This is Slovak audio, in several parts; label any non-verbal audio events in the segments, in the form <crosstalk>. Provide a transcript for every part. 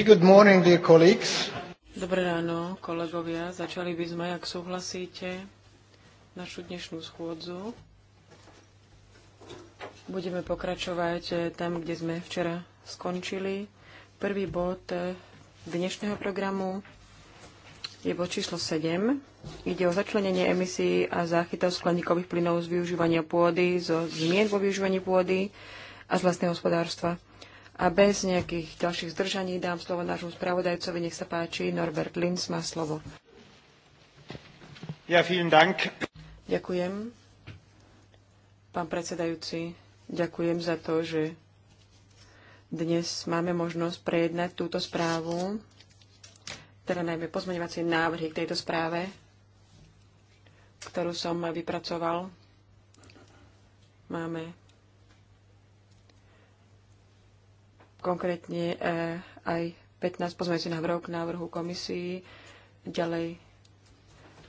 good morning, dear colleagues. Dobré ráno, kolegovia. Začali by sme, ak súhlasíte, našu dnešnú schôdzu. Budeme pokračovať eh, tam, kde sme včera skončili. Prvý bod eh, dnešného programu je bod číslo 7. Ide o začlenenie emisí a záchytov skleníkových plynov z využívania pôdy, zo zmien vo využívaní pôdy a z vlastného hospodárstva. A bez nejakých ďalších zdržaní dám slovo nášmu spravodajcovi. Nech sa páči, Norbert Linz má slovo. Ja, vielen Dank. Ďakujem. Pán predsedajúci, ďakujem za to, že dnes máme možnosť prejednať túto správu, teda najmä pozmeňovacie návrhy k tejto správe, ktorú som vypracoval. Máme konkrétne eh, aj 15 pozmeňujúcich návrhov k návrhu komisii, ďalej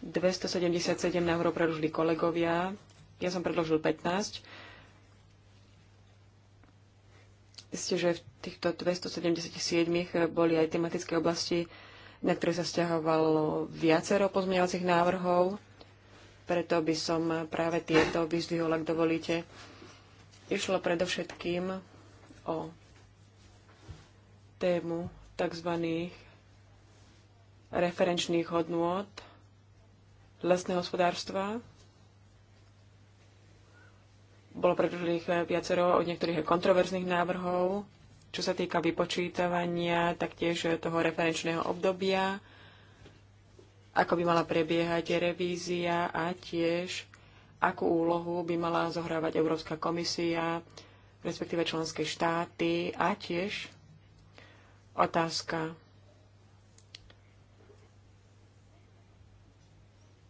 277 návrhov predložili kolegovia, ja som predložil 15. Isté, že v týchto 277 boli aj tematické oblasti, na ktoré sa stiahovalo viacero pozmeňovacích návrhov, preto by som práve tieto vyzdvihol, ak dovolíte. Išlo predovšetkým o tému tzv. referenčných hodnôt lesného hospodárstva. Bolo predložených viacero od niektorých kontroverzných návrhov, čo sa týka vypočítavania taktiež toho referenčného obdobia, ako by mala prebiehať revízia a tiež akú úlohu by mala zohrávať Európska komisia, respektíve členské štáty a tiež otázka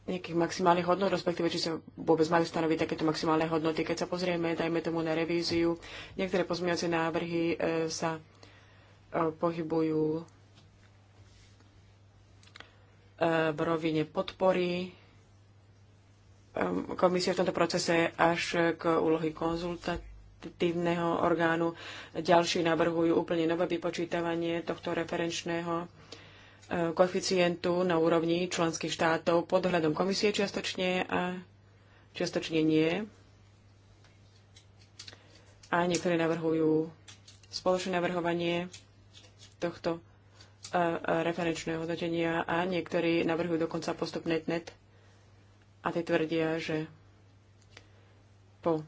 nejakých maximálnych hodnot, respektíve či sa vôbec majú stanoviť takéto maximálne hodnoty. Keď sa pozrieme, dajme tomu na revíziu, niektoré pozmeňovacie návrhy e, sa e, pohybujú e, v rovine podpory komisie v tomto procese až k úlohy konzultat legislatívneho orgánu. Ďalší navrhujú úplne nové vypočítavanie tohto referenčného e, koeficientu na úrovni členských štátov pod hľadom komisie čiastočne a čiastočne nie. A niektorí navrhujú spoločné navrhovanie tohto e, e, referenčného hodnotenia a niektorí navrhujú dokonca postup net-net a tie tvrdia, že po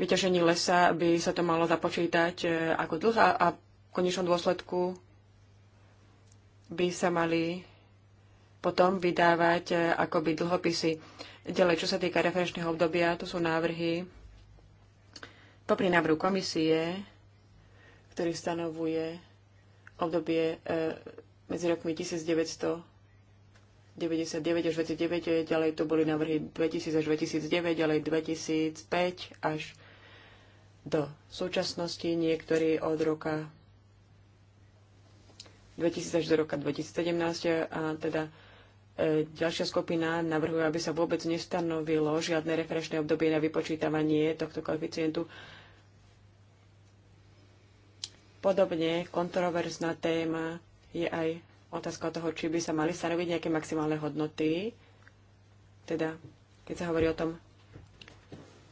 vyťažení lesa by sa to malo započítať e, ako dlh a v konečnom dôsledku by sa mali potom vydávať e, akoby dlhopisy. Ďalej, čo sa týka referenčného obdobia, to sú návrhy popri návrhu komisie, ktorý stanovuje obdobie e, medzi rokmi 1999 až 2009, ďalej to boli návrhy 2000 až 2009, ďalej 2005 až do súčasnosti, niektorí od roka 2000 až do roka 2017 a teda e, ďalšia skupina navrhuje, aby sa vôbec nestanovilo žiadne referenčné obdobie na vypočítavanie tohto koeficientu. Podobne kontroverzná téma je aj otázka toho, či by sa mali stanoviť nejaké maximálne hodnoty. Teda, keď sa hovorí o tom,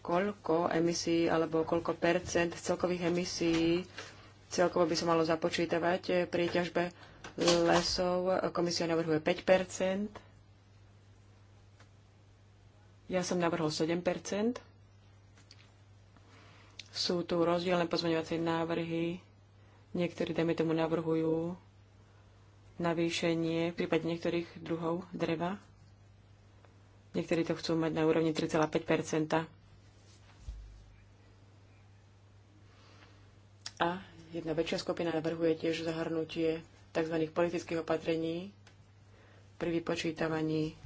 koľko emisí alebo koľko percent celkových emisí celkovo by sa malo započítavať pri ťažbe lesov. Komisia navrhuje 5 percent. Ja som navrhol 7 percent. Sú tu rozdielne pozmeňovacie návrhy. Niektorí, dajme tomu, navrhujú navýšenie v prípade niektorých druhov dreva. Niektorí to chcú mať na úrovni 3,5 Jedna väčšia skupina navrhuje tiež zahrnutie tzv. politických opatrení pri vypočítavaní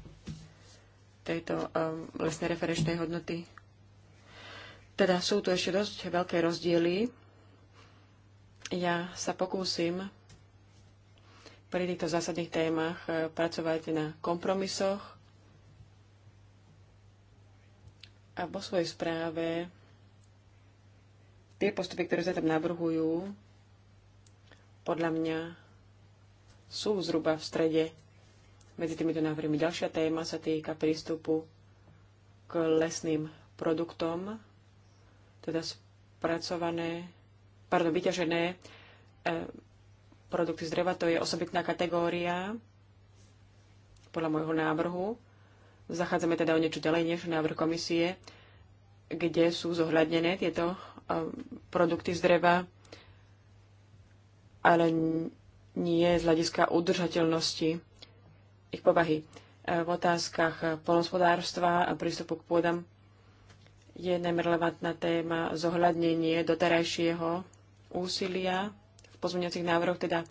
tejto um, lesnej referenčnej hodnoty. Teda sú tu ešte dosť veľké rozdiely. Ja sa pokúsim pri týchto zásadných témach uh, pracovať na kompromisoch a vo svojej správe tie postupy, ktoré sa tam navrhujú, podľa mňa sú zhruba v strede medzi týmito návrhmi. Ďalšia téma sa týka prístupu k lesným produktom, teda spracované, pardon, vyťažené e, produkty z dreva. To je osobitná kategória podľa môjho návrhu. Zachádzame teda o niečo ďalej než návrh komisie, kde sú zohľadnené tieto e, produkty z dreva ale nie z hľadiska udržateľnosti ich povahy. E, v otázkach polnospodárstva a prístupu k pôdam je najmä relevantná téma zohľadnenie doterajšieho úsilia v pozmeňujúcich návrhoch, teda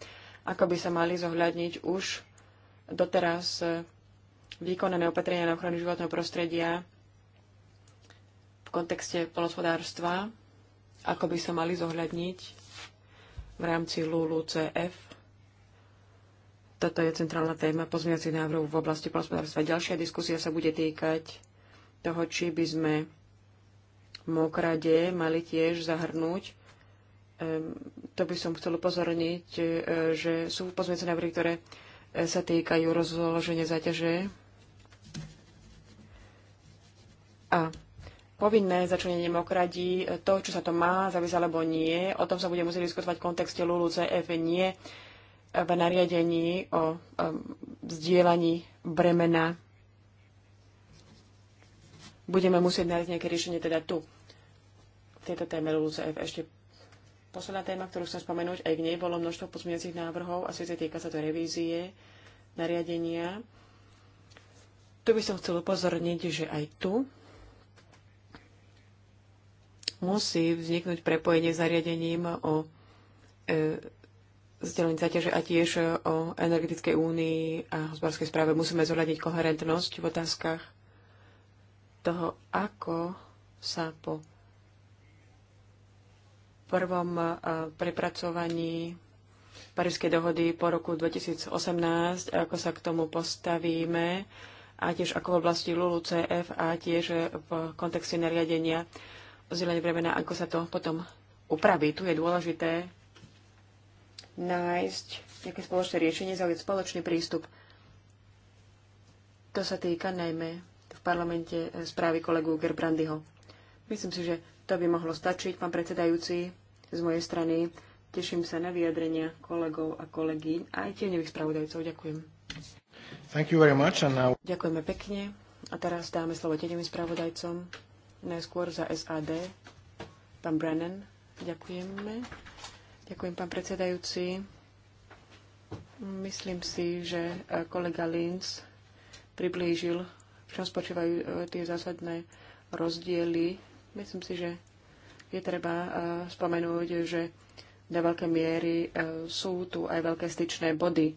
ako by sa mali zohľadniť už doteraz výkonné opatrenia na ochranu životného prostredia v kontexte polnospodárstva, ako by sa mali zohľadniť v rámci LULU-CF. Toto je centrálna téma pozmeňacích návrhov v oblasti hospodárstva. Ďalšia diskusia sa bude týkať toho, či by sme mokrade mali tiež zahrnúť. Ehm, to by som chcel upozorniť, e, že sú pozmeňacie návrhy, ktoré e, sa týkajú rozloženia záťaže a povinné začlenenie mokradí, e, to, čo sa to má zaviesť alebo nie, o tom sa bude musieť diskutovať v kontexte CF nie v nariadení o vzdielaní bremena. Budeme musieť nájsť nejaké riešenie teda tu, v tejto téme CF Ešte posledná téma, ktorú chcem spomenúť, aj v nej bolo množstvo pozmeňujúcich návrhov a síce týka sa to revízie nariadenia. Tu by som chcel upozorniť, že aj tu musí vzniknúť prepojenie zariadením o e, zdelení zaťaže a tiež o energetickej únii a hospodárskej správe. Musíme zohľadniť koherentnosť v otázkach toho, ako sa po prvom e, prepracovaní Parískej dohody po roku 2018, ako sa k tomu postavíme a tiež ako v oblasti LULU-CF a tiež v kontexte nariadenia zelené bremena, ako sa to potom upraví. Tu je dôležité nájsť nejaké spoločné riešenie, zaujať spoločný prístup. To sa týka najmä v parlamente eh, správy kolegu Gerbrandyho. Myslím si, že to by mohlo stačiť, pán predsedajúci, z mojej strany. Teším sa na vyjadrenia kolegov a kolegy a aj tieňových spravodajcov. Ďakujem. Thank you very much and now... Ďakujeme pekne. A teraz dáme slovo tieňovým spravodajcom. Najskôr za SAD. Pán Brennan, ďakujeme. Ďakujem, pán predsedajúci. Myslím si, že eh, kolega Linz priblížil, v čom spočívajú eh, tie zásadné rozdiely. Myslím si, že je treba eh, spomenúť, že do veľkej miery sú tu aj veľké styčné body.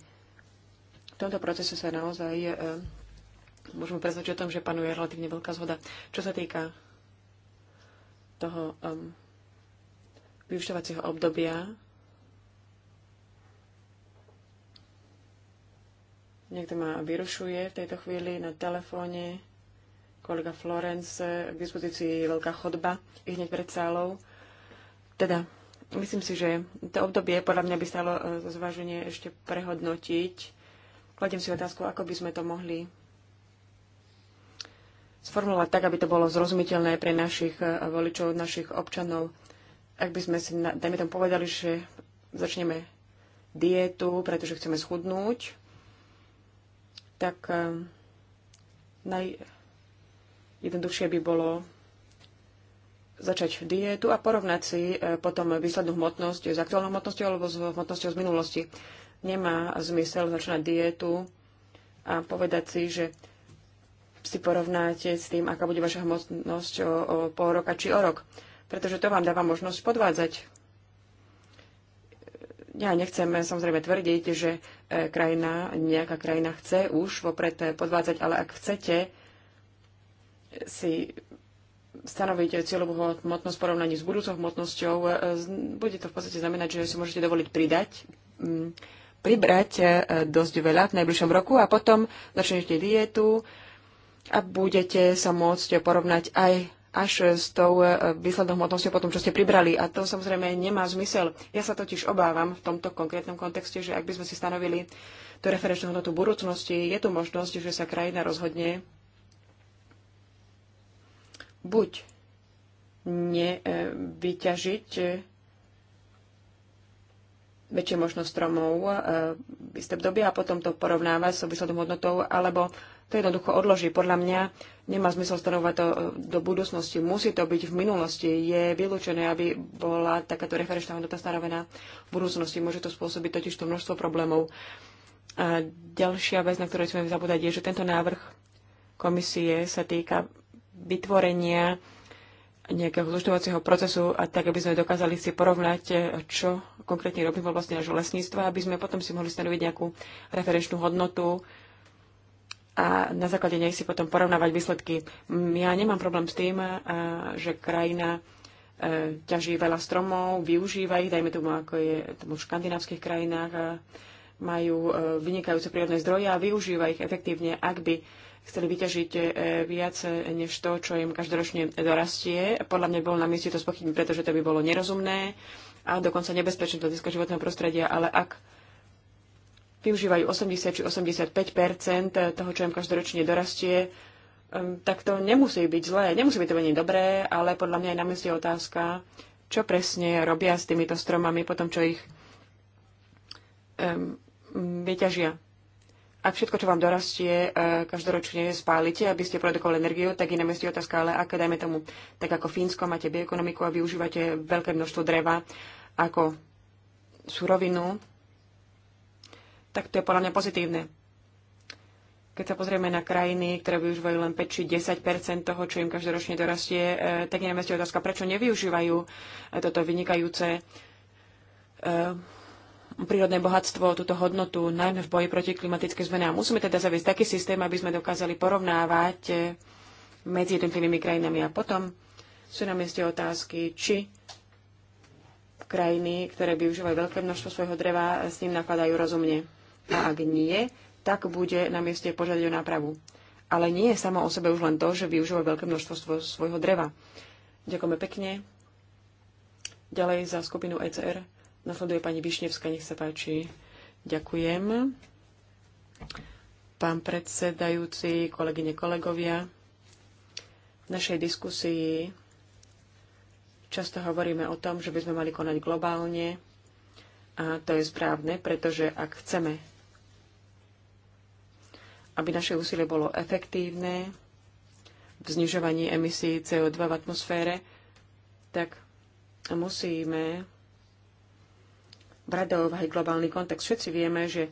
V tomto procese sa naozaj môžeme presvedčiť o tom, že panuje relatívne veľká zhoda. Čo sa týka toho um, vyučtovacieho obdobia Niekto ma vyrušuje v tejto chvíli na telefóne. Kolega Florence, k dispozícii je veľká chodba, ich hneď pred sálou. Teda, myslím si, že to obdobie podľa mňa by stalo e, zvaženie ešte prehodnotiť. Kladiem si otázku, ako by sme to mohli sformulovať tak, aby to bolo zrozumiteľné pre našich eh, voličov, našich občanov. Ak by sme si, dajme tam povedali, že začneme dietu, pretože chceme schudnúť, tak eh, najjednoduchšie by bolo začať dietu a porovnať si eh, potom výslednú hmotnosť s aktuálnou hmotnosťou alebo s hmotnosťou z minulosti. Nemá zmysel začať dietu a povedať si, že si porovnáte s tým, aká bude vaša hmotnosť o, o pol roka či o rok. Pretože to vám dáva možnosť podvádzať. Ja nechcem eh, samozrejme tvrdiť, že eh, krajina, nejaká krajina chce už vopred eh, podvádzať, ale ak chcete si stanoviť cieľovú hmotnosť v porovnaní s budúcou hmotnosťou, bude to v podstate znamenať, že si môžete dovoliť pridať mm, pribrať dosť veľa v najbližšom roku a potom začnete dietu, a budete sa môcť porovnať aj až s tou e, výslednou hmotnosťou potom, čo ste pribrali. A to samozrejme nemá zmysel. Ja sa totiž obávam v tomto konkrétnom kontexte, že ak by sme si stanovili tú referenčnú hodnotu budúcnosti, je tu možnosť, že sa krajina rozhodne buď nevyťažiť e, e, väčšie možnosť stromov v isté a potom to porovnávať s výslednou hodnotou, alebo to jednoducho odloží. Podľa mňa nemá zmysel stanovať to e, do budúcnosti. Musí to byť v minulosti. Je vylúčené, aby bola takáto referenčná hodnota stanovená v budúcnosti. Môže to spôsobiť totiž to množstvo problémov. A ďalšia vec, na ktorú sme zabúdať, je, že tento návrh komisie sa týka vytvorenia nejakého zložitovacieho procesu a tak, aby sme dokázali si porovnať, e, čo konkrétne robí v oblasti nášho lesníctva, aby sme potom si mohli stanoviť nejakú referenčnú hodnotu, a na základe nech si potom porovnávať výsledky. Ja nemám problém s tým, eh, že krajina eh, ťaží veľa stromov, využíva ich, dajme tomu, ako je tomu v škandinávskych krajinách, eh, majú vynikajúce prírodné zdroje a využíva ich efektívne, ak by chceli vyťažiť viac než to, čo im každoročne dorastie. Podľa mňa bolo na mieste to spochybniť, pretože to by bolo nerozumné a dokonca nebezpečné do hľadiska životného prostredia, ale ak využívajú 80 či 85 toho, čo im každoročne dorastie, um, tak to nemusí byť zlé, nemusí byť to veľmi dobré, ale podľa mňa je na mysli otázka, čo presne robia s týmito stromami potom, čo ich um, vyťažia. Ak všetko, čo vám dorastie, uh, každoročne spálite, aby ste produkovali energiu, tak je na mieste otázka, ale ak, dajme tomu, tak ako Fínsko máte bioekonomiku a využívate veľké množstvo dreva ako surovinu, tak to je podľa mňa pozitívne. Keď sa pozrieme na krajiny, ktoré využívajú len 5 či 10 toho, čo im každoročne dorastie, e, tak je na meste otázka, prečo nevyužívajú e, toto vynikajúce e, prírodné bohatstvo, túto hodnotu, najmä v boji proti klimatickým zmene. A musíme teda zaviesť taký systém, aby sme dokázali porovnávať medzi jednotlivými krajinami. A potom sú na mieste otázky, či krajiny, ktoré využívajú veľké množstvo svojho dreva, s ním nakladajú rozumne. A ak nie, tak bude na mieste požiadať o nápravu. Ale nie je samo o sebe už len to, že využíva veľké množstvo svojho dreva. Ďakujeme pekne. Ďalej za skupinu ECR nasleduje pani Višnevská, nech sa páči. Ďakujem. Pán predsedajúci, kolegyne, kolegovia, v našej diskusii často hovoríme o tom, že by sme mali konať globálne a to je správne, pretože ak chceme aby naše úsilie bolo efektívne v znižovaní emisí CO2 v atmosfére, tak musíme brať do úvahy globálny kontext. Všetci vieme, že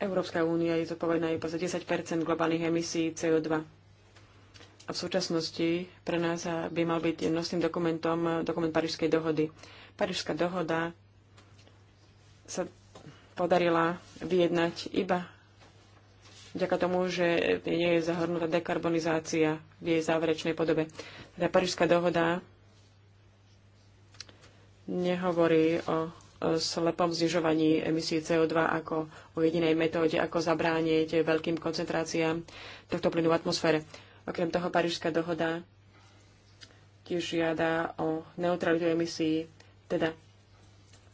Európska únia je zodpovedná iba za 10 globálnych emisí CO2 a v súčasnosti pre nás by mal byť nosným dokumentom dokument Parížskej dohody. Parížská dohoda sa podarila vyjednať iba vďaka tomu, že nie je zahrnutá dekarbonizácia v jej záverečnej podobe. Teda Parížská dohoda nehovorí o slepom znižovaní emisí CO2 ako o jedinej metóde, ako zabrániť veľkým koncentráciám tohto plynu v atmosfére. Okrem toho Parížská dohoda tiež žiada o neutralitu emisí, teda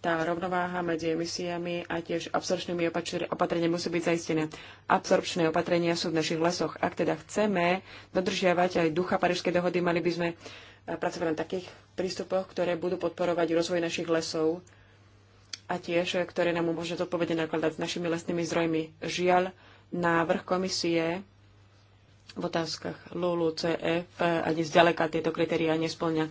tá rovnováha medzi emisiami a tiež absorpčnými opatreniami musí byť zaistené. Absorpčné opatrenia sú v našich lesoch. Ak teda chceme dodržiavať aj ducha Parížskej dohody, mali by sme eh, pracovať na takých prístupoch, ktoré budú podporovať rozvoj našich lesov a tiež, eh, ktoré nám umožňujú zodpovedne nakladať s našimi lesnými zdrojmi. Žiaľ, návrh komisie v otázkach LULU, CF e eh, ani zďaleka tieto kritériá nesplňa.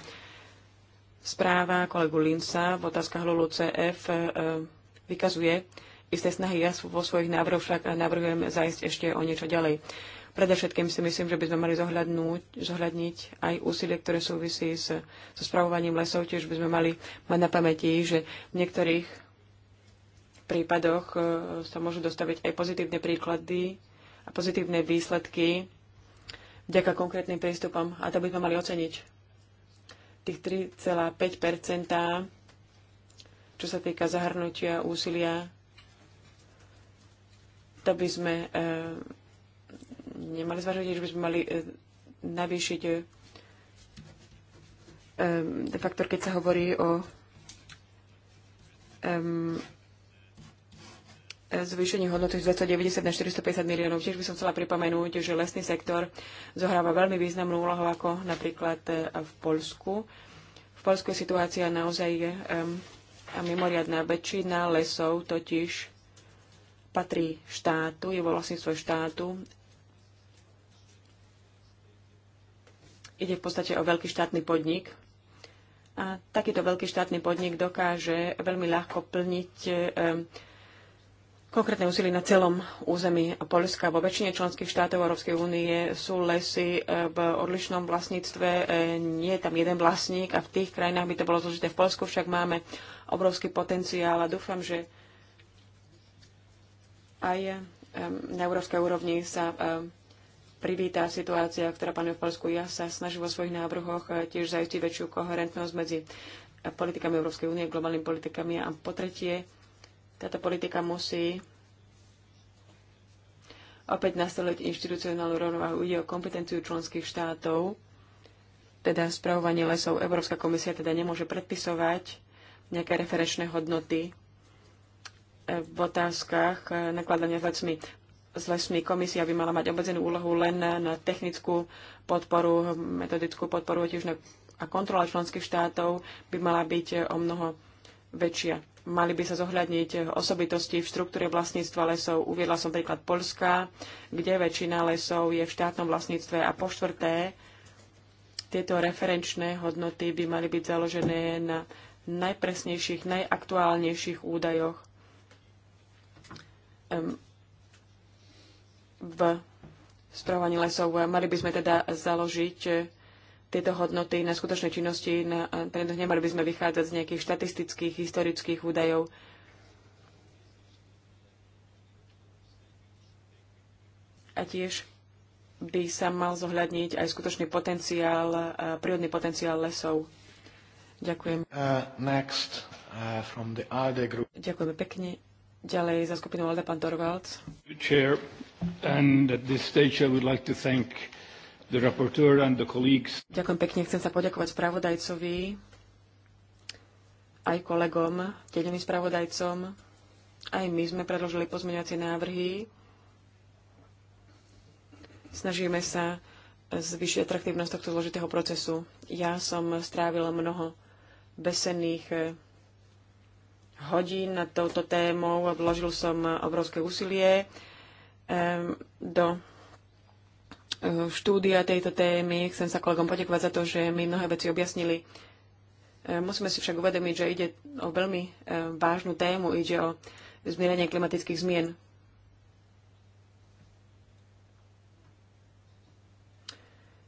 Správa kolegu Linsa v otázkach Lulu CF e, vykazuje isté snahy. Ja vo svojich návrhoch však navrhujem zajsť ešte o niečo ďalej. Predovšetkým si myslím, že by sme mali zohľadniť aj úsilie, ktoré súvisí s, so spravovaním lesov. Tiež by sme mali mať na pamäti, že v niektorých prípadoch e, sa môžu dostaviť aj pozitívne príklady a pozitívne výsledky vďaka konkrétnym prístupom. A to by sme mali oceniť tých 3,5 čo sa týka zahrnutia úsilia, to by sme e, nemali zvažovať, že by sme mali e, navýšiť e, faktor, keď sa hovorí o zvýšenie hodnoty z 290 na 450 miliónov. Tiež by som chcela pripomenúť, že lesný sektor zohráva veľmi významnú úlohu, ako napríklad e, v Polsku. V Polsku je situácia naozaj um, mimoriadná. Väčšina lesov totiž patrí štátu, je vo vlastníctve štátu. Ide v podstate o veľký štátny podnik, a takýto veľký štátny podnik dokáže veľmi ľahko plniť e, konkrétne úsilie na celom území Polska. Vo väčšine členských štátov Európskej únie sú lesy e, v odlišnom vlastníctve. E, nie je tam jeden vlastník a v tých krajinách by to bolo zložité. V Polsku však máme obrovský potenciál a dúfam, že aj e, na európskej úrovni sa privíta situácia, ktorá panuje v Polsku. Ja sa snažím vo svojich návrhoch tiež zajistiť väčšiu koherentnosť medzi politikami Európskej únie, globálnymi politikami a po tretie táto politika musí opäť nastoliť inštitucionálnu rovnováhu. Ide o kompetenciu členských štátov, teda spravovanie lesov. Európska komisia teda nemôže predpisovať nejaké referenčné hodnoty e, v otázkach e, nakladania s lesmi. S lesmi komisia by mala mať obmedzenú úlohu len na, na technickú podporu, metodickú podporu, tiež na, a kontrola členských štátov by mala byť e, o mnoho väčšia. Mali by sa zohľadniť osobitosti v štruktúre vlastníctva lesov. Uviedla som príklad Polska, kde väčšina lesov je v štátnom vlastníctve a po štvrté, tieto referenčné hodnoty by mali byť založené na najpresnejších, najaktuálnejších údajoch v spravovaní lesov. Mali by sme teda založiť tieto hodnoty na skutočnej činnosti na trendoch. Nemali by sme vychádzať z nejakých štatistických, historických údajov. A tiež by sa mal zohľadniť aj skutočný potenciál, prírodný potenciál lesov. Ďakujem. Uh, next, uh, from the ALDE group. Ďakujeme pekne. Ďalej za skupinu ALDE pán Torvalds. Chair, and at this stage I would like to thank the rapporteur and the colleagues. Ďakujem pekne, chcem sa poďakovať spravodajcovi, aj kolegom, tedeným spravodajcom. Aj my sme predložili pozmeňovacie návrhy. Snažíme sa zvyšiť atraktívnosť tohto zložitého procesu. Ja som strávila mnoho besenných eh, hodín nad touto témou, a vložil som obrovské úsilie eh, do štúdia tejto témy. Chcem sa kolegom poďakovať za to, že mi mnohé veci objasnili. E, musíme si však uvedomiť, že ide o veľmi e, vážnu tému, ide o zmierenie klimatických zmien.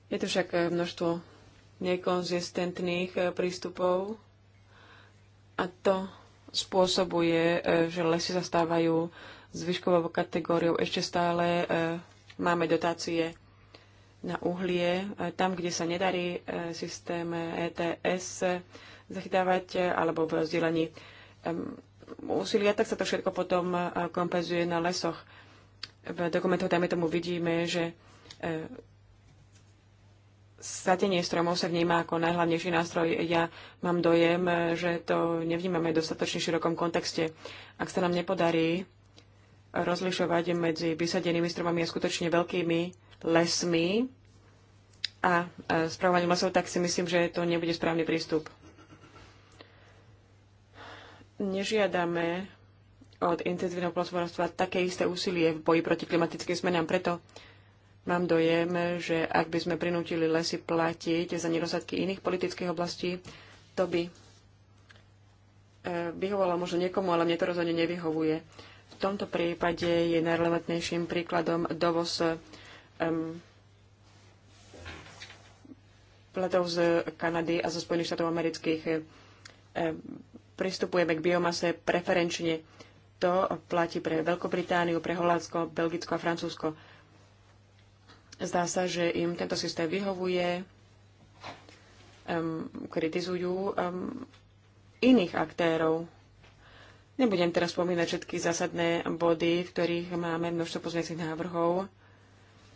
Je to však e, množstvo nekonzistentných prístupov a to spôsobuje, že lesy zastávajú zvyškovou kategóriou. Ešte stále máme dotácie na uhlie. E, tam, kde sa nedarí e, systém ETS zachytávať e, alebo v rozdelení úsilia, tak sa to všetko potom kompenzuje na lesoch. V dokumentoch, dajme tomu, vidíme, že sadenie stromov sa vníma ako najhlavnejší nástroj. Ja mám dojem, že to nevnímame v dostatočne širokom kontexte. Ak sa nám nepodarí rozlišovať medzi vysadenými stromami a skutočne veľkými lesmi, a spravovaním lesov, tak si myslím, že to nebude správny prístup. Nežiadame od intenzívneho plnospodárstva také isté úsilie v boji proti klimatickým zmenám. Preto mám dojem, že ak by sme prinútili lesy platiť za nedostatky iných politických oblastí, to by e, vyhovovalo možno niekomu, ale mne to rozhodne nevyhovuje. V tomto prípade je najrelevantnejším príkladom dovoz um, príkladov z Kanady a zo Spojených štátov amerických. Eh, pristupujeme k biomase preferenčne. To platí pre Veľkobritániu, pre Holandsko, Belgicko a Francúzsko. Zdá sa, že im tento systém vyhovuje, um, kritizujú um, iných aktérov. Nebudem teraz spomínať všetky zásadné body, v ktorých máme množstvo pozmeňacích návrhov.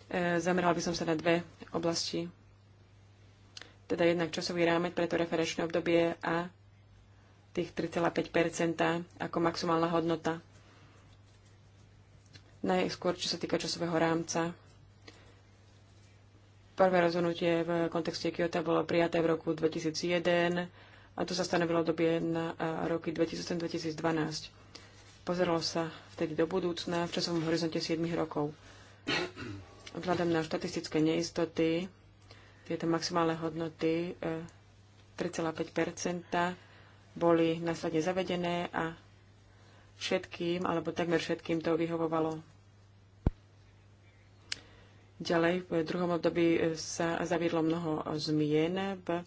E, eh, zamerala by som sa na dve oblasti. Teda jednak časový rámec pre to referenčné obdobie a tých 3,5 ako maximálna hodnota. Najskôr, čo sa týka časového rámca. Prvé rozhodnutie v kontexte Kyoto bolo prijaté v roku 2001 a to sa stanovilo dobie na roky 2008-2012. Pozeralo sa vtedy do budúcna v časovom horizonte 7 rokov. Vzhľadom na štatistické neistoty tieto maximálne hodnoty 3,5 eh, boli následne zavedené a všetkým, alebo takmer všetkým to vyhovovalo. Ďalej, v druhom období eh, sa zaviedlo mnoho zmien v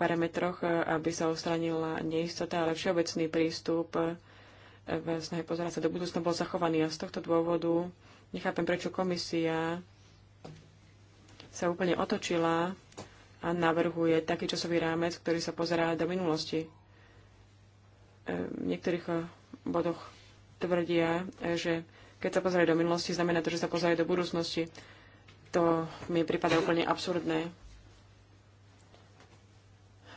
parametroch, eh, aby sa ostranila neistota, ale všeobecný prístup v snahe pozerať sa do budúcna bol zachovaný a z tohto dôvodu nechápem, prečo komisia sa úplne otočila a navrhuje taký časový rámec, ktorý sa pozerá do minulosti. E, v niektorých e, bodoch tvrdia, e, že keď sa pozerajú do minulosti, znamená to, že sa pozerajú do budúcnosti. To mi prípada úplne absurdné.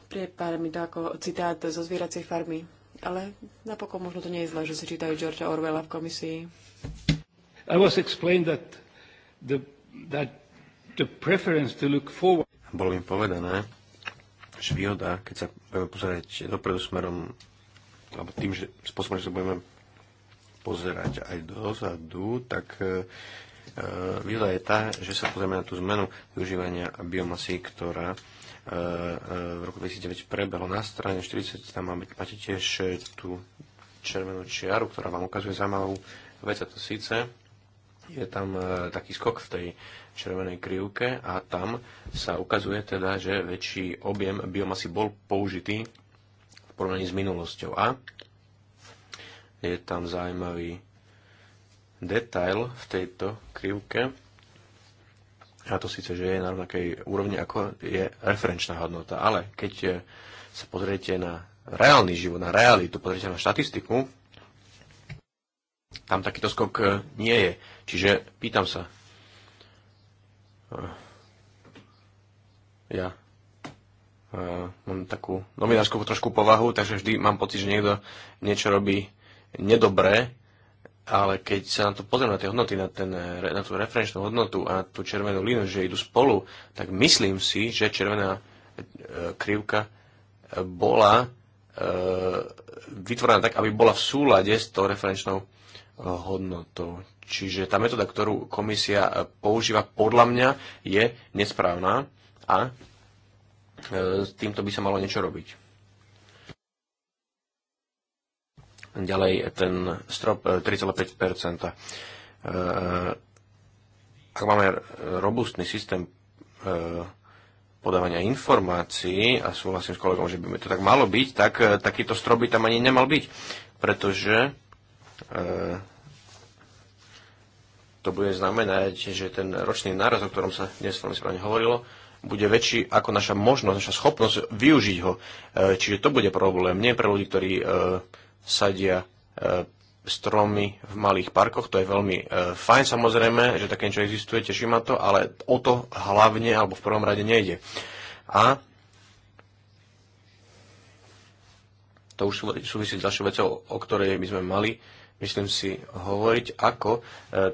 Priepár mi to ako citát zo zvieracej farmy. Ale napokon možno to nie je zle, že si čítajú George Orwella v komisii. I was explained that, the, that bolo im povedané, že výhoda, keď sa budeme pozerať dopredu smerom, alebo tým že spôsobom, že sa budeme pozerať aj dozadu, tak e, e výhoda je tá, že sa pozrieme na tú zmenu využívania biomasy, ktorá e, e, v roku 2009 prebehla na strane 40, tam máme, máte tiež e, tú červenú čiaru, ktorá vám ukazuje zaujímavú vec, a to síce je tam e, taký skok v tej červenej krivke a tam sa ukazuje teda, že väčší objem biomasy bol použitý v porovnaní s minulosťou. A je tam zaujímavý detail v tejto krivke, a to síce, že je na rovnakej úrovni, ako je referenčná hodnota. Ale keď e, sa pozriete na reálny život, na realitu, pozriete na štatistiku, tam takýto skok e, nie je. Čiže pýtam sa, ja e, mám takú novinárskú trošku povahu, takže vždy mám pocit, že niekto niečo robí nedobré, ale keď sa na to pozriem, na tie hodnoty, na, ten, na tú referenčnú hodnotu a na tú červenú línu, že idú spolu, tak myslím si, že červená e, krivka e, bola vytvorená tak, aby bola v súlade s tou referenčnou hodnotou. Čiže tá metóda, ktorú komisia e, používa, podľa mňa je nesprávna a e, s týmto by sa malo niečo robiť. Ďalej ten strop 3,5 e, Ak máme robustný systém podávania informácií, a súhlasím s kolegom, že by to tak malo byť, tak takýto strop by tam ani nemal byť, pretože to bude znamenať, že ten ročný náraz, o ktorom sa dnes veľmi správne hovorilo, bude väčší ako naša možnosť, naša schopnosť využiť ho. E, čiže to bude problém. Nie pre ľudí, ktorí e, sadia e, stromy v malých parkoch, to je veľmi fajn samozrejme, že také niečo existuje, teší ma to, ale o to hlavne alebo v prvom rade nejde. A to už súvisí s ďalšou vecou, o ktorej by sme mali myslím si, hovoriť, ako e,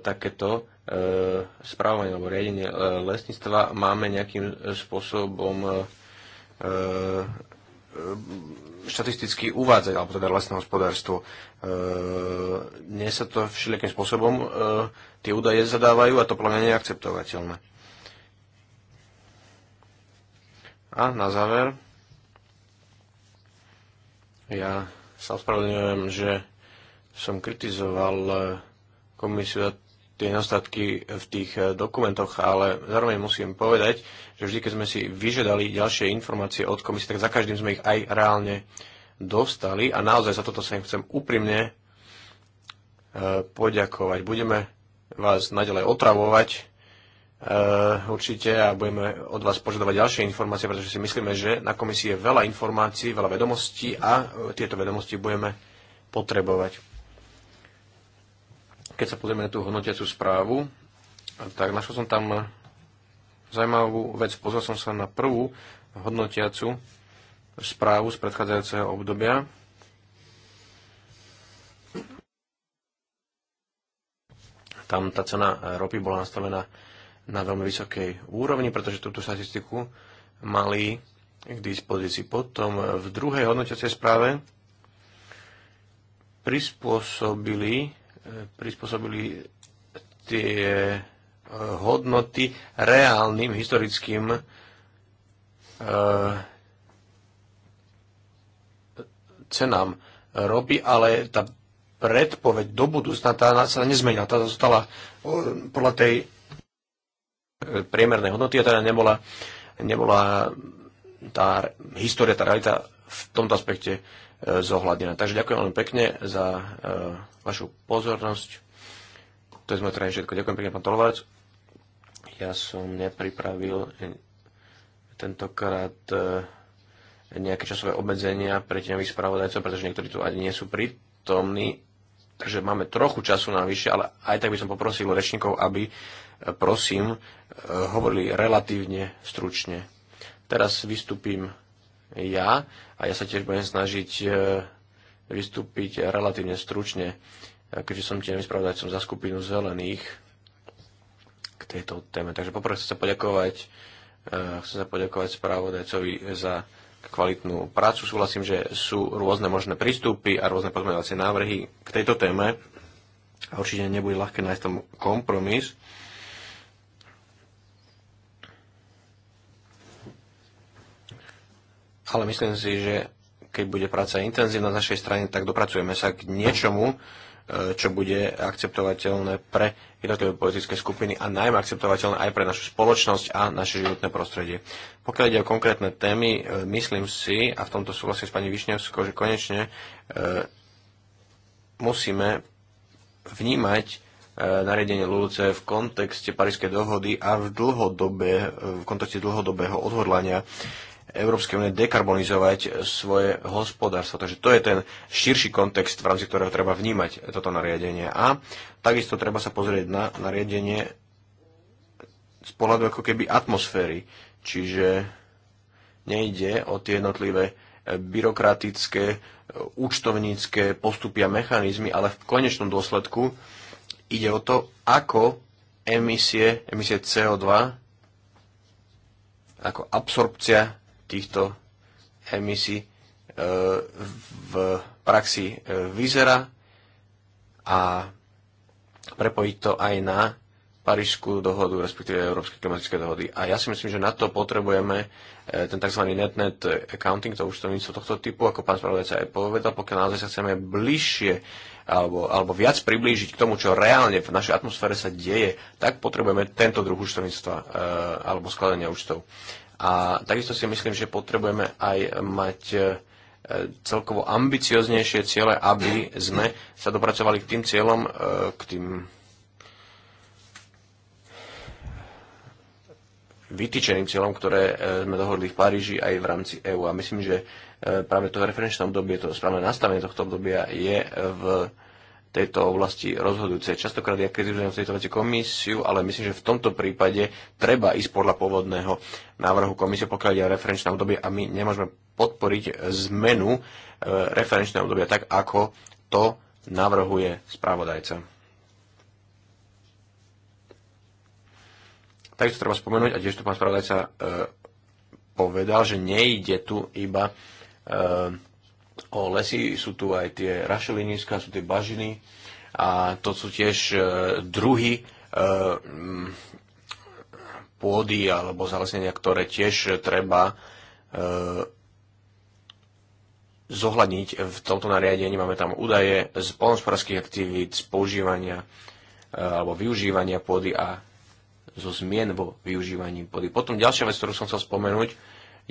takéto e, správanie alebo riadenie e, lesníctva máme nejakým spôsobom e, e, štatisticky uvádzať, alebo teda lesné hospodárstvo. E, nie sa to všelijakým spôsobom e, tie údaje zadávajú a to podľa mňa akceptovateľné. A na záver, ja sa ospravedlňujem, že som kritizoval e, komisiu tie nedostatky v tých e, dokumentoch, ale zároveň musím povedať, že vždy, keď sme si vyžiadali ďalšie informácie od komisie, tak za každým sme ich aj reálne dostali a naozaj za toto sa im chcem úprimne e, poďakovať. Budeme vás nadalej otravovať určite a budeme od vás požadovať ďalšie informácie, pretože si myslíme, že na komisii je veľa informácií, veľa vedomostí a tieto vedomosti budeme potrebovať. Keď sa pozrieme na tú hodnotiacu správu, tak našiel som tam zaujímavú vec. Pozrel som sa na prvú hodnotiacu správu z predchádzajúceho obdobia. Tam tá cena ropy bola nastavená na veľmi vysokej úrovni, pretože túto statistiku mali k dispozícii. Potom v druhej hodnotiacej správe prispôsobili prispôsobili tie e, hodnoty reálnym historickým e, cenám ropy, ale tá predpoveď do budúcna tá sa nezmenila. Tá zostala podľa tej e, priemernej hodnoty a teda nebola, nebola tá história, tá realita v tomto aspekte zohľadená. Takže ďakujem veľmi pekne za eh, vašu pozornosť. To je z mojej strany všetko. Ďakujem pekne, pán Tolovac. Ja som nepripravil tentokrát eh, nejaké časové obmedzenia pre tieňových spravodajcov, pretože niektorí tu ani nie sú prítomní, takže máme trochu času navyše, ale aj tak by som poprosil rečníkov, aby, eh, prosím, hovorili relatívne stručne. Teraz vystúpim ja a ja sa tiež budem snažiť e, vystúpiť relatívne stručne, e, keďže som tiež som za skupinu zelených k tejto téme. Takže poprvé chcem sa poďakovať, e, chcem sa poďakovať spravodajcovi za kvalitnú prácu. Súhlasím, že sú rôzne možné prístupy a rôzne pozmeňovacie návrhy k tejto téme. A určite nebude ľahké nájsť tam kompromis. ale myslím si, že keď bude práca intenzívna z našej strany, tak dopracujeme sa k niečomu, e, čo bude akceptovateľné pre jednotlivé politické skupiny a najmä akceptovateľné aj pre našu spoločnosť a naše životné prostredie. Pokiaľ ide o konkrétne témy, e, myslím si, a v tomto súhlasím s pani Višňovskou, že konečne e, musíme vnímať nariadenie LULC v kontexte Parískej dohody a v, dlhodobé, v kontexte dlhodobého odhodlania Európskej únie dekarbonizovať svoje hospodárstvo. Takže to je ten širší kontext, v rámci ktorého treba vnímať toto nariadenie. A takisto treba sa pozrieť na nariadenie z pohľadu ako keby atmosféry. Čiže nejde o tie jednotlivé byrokratické, účtovnícke postupy a mechanizmy, ale v konečnom dôsledku ide o to, ako emisie, emisie CO2 ako absorpcia týchto emisí e, v praxi e, vyzerá a prepojiť to aj na Parížskú dohodu, respektíve Európske klimatické dohody. A ja si myslím, že na to potrebujeme e, ten tzv. net-net accounting, to už to účtovníctvo tohto typu, ako pán spravodajca aj povedal, pokiaľ naozaj sa chceme bližšie alebo, alebo viac priblížiť k tomu, čo reálne v našej atmosfére sa deje, tak potrebujeme tento druh účtovníctva alebo skladania účtov. A takisto si myslím, že potrebujeme aj mať e, celkovo ambicioznejšie ciele, aby sme sa dopracovali k tým cieľom, e, k tým vytýčeným cieľom, ktoré e, sme dohodli v Paríži aj v rámci EÚ. A myslím, že práve to referenčné obdobie, to správne nastavenie tohto obdobia je v tejto oblasti rozhodujúce. Častokrát ja kritizujem v tejto veci komisiu, ale myslím, že v tomto prípade treba ísť podľa pôvodného návrhu komisie, pokiaľ je referenčné obdobie a my nemôžeme podporiť zmenu e, referenčného obdobia tak, ako to navrhuje správodajca. to treba spomenúť, a tiež tu pán spravodajca e, povedal, že nejde tu iba e, o lesy, sú tu aj tie rašeliniska, sú tie bažiny a to sú tiež e, druhy e, pôdy alebo zalesnenia, ktoré tiež treba e, zohľadniť v tomto nariadení. Máme tam údaje z polnospodárských aktivít, z používania e, alebo využívania pôdy a zo zmien vo využívaní pôdy. Potom ďalšia vec, ktorú som chcel spomenúť,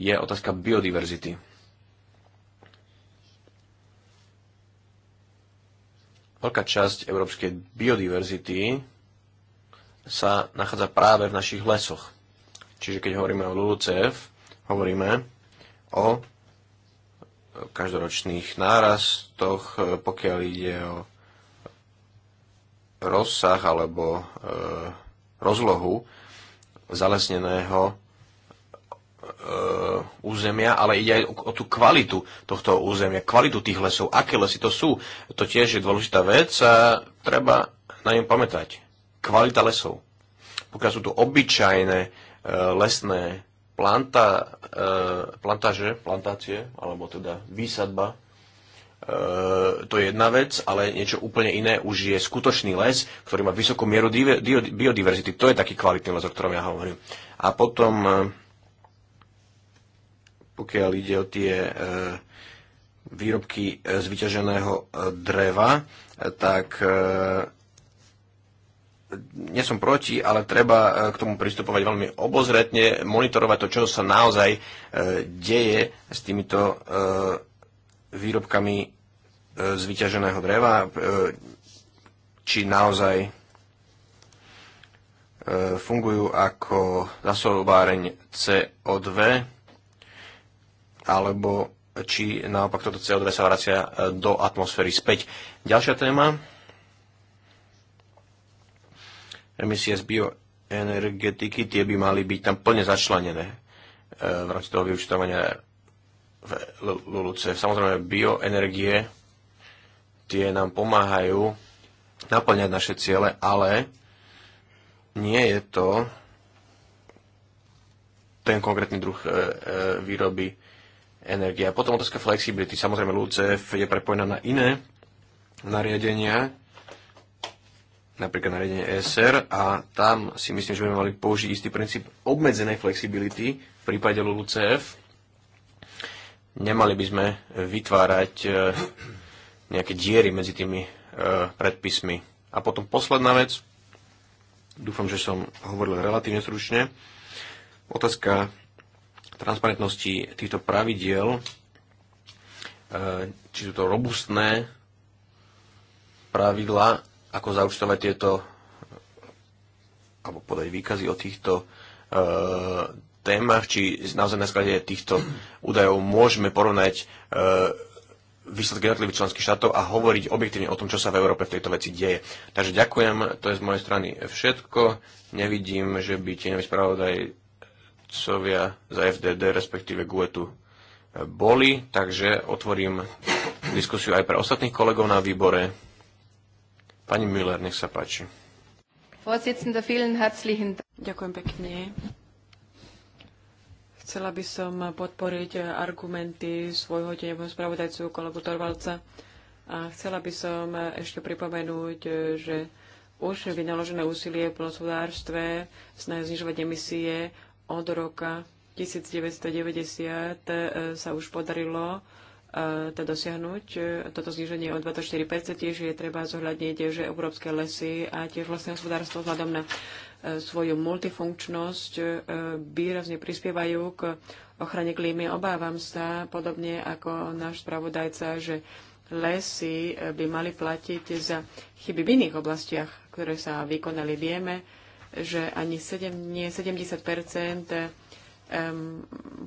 je otázka biodiverzity veľká časť európskej biodiverzity sa nachádza práve v našich lesoch. Čiže keď hovoríme o LULUCF, hovoríme o každoročných nárastoch, pokiaľ ide o rozsah alebo e, rozlohu zalesneného E, územia, ale ide aj o tú kvalitu tohto územia, kvalitu tých lesov, aké lesy to sú. To tiež je dôležitá vec a treba na ňom pamätať. Kvalita lesov. Pokiaľ sú tu obyčajné e, lesné planta, e, plantáže, plantácie, alebo teda výsadba, to je jedna vec, ale niečo úplne iné už je skutočný les, ktorý má vysokú mieru biodiverzity. To je taký kvalitný les, o ktorom ja hovorím. A potom pokiaľ ide o tie e, výrobky e, z vyťaženého e, dreva, tak nie som proti, ale treba k tomu pristupovať veľmi obozretne, monitorovať to, čo sa naozaj deje s týmito výrobkami z vyťaženého dreva, či naozaj fungujú ako zasobáreň CO2 alebo či naopak toto CO2 sa vracia e, do atmosféry späť. Ďalšia téma, emisie z bioenergetiky, tie by mali byť tam plne začlenené e, v rámci toho vyučtovania v LULUCF. Samozrejme, bioenergie, tie nám pomáhajú naplňať naše ciele, ale nie je to ten konkrétny druh e, výroby energie. A potom otázka flexibility. Samozrejme, LUCF je prepojená na iné nariadenia, napríklad nariadenie ESR a tam si myslím, že by mali použiť istý princíp obmedzenej flexibility v prípade LUCF. Nemali by sme vytvárať e, nejaké diery medzi tými e, predpismi. A potom posledná vec, dúfam, že som hovoril relatívne stručne, otázka transparentnosti týchto pravidiel, e, či sú to robustné pravidla, ako zaučtovať tieto, alebo podať výkazy o týchto e, témach, či naozaj na sklade týchto údajov môžeme porovnať e, výsledky jednotlivých členských štátov a hovoriť objektívne o tom, čo sa v Európe v tejto veci deje. Takže ďakujem, to je z mojej strany všetko. Nevidím, že by tie spravodaj zástupcovia za FDD, respektíve Guetu, boli, takže otvorím diskusiu aj pre ostatných kolegov na výbore. Pani Müller, nech sa páči. Ďakujem pekne. Chcela by som podporiť argumenty svojho tenevého spravodajcu kolegu Torvalca a chcela by som ešte pripomenúť, že už vynaložené úsilie v plnospodárstve snahy znižovať emisie od roka 1990 e, sa už podarilo e, to dosiahnuť, e, toto zníženie o 24%, tiež je treba zohľadniť, že európske lesy a tiež vlastné hospodárstvo vzhľadom na svoju multifunkčnosť výrazne prispievajú k ochrane klímy. Obávam sa, podobne ako náš spravodajca, že lesy by mali platiť za chyby v iných oblastiach, ktoré sa vykonali. Vieme, že ani 7, nie 70 um,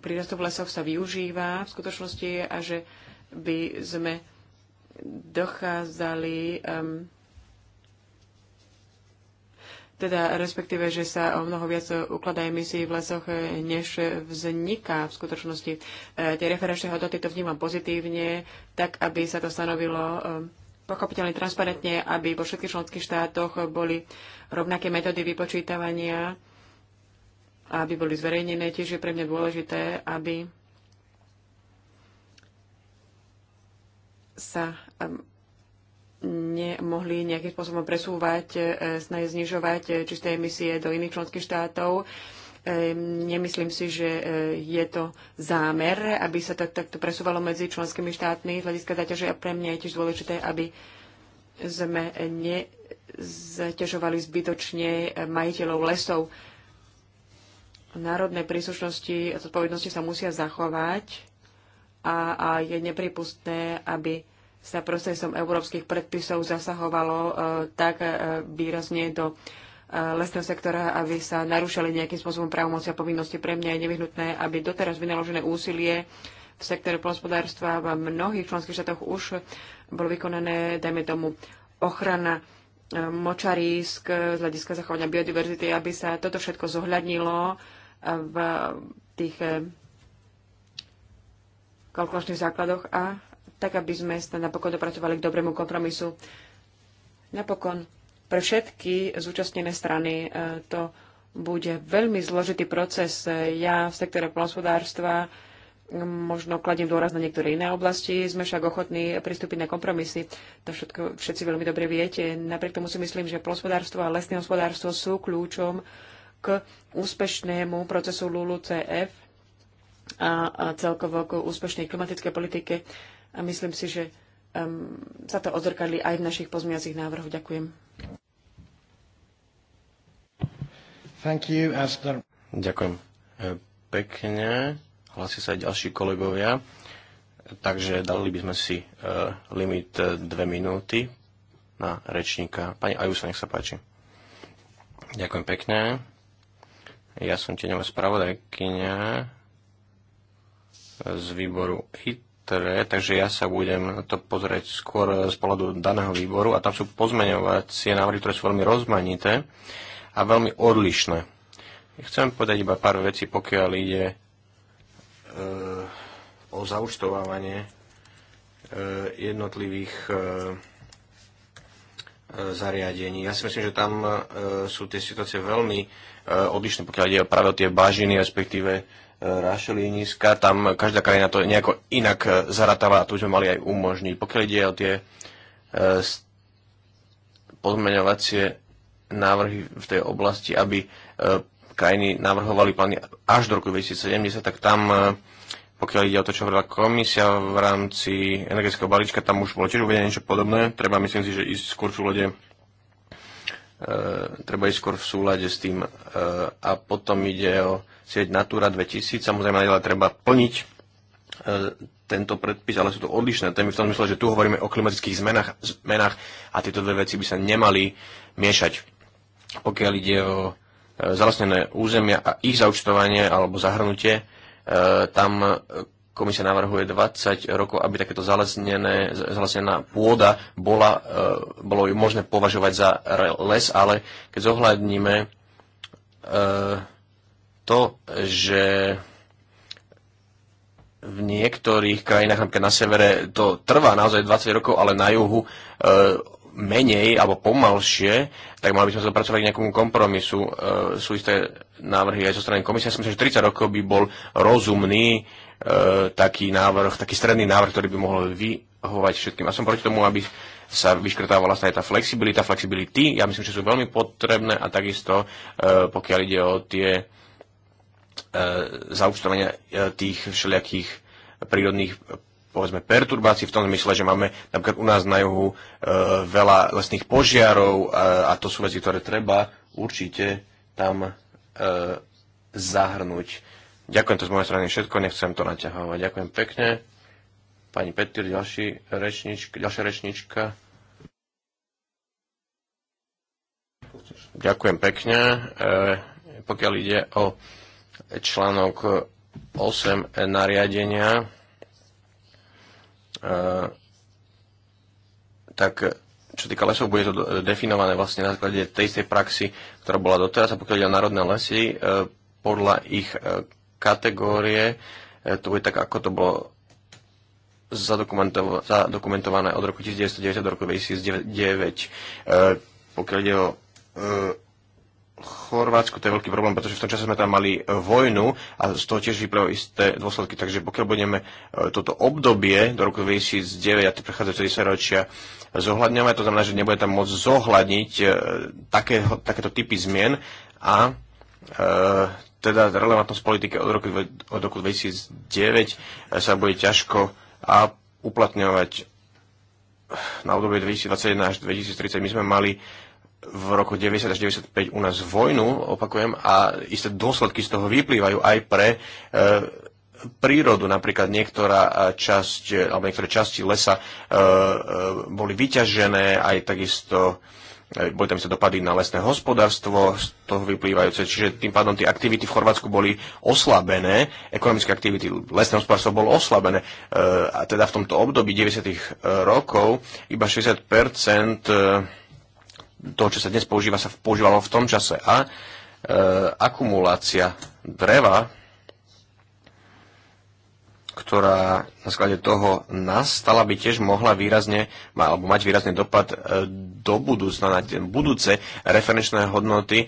prírastov v lesoch sa využíva v skutočnosti a že by sme dochádzali um, teda respektíve, že sa o mnoho viac ukladá emisí v lesoch, než vzniká v skutočnosti. E, tie referenčné hodnoty to vnímam pozitívne, tak aby sa to stanovilo um, pochopiteľne transparentne, aby vo všetkých členských štátoch boli rovnaké metódy vypočítavania, aby boli zverejnené. Tiež je pre mňa dôležité, aby sa um, nemohli nejakým spôsobom presúvať, e, e, znižovať e, čisté emisie do iných členských štátov. Nemyslím si, že e, je to zámer, aby sa to takto presúvalo medzi členskými štátmi z hľadiska záťaže a pre mňa je tiež dôležité, aby sme nezaťažovali zbytočne majiteľov lesov. Národné príslušnosti a zodpovednosti sa musia zachovať a, a je nepripustné, aby sa procesom európskych predpisov zasahovalo e, tak e, výrazne do e, lesného sektora, aby sa narúšali nejakým spôsobom právomoci a povinnosti. Pre mňa je nevyhnutné, aby doteraz vynaložené úsilie v sektore plospodárstva v mnohých členských štátoch už bolo vykonané, dajme tomu, ochrana e, močarísk e, z hľadiska zachovania biodiverzity, aby sa toto všetko zohľadnilo e, v tých kalkulačných základoch a tak, aby sme sa napokon dopracovali k dobrému kompromisu. Napokon pre všetky zúčastnené strany e, to bude veľmi zložitý proces. E, ja v sektore plnospodárstva možno kladím dôraz na niektoré iné oblasti, sme však ochotní pristúpiť na kompromisy. To všetko všetci veľmi dobre viete. Napriek tomu si myslím, že polospodárstvo a lesné hospodárstvo sú kľúčom k úspešnému procesu LULU-CF a, celkovo k úspešnej klimatickej politike. A myslím si, že sa to odzrkadli aj v našich pozmiacich návrhoch. Ďakujem. Thank you, Esther. Ďakujem e, pekne. Hlasí sa aj ďalší kolegovia. Takže dali by sme si e, limit e, dve minúty na rečníka. Pani Ajusa, nech sa páči. Ďakujem pekne. Ja som tieňová spravodajkynia z výboru ITRE, takže ja sa budem to pozrieť skôr z pohľadu daného výboru a tam sú pozmeňovacie návrhy, ktoré sú veľmi rozmanité. Uh, a veľmi odlišné. Chcem povedať iba pár vecí, pokiaľ ide e, o zaučtovávanie e, jednotlivých e, e zariadení. Ja si myslím, že tam e, sú tie situácie veľmi e, odlišné, pokiaľ ide práve o tie bažiny, respektíve e, nízka. Tam každá krajina to nejako inak e, zaratáva, a tu sme mali aj umožniť. Pokiaľ ide o tie e, pozmeňovacie návrhy v tej oblasti, aby e, krajiny navrhovali plány až do roku 2070, tak tam, e, pokiaľ ide o to, čo hovorila komisia v rámci energetického balíčka, tam už bolo tiež uvedené niečo podobné. Treba, myslím si, že ísť skôr v súlade e, treba ísť skôr v súlade s tým. A potom ide o sieť Natura 2000. Samozrejme, ale treba plniť tento predpis, ale sú to odlišné témy v tom zmysle, že tu hovoríme o klimatických zmenách, zmenách a tieto dve veci by sa nemali miešať pokiaľ ide o e, zalesnené územia a ich zaučtovanie alebo zahrnutie, e, tam komisia navrhuje 20 rokov, aby takéto zalesnené, zalesnená pôda bola, e, bolo ju možné považovať za les, ale keď zohľadníme to, že v niektorých krajinách, napríklad na severe, to trvá naozaj 20 rokov, ale na juhu menej alebo pomalšie, tak mali by sme sa dopracovať k nejakomu kompromisu. E, sú isté návrhy aj zo strany komisie. Ja si myslím, že 30 rokov by bol rozumný e, taký návrh, taký stredný návrh, ktorý by mohol vyhovať všetkým. A som proti tomu, aby sa vyškrtávala aj tá flexibilita, flexibility. Ja myslím, že sú veľmi potrebné a takisto, e, pokiaľ ide o tie e, zaúčtovania e, tých všelijakých prírodných povedzme, perturbácií v tom zmysle, že máme napríklad u nás na juhu e, veľa lesných požiarov a, e, a to sú veci, ktoré treba určite tam e, zahrnúť. Ďakujem to z mojej strany všetko, nechcem to naťahovať. Ďakujem pekne. Pani Petir, ďalší rečnička, ďalšia rečnička. Ďakujem pekne. E, pokiaľ ide o článok 8 nariadenia, Eh, tak čo týka lesov, bude to definované vlastne na základe tej istej praxi, ktorá bola doteraz a pokiaľ ide národné lesy, eh, podľa ich eh, kategórie, to bude tak, ako to bolo zadokumentované od roku 1990 do roku 2009. Pokiaľ ide o Chorvátsku to je veľký problém, pretože v tom čase sme tam mali vojnu a z toho tiež vyplývajú isté dôsledky. Takže pokiaľ budeme e, toto obdobie do roku 2009 a tie prechádzajúce 10 ročia zohľadňovať, to znamená, že nebude tam môcť zohľadniť e, také, takéto typy zmien a e, teda relevantnosť politiky od roku, od roku 2009 e, sa bude ťažko a uplatňovať na obdobie 2021 až 2030. My sme mali v roku 90 až 95 u nás vojnu, opakujem, a isté dôsledky z toho vyplývajú aj pre e, prírodu. Napríklad niektorá e, časť, e, alebo niektoré časti lesa e, e, boli vyťažené, aj takisto e, boli tam sa dopady na lesné hospodárstvo z toho vyplývajúce. Čiže tým pádom tie aktivity v Chorvátsku boli oslabené, ekonomické aktivity, lesné hospodárstvo bolo oslabené. E, a teda v tomto období 90. E, rokov iba 60 e, to, čo sa dnes používa, sa používalo v tom čase. A e, akumulácia dreva, ktorá na sklade toho nastala, by tiež mohla výrazne, alebo mať výrazný dopad e, do budúcna, na tie budúce referenčné hodnoty e,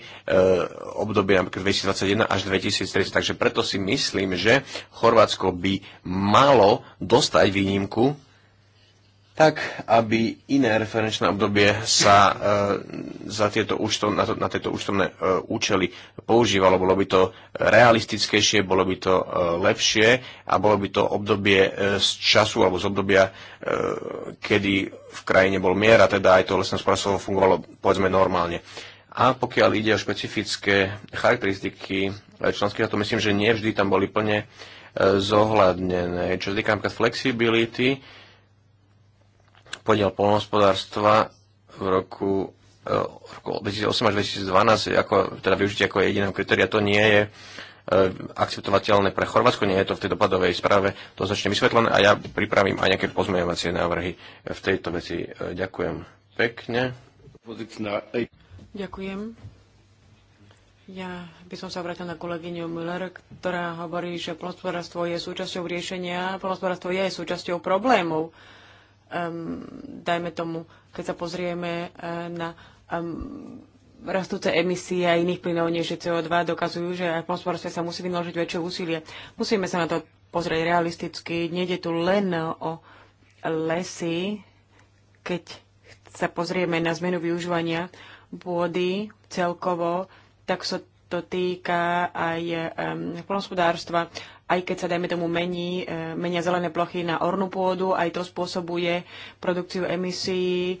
obdobia napríklad 2021 až 2030. Takže preto si myslím, že Chorvátsko by malo dostať výnimku tak aby iné referenčné obdobie sa e, za tieto účtov, na, to, na tieto účtovné e, účely používalo. Bolo by to realistickejšie, bolo by to e, lepšie a bolo by to obdobie e, z času alebo z obdobia, e, kedy v krajine bol mier a teda aj to lesné spravstvo fungovalo povedzme normálne. A pokiaľ ide o špecifické charakteristiky e, členských to myslím, že nevždy tam boli plne e, zohľadnené. Čo sa týka napríklad flexibility, podiel polnohospodárstva v roku, e, v roku 2008 až 2012 ako, teda využite ako jediného kritéria, to nie je e, akceptovateľné pre Chorvátsko, nie je to v tej dopadovej správe začne vysvetlené a ja pripravím aj nejaké pozmeňovacie návrhy v tejto veci. E, ďakujem pekne. Ďakujem. Ja by som sa vrátil na kolegyňu Müller, ktorá hovorí, že plnospodárstvo je súčasťou riešenia, a plnospodárstvo je súčasťou problémov um, dajme tomu, keď sa pozrieme uh, na um, rastúce emisie a iných plynov než CO2, dokazujú, že aj v hospodárstve sa musí vynaložiť väčšie úsilie. Musíme sa na to pozrieť realisticky. Nede tu len o lesy, keď sa pozrieme na zmenu využívania pôdy celkovo, tak sa so to týka aj um, polnospodárstva, aj keď sa, dajme tomu, mení, e, menia zelené plochy na ornú pôdu, aj to spôsobuje produkciu emisí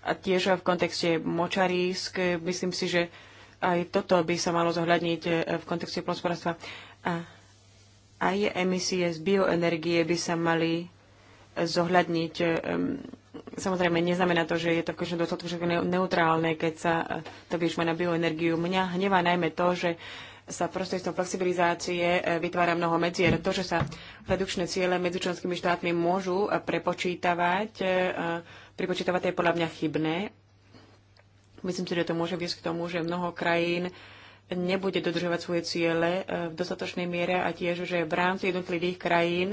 a tiež v kontexte močarísk. Myslím si, že aj toto by sa malo zohľadniť e, v kontexte plnospodárstva. A aj emisie z bioenergie by sa mali zohľadniť. E, samozrejme, neznamená to, že je to v dôsledku neutrálne, keď sa to vyšme na bioenergiu. Mňa hnevá najmä to, že sa prostredstvom flexibilizácie e, vytvára mnoho medzier. To, že sa redukčné ciele medzi členskými štátmi môžu e, prepočítavať, e, pripočítavať, to je podľa mňa chybné. Myslím si, že to môže viesť k tomu, že mnoho krajín nebude dodržovať svoje ciele v dostatočnej miere a tiež, že v rámci jednotlivých krajín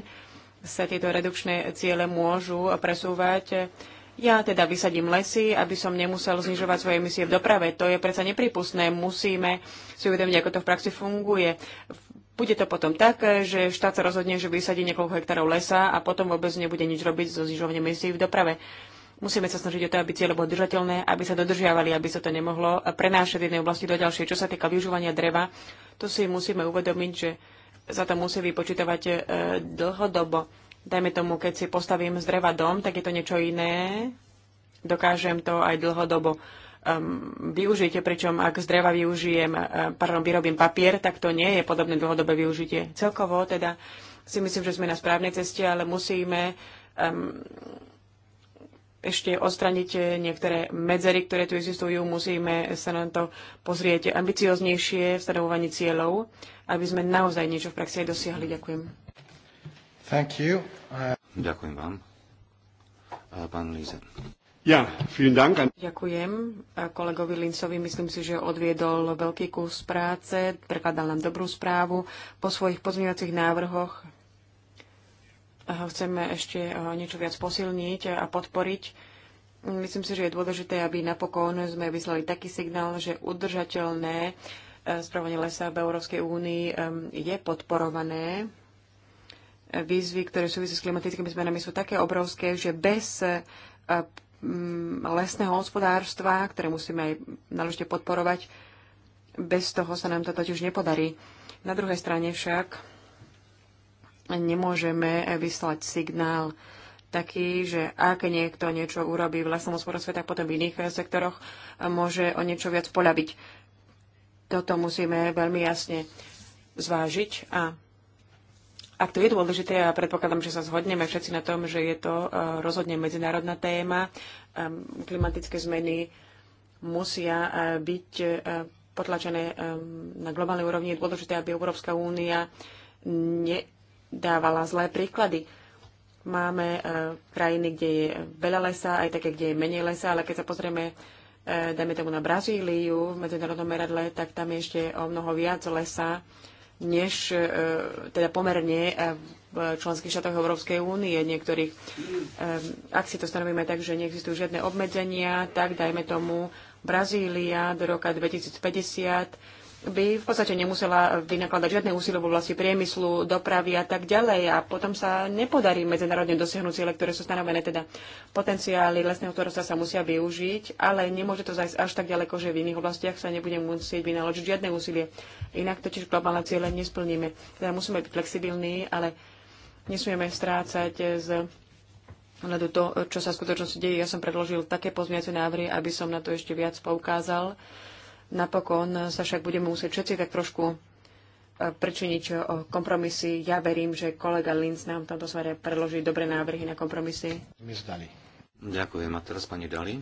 sa tieto redukčné ciele môžu presúvať ja teda vysadím lesy, aby som nemusel znižovať svoje emisie v doprave. To je predsa nepripustné. Musíme si uvedomiť, ako to v praxi funguje. Bude to potom tak, že štát sa rozhodne, že vysadí niekoľko hektárov lesa a potom vôbec nebude nič robiť so znižovaním emisí v doprave. Musíme sa snažiť o to, aby cieľe boli držateľné, aby sa dodržiavali, aby sa to nemohlo prenášať z jednej oblasti do ďalšej. Čo sa týka využívania dreva, to si musíme uvedomiť, že za to musí vypočítavať e, dlhodobo Dajme tomu, keď si postavím z dreva dom, tak je to niečo iné. Dokážem to aj dlhodobo um, využiť. pričom ak z dreva využijem, uh, pardon, vyrobím papier, tak to nie je podobné dlhodobé využitie. Celkovo teda si myslím, že sme na správnej ceste, ale musíme um, ešte odstraniť niektoré medzery, ktoré tu existujú. Musíme sa na to pozrieť ambicioznejšie v stanovovaní cieľov, aby sme naozaj niečo v praxi aj dosiahli. Ďakujem. Thank you. Uh, Ďakujem vám. pán Lízen. Ja, vielen Dank. Ďakujem kolegovi Lincovi. Myslím si, že odviedol veľký kus práce, prekladal nám dobrú správu. Po svojich pozmeňovacích návrhoch ho eh, chceme ešte eh, niečo viac posilniť a podporiť. Myslím si, že je dôležité, aby napokon sme vyslali taký signál, že udržateľné eh, správanie lesa v Európskej únii je podporované výzvy, ktoré súvisí s klimatickými zmenami, sú také obrovské, že bez e, lesného hospodárstva, ktoré musíme aj náležite podporovať, bez toho sa nám to totiž nepodarí. Na druhej strane však nemôžeme vyslať signál, taký, že ak niekto niečo urobí v lesnom hospodárstve, tak potom v iných sektoroch môže o niečo viac poľaviť. Toto musíme veľmi jasne zvážiť a ak to je dôležité a predpokladám, že sa zhodneme všetci na tom, že je to e, rozhodne medzinárodná téma, e, klimatické zmeny musia e, byť potlačené na globálnej úrovni. Je dôležité, aby Európska únia nedávala zlé príklady. Máme krajiny, kde je veľa lesa, aj také, kde je menej lesa, ale keď sa pozrieme, dajme tomu na Brazíliu v medzinárodnom meradle, tak tam je ešte o mnoho viac lesa, než e, teda pomerne e, v členských štátoch Európskej únie niektorých. E, ak si to stanovíme tak, že neexistujú žiadne obmedzenia, tak dajme tomu Brazília do roka 2050 by v podstate nemusela vynakladať žiadne úsilie v oblasti priemyslu, dopravy a tak ďalej a potom sa nepodarí medzinárodne dosiahnuť ciele, ktoré sú stanovené. Teda potenciály lesného hospodárstva sa musia využiť, ale nemôže to zajsť až tak ďaleko, že v iných oblastiach sa nebude musieť vynaložiť žiadne úsilie. Inak totiž globálne ciele nesplníme. Teda musíme byť flexibilní, ale nesmieme strácať z hľadu to, čo sa v skutočnosti deje. Ja som predložil také pozmiace návrhy, aby som na to ešte viac poukázal. Napokon sa však budeme musieť všetci tak trošku e, prečiniť o kompromisy. Ja verím, že kolega Linz nám v tomto smere predloží dobré návrhy na kompromisy. Ďakujem. A teraz pani Dali.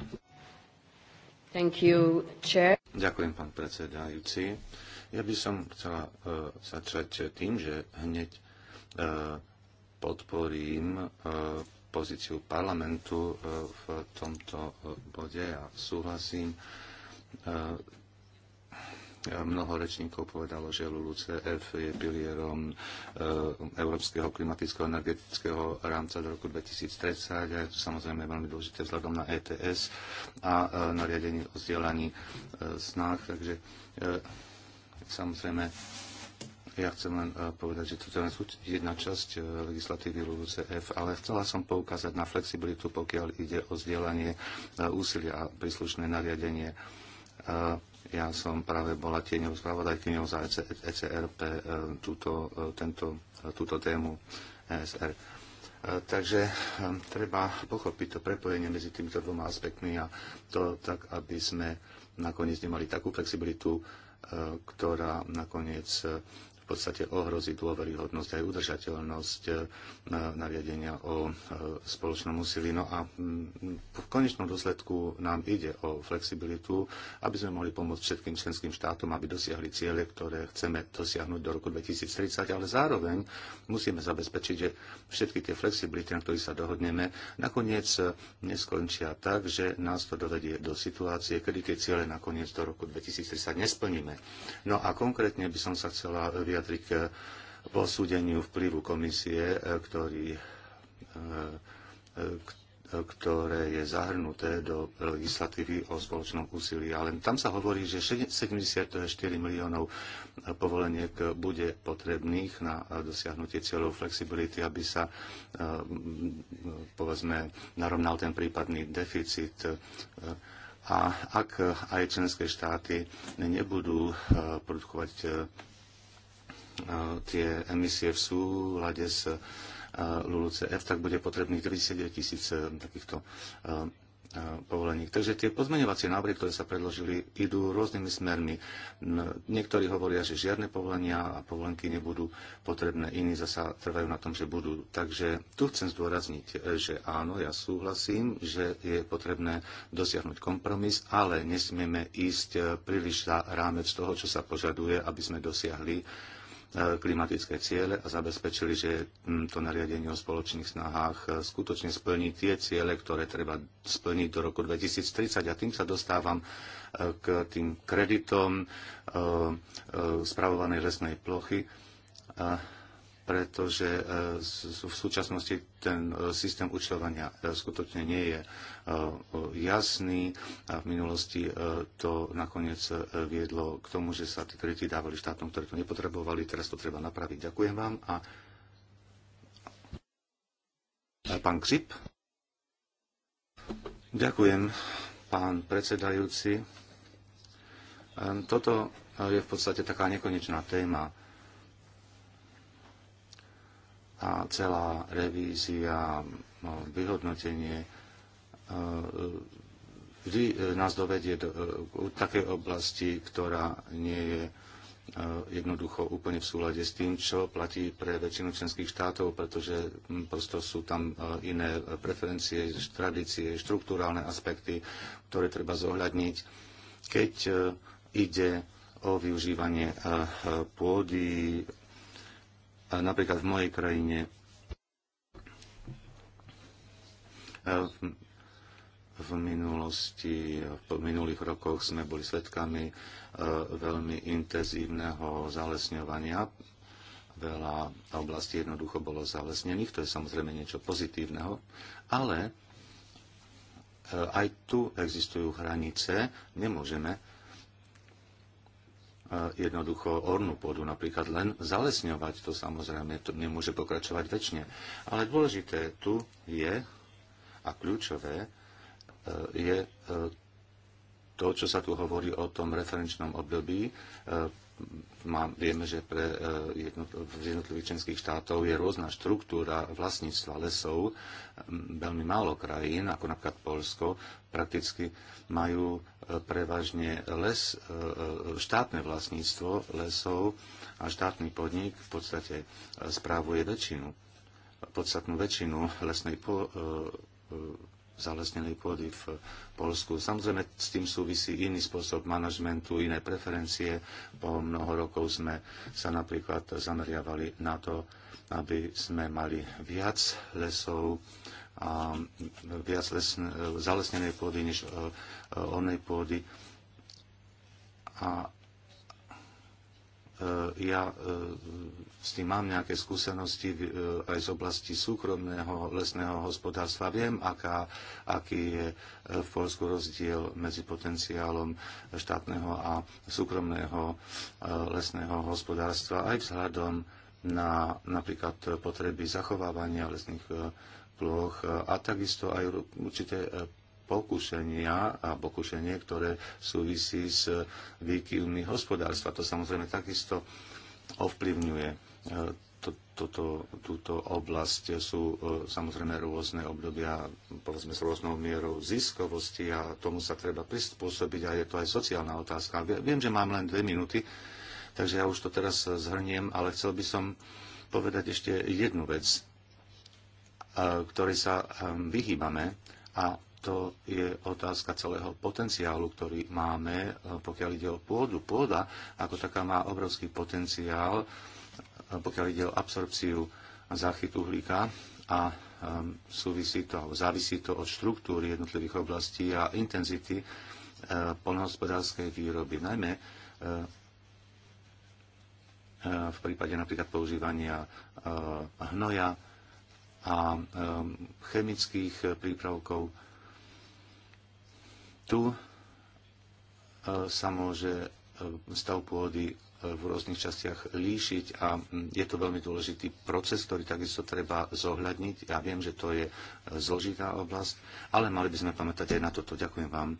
Thank you, chair. Ďakujem, pán predsedajúci. Ja by som chcela uh, začať tým, že hneď uh, podporím uh, pozíciu parlamentu uh, v tomto uh, bode a súhlasím uh, Mnoho rečníkov povedalo, že LULUCF je pilierom eh, Európskeho klimatického energetického rámca do roku 2030 a je to samozrejme veľmi dôležité vzhľadom na ETS a eh, nariadenie o vzdielaní eh, snách. Takže samozrejme ja chcem len povedať, že toto je jedna časť legislatívy LULUCF, ale chcela som poukázať na flexibilitu, pokiaľ ide o vzdielanie úsilia a príslušné nariadenie ja som práve bola tieňou spravodajkyňou za ECRP e e, túto, e, tento, túto tému ESR. Takže treba pochopiť to prepojenie medzi týmito dvoma aspektmi a to tak, aby sme nakoniec nemali takú flexibilitu, ktorá nakoniec v podstate ohrozí dôveryhodnosť aj udržateľnosť eh, nariadenia o eh, spoločnom úsilí. No a mm, v konečnom dôsledku nám ide o flexibilitu, aby sme mohli pomôcť všetkým členským štátom, aby dosiahli ciele, ktoré chceme dosiahnuť do roku 2030, ale zároveň musíme zabezpečiť, že všetky tie flexibility, na ktorých sa dohodneme, nakoniec eh, neskončia tak, že nás to dovedie do situácie, kedy tie ciele nakoniec do roku 2030 nesplníme. No a konkrétne by som sa chcela vyjadriť vyjadriť k posúdeniu vplyvu komisie, e, ktorý, e, e, ktoré je zahrnuté do legislatívy o spoločnom úsilí. Ale tam sa hovorí, že 74 miliónov povoleniek bude potrebných na dosiahnutie cieľov flexibility, aby sa povedzme narovnal ten prípadný deficit a ak aj členské štáty nebudú produkovať tie emisie v súlade s LULUCF, tak bude potrebných 99 tisíc e, takýchto e, e, povolení. Takže tie pozmeňovacie návrhy, ktoré sa predložili, idú rôznymi smermi. Niektorí hovoria, že žiadne povolenia a povolenky nebudú potrebné, iní zasa trvajú na tom, že budú. Takže tu chcem zdôrazniť, že áno, ja súhlasím, že je potrebné dosiahnuť kompromis, ale nesmieme ísť príliš za rámec toho, čo sa požaduje, aby sme dosiahli klimatické ciele a zabezpečili, že mm, to nariadenie o spoločných snahách e, skutočne splní tie ciele, ktoré treba splniť do roku 2030. A tým sa dostávam e, k tým kreditom e, spravovanej lesnej plochy pretože v súčasnosti ten systém účtovania skutočne nie je Eh, jasný a v minulosti eh, to nakoniec eh, viedlo k tomu, že sa tie kredity dávali štátom, ktoré to nepotrebovali. Teraz to treba napraviť. Ďakujem vám. A pán Ksip. Ďakujem, pán predsedajúci. Ehm, toto je v podstate taká nekonečná téma a celá revízia, no, vyhodnotenie E, e, vždy e, nás dovedie do takej oblasti, ktorá nie je jednoducho úplne v súlade s tým, čo platí pre väčšinu členských štátov, pretože prosto sú tam iné preferencie, tradície, štruktúrálne aspekty, ktoré treba zohľadniť. Keď ide o využívanie pôdy, napríklad v mojej krajine, v minulosti, v minulých rokoch sme boli svetkami e, veľmi intenzívneho zalesňovania. Veľa oblastí jednoducho bolo zalesnených, to je samozrejme niečo pozitívneho, ale e, aj tu existujú hranice, nemôžeme e, jednoducho ornú pôdu napríklad len zalesňovať, to samozrejme to nemôže pokračovať väčšine. Ale dôležité tu je a kľúčové, je e, to, čo sa tu hovorí o tom referenčnom období. E, má, vieme, že pre e, jednotl- jednotlivých členských štátov je rôzna štruktúra vlastníctva lesov. Veľmi málo krajín, ako napríklad Polsko, prakticky majú prevažne les, štátne vlastníctvo lesov a štátny podnik v podstate správuje väčšinu, podstatnú väčšinu lesnej po, zalesnenej pôdy v Polsku. Samozrejme, s tým súvisí iný spôsob manažmentu, iné preferencie. Po mnoho rokov sme sa napríklad zameriavali na to, aby sme mali viac lesov, a viac lesne, zalesnenej pôdy než e, e, ornej pôdy. A E, ja e, s tým mám nejaké skúsenosti e, aj z oblasti súkromného lesného hospodárstva. Viem, aká, aký je v Polsku rozdiel medzi potenciálom štátneho a súkromného lesného hospodárstva aj vzhľadom na napríklad potreby zachovávania lesných ploch a takisto aj určité pokušenia a pokušenie, ktoré súvisí s výkyvmi hospodárstva. To samozrejme takisto ovplyvňuje e, to, túto oblasť. Sú e, samozrejme rôzne obdobia, povedzme s rôznou mierou ziskovosti a tomu sa treba prispôsobiť a je to aj sociálna otázka. Viem, že mám len dve minúty, takže ja už to teraz zhrniem, ale chcel by som povedať ešte jednu vec, e, ktorej sa vyhýbame a to je otázka celého potenciálu, ktorý máme, eh, pokiaľ ide o pôdu. Pôda ako taká má obrovský potenciál, eh, pokiaľ ide o absorpciu a záchyt uhlíka a eh, súvisí to, alebo závisí to od štruktúry jednotlivých oblastí a intenzity polnohospodárskej výroby. Najmä v prípade napríklad používania hnoja a chemických prípravkov tu e, sa môže e, stav pôdy e, v rôznych častiach líšiť a je to veľmi dôležitý proces, ktorý takisto treba zohľadniť. Ja viem, že to je zložitá oblasť, ale mali by sme pamätať aj na toto. Ďakujem vám.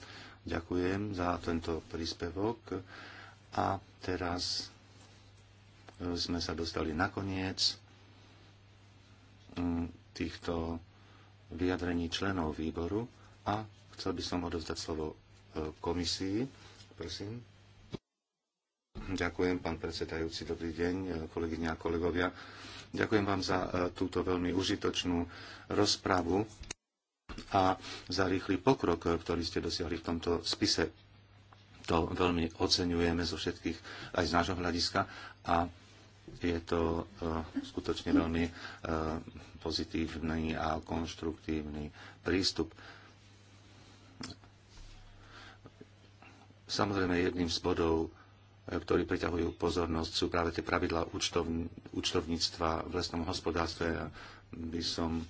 Ďakujem za tento príspevok. A teraz sme sa dostali na koniec týchto vyjadrení členov výboru a Chcel by som odovzdať slovo e, komisii. Prosím. Ďakujem, pán predsedajúci. Dobrý deň, e, kolegyne a kolegovia. Ďakujem vám za e, túto veľmi užitočnú rozpravu a za rýchly pokrok, ktorý ste dosiahli v tomto spise. To veľmi oceňujeme zo všetkých, aj z nášho hľadiska. A je to skutočne veľmi pozitívny a konštruktívny prístup Samozrejme, jedným z bodov, e, ktorí priťahujú pozornosť, sú práve tie pravidla účtovníctva v lesnom hospodárstve. Ja by som e,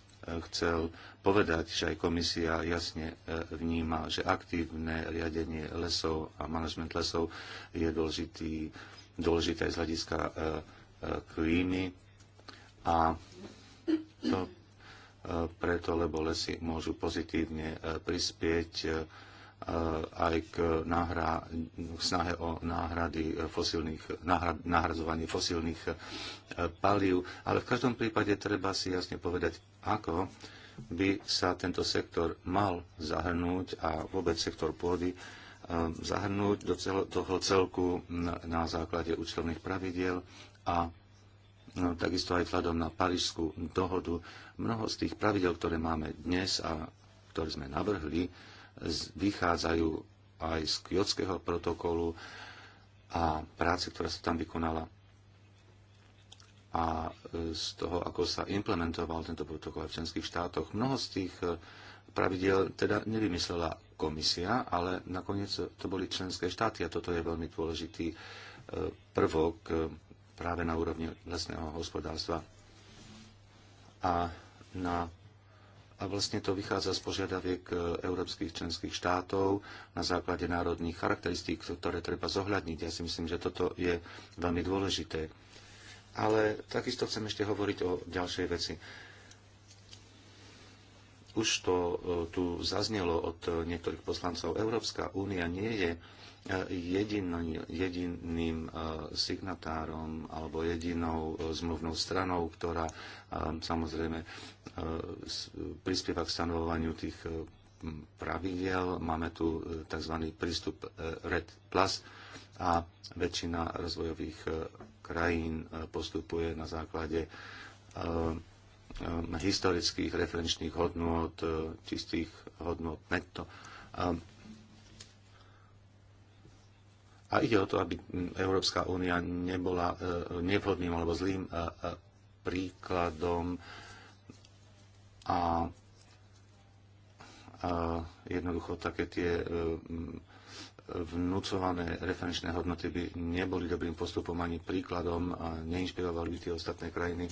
chcel povedať, že aj komisia jasne e, vníma, že aktívne riadenie lesov a manažment lesov je dôležitý, dôležité z hľadiska klímy a to preto, lebo lesy môžu pozitívne prispieť Eh, aj k, náhra, snahe o náhrady eh, fosilných, náhrad, náhradzovanie fosílnych eh, palív. Ale v každom prípade treba si jasne povedať, ako by sa tento sektor mal zahrnúť a vôbec sektor pôdy zahrnúť do cel, toho celku na, na základe účtovných pravidiel a no, takisto aj vzhľadom na Parížskú dohodu. Mnoho z tých pravidel, ktoré máme dnes a ktoré sme navrhli, vychádzajú aj z kiotského protokolu a práce, ktorá sa tam vykonala a e, z toho, ako sa implementoval tento protokol v členských štátoch. Mnoho z tých e, pravidel teda nevymyslela komisia, ale nakoniec to boli členské štáty a toto je veľmi dôležitý e, prvok práve na úrovni lesného hospodárstva. A na a vlastne to vychádza z požiadaviek e, európskych členských štátov na základe národných charakteristík, ktoré treba zohľadniť. Ja si myslím, že toto je veľmi dôležité. Ale takisto chcem ešte hovoriť o ďalšej veci. Už to e, tu zaznelo od niektorých poslancov. Európska únia nie je E, jediný, jediným e, signatárom alebo jedinou e, zmluvnou stranou, ktorá samozrejme prispieva k stanovovaniu tých pravidel. Máme tu tzv. prístup RED+, Plus a väčšina rozvojových krajín postupuje na základe historických referenčných hodnôt, čistých hodnôt netto a ide o to, aby Európska únia nebola e, nevhodným alebo zlým e, e, príkladom a jednoducho také tie vnúcované referenčné hodnoty by neboli dobrým postupom ani príkladom a neinšpirovali by tie ostatné krajiny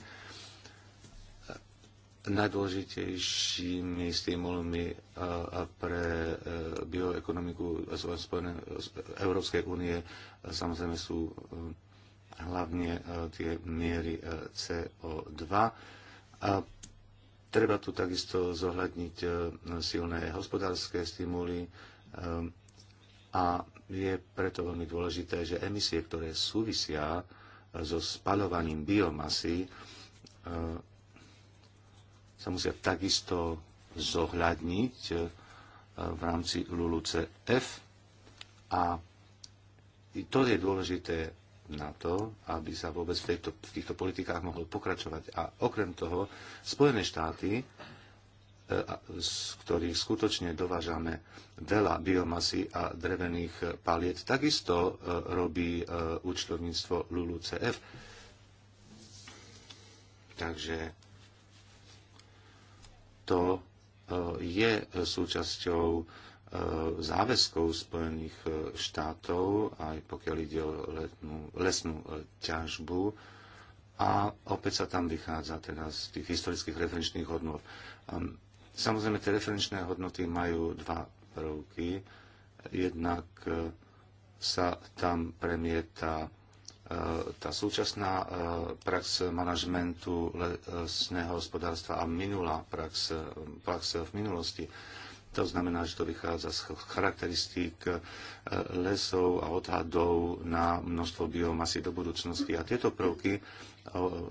najdôležitejšími stimulmi pre e, bioekonomiku Európskej únie samozrejme sú e, hlavne e, tie miery CO2. treba tu takisto zohľadniť silné hospodárske stimuly a je preto veľmi dôležité, že emisie, ktoré súvisia so spaľovaním biomasy, sa musia takisto zohľadniť e, v rámci LULUCF a to je dôležité na to, aby sa vôbec v, tejto, v týchto politikách mohlo pokračovať. A okrem toho, Spojené štáty, e, z ktorých skutočne dovážame veľa biomasy a drevených paliet, takisto e, robí účtovníctvo LULUCF. Takže to e, je súčasťou e, záväzkov Spojených e, štátov, aj pokiaľ ide o letnú, lesnú ťažbu. A opäť sa tam vychádza teda z tých historických referenčných hodnot. Samozrejme, tie referenčné hodnoty majú dva prvky. Jednak sa tam premieta tá súčasná e, prax manažmentu lesného hospodárstva a minulá prax, prax v minulosti. To znamená, že to vychádza z charakteristík e, lesov a odhadov na množstvo biomasy do budúcnosti. A tieto prvky e,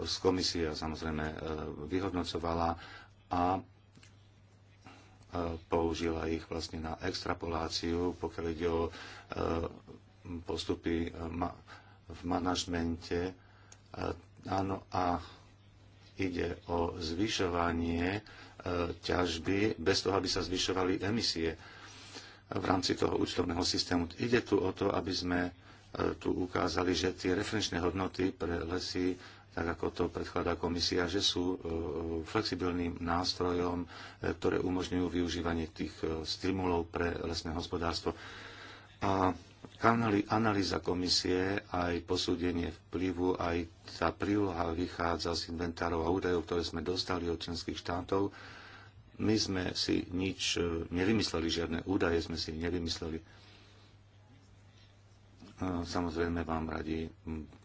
z komisia samozrejme vyhodnocovala a použila ich vlastne na extrapoláciu, pokiaľ ide o postupy v manažmente. Áno, a ide o zvyšovanie e, ťažby bez toho, aby sa zvyšovali emisie v rámci toho účtovného systému. Ide tu o to, aby sme e, tu ukázali, že tie referenčné hodnoty pre lesy, tak ako to predkladá komisia, že sú e, flexibilným nástrojom, ktoré umožňujú využívanie tých stimulov pre lesné hospodárstvo. A Analýza komisie, aj posúdenie vplyvu, aj tá príloha vychádza z inventárov a údajov, ktoré sme dostali od členských štátov. My sme si nič e, nevymysleli, žiadne údaje sme si nevymysleli. E, samozrejme vám radi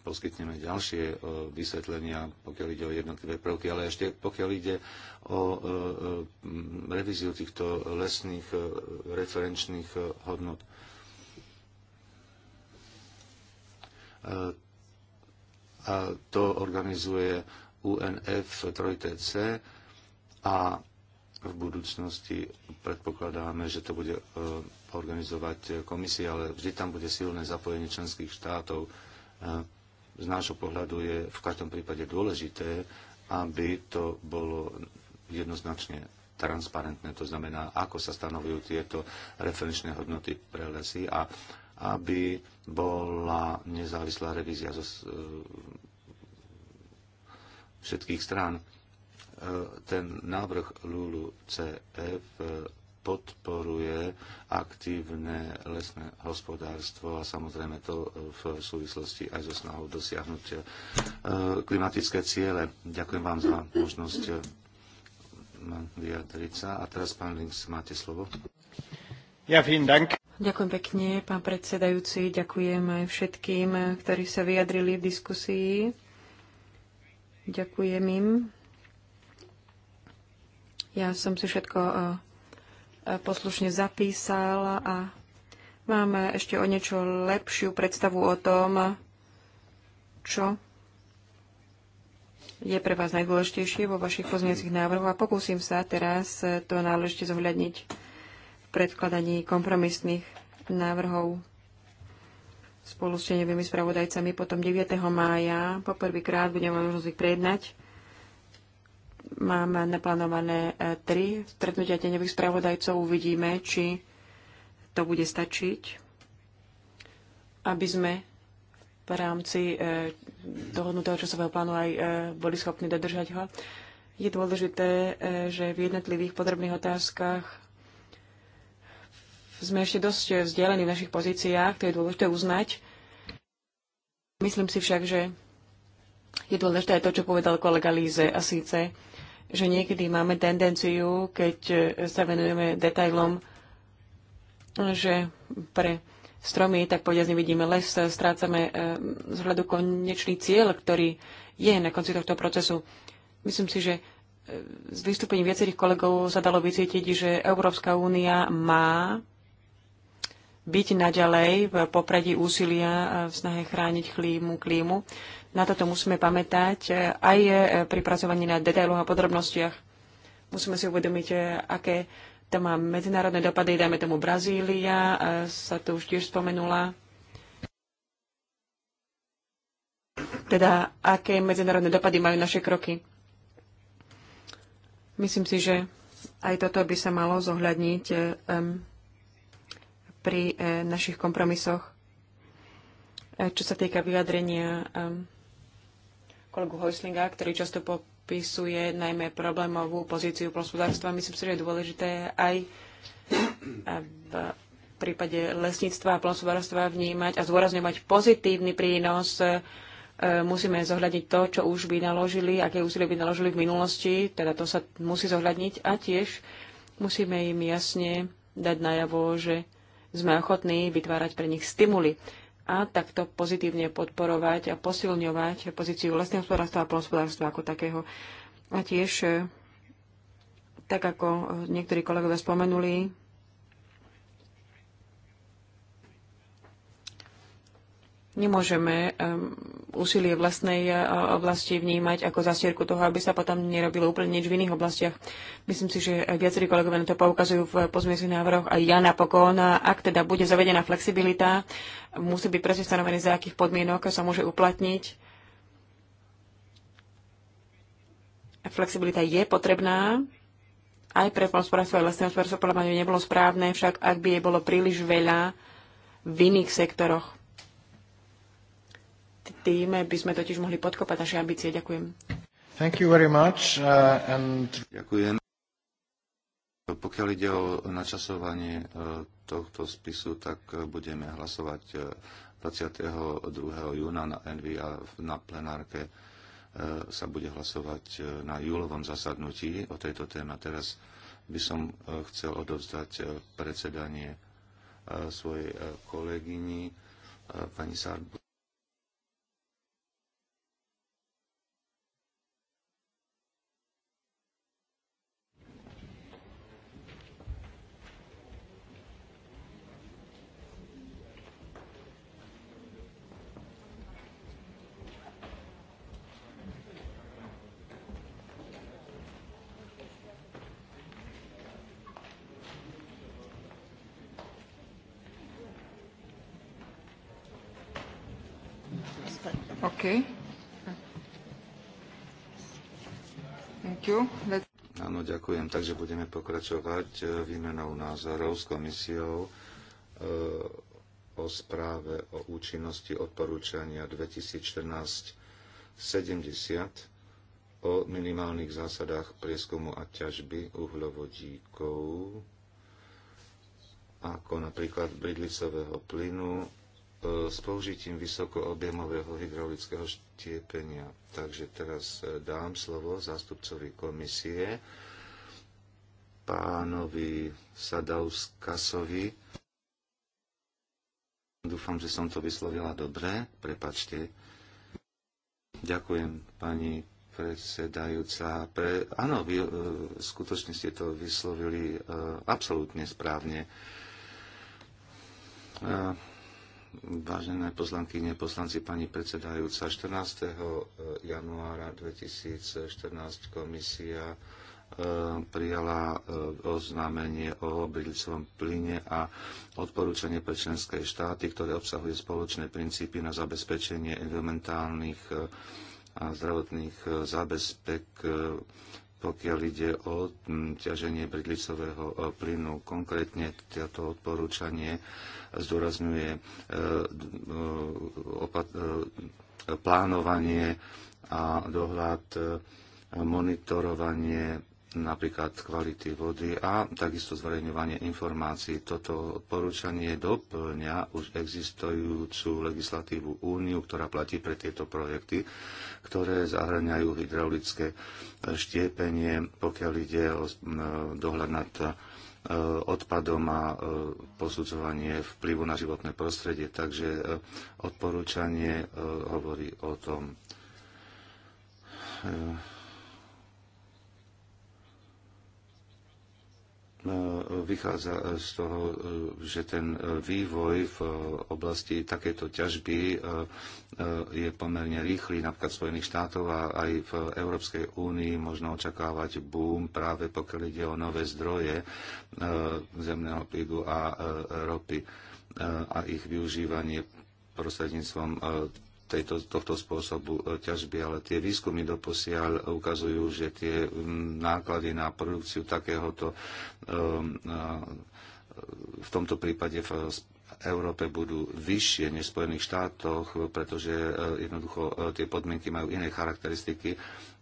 poskytneme ďalšie e, vysvetlenia, pokiaľ ide o jednotlivé prvky, ale ešte pokiaľ ide o revíziu týchto lesných referenčných hodnot a to organizuje UNF 3TC a v budúcnosti predpokladáme, že to bude e, organizovať komisia, ale vždy tam bude silné zapojenie členských štátov. E, z nášho pohľadu je v každom prípade dôležité, aby to bolo jednoznačne transparentné, to znamená, ako sa stanovujú tieto referenčné hodnoty pre lesy a aby bola nezávislá revízia zo e, všetkých strán. E, ten návrh Lulu CF podporuje aktívne lesné hospodárstvo a samozrejme to v súvislosti aj so snahou dosiahnuť e, klimatické ciele. Ďakujem vám za možnosť vyjadriť sa. A teraz, pán Links, máte slovo. Ja, vielen Dank. Ďakujem pekne, pán predsedajúci. Ďakujem aj všetkým, ktorí sa vyjadrili v diskusii. Ďakujem im. Ja som si všetko eh, eh, poslušne zapísal a mám ešte o niečo lepšiu predstavu o tom, čo je pre vás najdôležitejšie vo vašich pozmeňujúcich návrhoch a pokúsim sa teraz to náležite zohľadniť predkladaní kompromisných návrhov spolu s tenevými spravodajcami. Potom 9. mája poprvýkrát budeme môcť prejednať. máme naplánované e, tri stretnutia tenevých spravodajcov. Uvidíme, či to bude stačiť, aby sme v rámci e, dohodnutého časového plánu aj e, boli schopní dodržať ho. Je dôležité, že v jednotlivých podrobných otázkach sme ešte dosť vzdialení v našich pozíciách, to je dôležité uznať. Myslím si však, že je dôležité aj to, čo povedal kolega Líze, a síce, že niekedy máme tendenciu, keď sa venujeme detailom, že pre stromy, tak povedať, nevidíme les, strácame eh, z hľadu konečný cieľ, ktorý je na konci tohto procesu. Myslím si, že z eh, vystúpení viacerých kolegov sa dalo vycítiť, že Európska únia má byť naďalej v popredí úsilia e, v snahe chrániť klímu, klímu. Na toto musíme pamätať e, aj e, pri pracovaní na detailoch a podrobnostiach. Musíme si uvedomiť, aké to má medzinárodné dopady, dajme tomu Brazília, sa tu už tiež spomenula. Teda, aké medzinárodné dopady majú naše kroky. Myslím si, že aj toto by sa malo zohľadniť pri e, našich kompromisoch, e, čo sa týka vyjadrenia e, kolegu Hojslinga, ktorý často popisuje najmä problémovú pozíciu hospodárstva. Myslím si, že je dôležité aj v prípade lesníctva a plnospodárstva vnímať a zdôrazňovať pozitívny prínos. Musíme zohľadniť to, čo už by naložili, aké úsilie by naložili v minulosti, teda to sa musí zohľadniť a tiež musíme im jasne dať najavo, že sme ochotní vytvárať pre nich stimuly a takto pozitívne podporovať a posilňovať pozíciu lesného hospodárstva a polospodárstva ako takého. A tiež, e, tak ako niektorí kolegovia spomenuli, nemôžeme úsilie vlastnej e, oblasti vnímať ako zastierku toho, aby sa potom nerobilo úplne nič v iných oblastiach. Myslím si, že viacerí kolegovia na to poukazujú v pozmiesných návrhoch a ja napokon, ak teda bude zavedená flexibilita, musí byť presne stanovené, za akých podmienok sa môže uplatniť. Flexibilita je potrebná, aj pre hospodárstvo aj lesné hospodárstvo podľa mňa nebolo správne, však ak by jej bolo príliš veľa v iných sektoroch tým by sme totiž mohli podkopať naše ambície. Ďakujem. Thank you very much, uh, and... Ďakujem. Pokiaľ ide o načasovanie uh, tohto spisu, tak uh, budeme hlasovať 22. Uh, júna na NV, a na plenárke sa bude hlasovať na júlovom zasadnutí o tejto téme. Teraz by som chcel odovzdať predsedanie svojej kolegyni pani Sarbu. Okay. Thank you. Áno, ďakujem. Takže budeme pokračovať e, výmenou názorov s komisiou e, o správe o účinnosti odporúčania 2014-70 o minimálnych zásadách prieskumu a ťažby uhlovodíkov ako napríklad bridlicového plynu E, s použitím vysokoobjemového hydraulického štiepenia. Takže teraz e, dám slovo zástupcovi komisie, pánovi Sadauskasovi. Dúfam, že som to vyslovila dobre. Prepačte. Ďakujem, pani predsedajúca. Pre... Áno, vy uh, skutočne ste to vyslovili uh, absolútne správne. Uh, Vážené poslanky, poslanci, pani predsedajúca, 14. Eh, januára 2014 komisia eh, prijala eh, oznámenie o obydlicovom plyne a odporúčanie pre členské štáty, ktoré obsahuje spoločné princípy na zabezpečenie environmentálnych a zdravotných zábezpek pokiaľ ide o mm, ťaženie bridlicového e, plynu. Konkrétne toto odporúčanie zdôrazňuje e, e, plánovanie a dohľad monitorovanie napríklad kvality vody a takisto zverejňovanie informácií. Toto odporúčanie doplňa už existujúcu legislatívu úniu, ktorá platí pre tieto projekty, ktoré zahraňajú hydraulické štiepenie, pokiaľ ide o e, dohľad nad e, odpadom a e, posudzovanie vplyvu na životné prostredie. Takže odporúčanie hovorí o tom No, vychádza z toho, že ten vývoj v oblasti takéto ťažby e, e, je pomerne rýchly, napríklad v Spojených štátov a aj v Európskej únii možno očakávať boom práve pokiaľ ide o nové zdroje e, zemného plynu a ropy a ich využívanie prostredníctvom tejto, tohto spôsobu e, ťažby, ale tie výskumy doposiaľ ukazujú, že tie náklady na produkciu takéhoto v tomto prípade v Európe budú vyššie než v Spojených štátoch, pretože e, jednoducho e, tie podmienky majú iné charakteristiky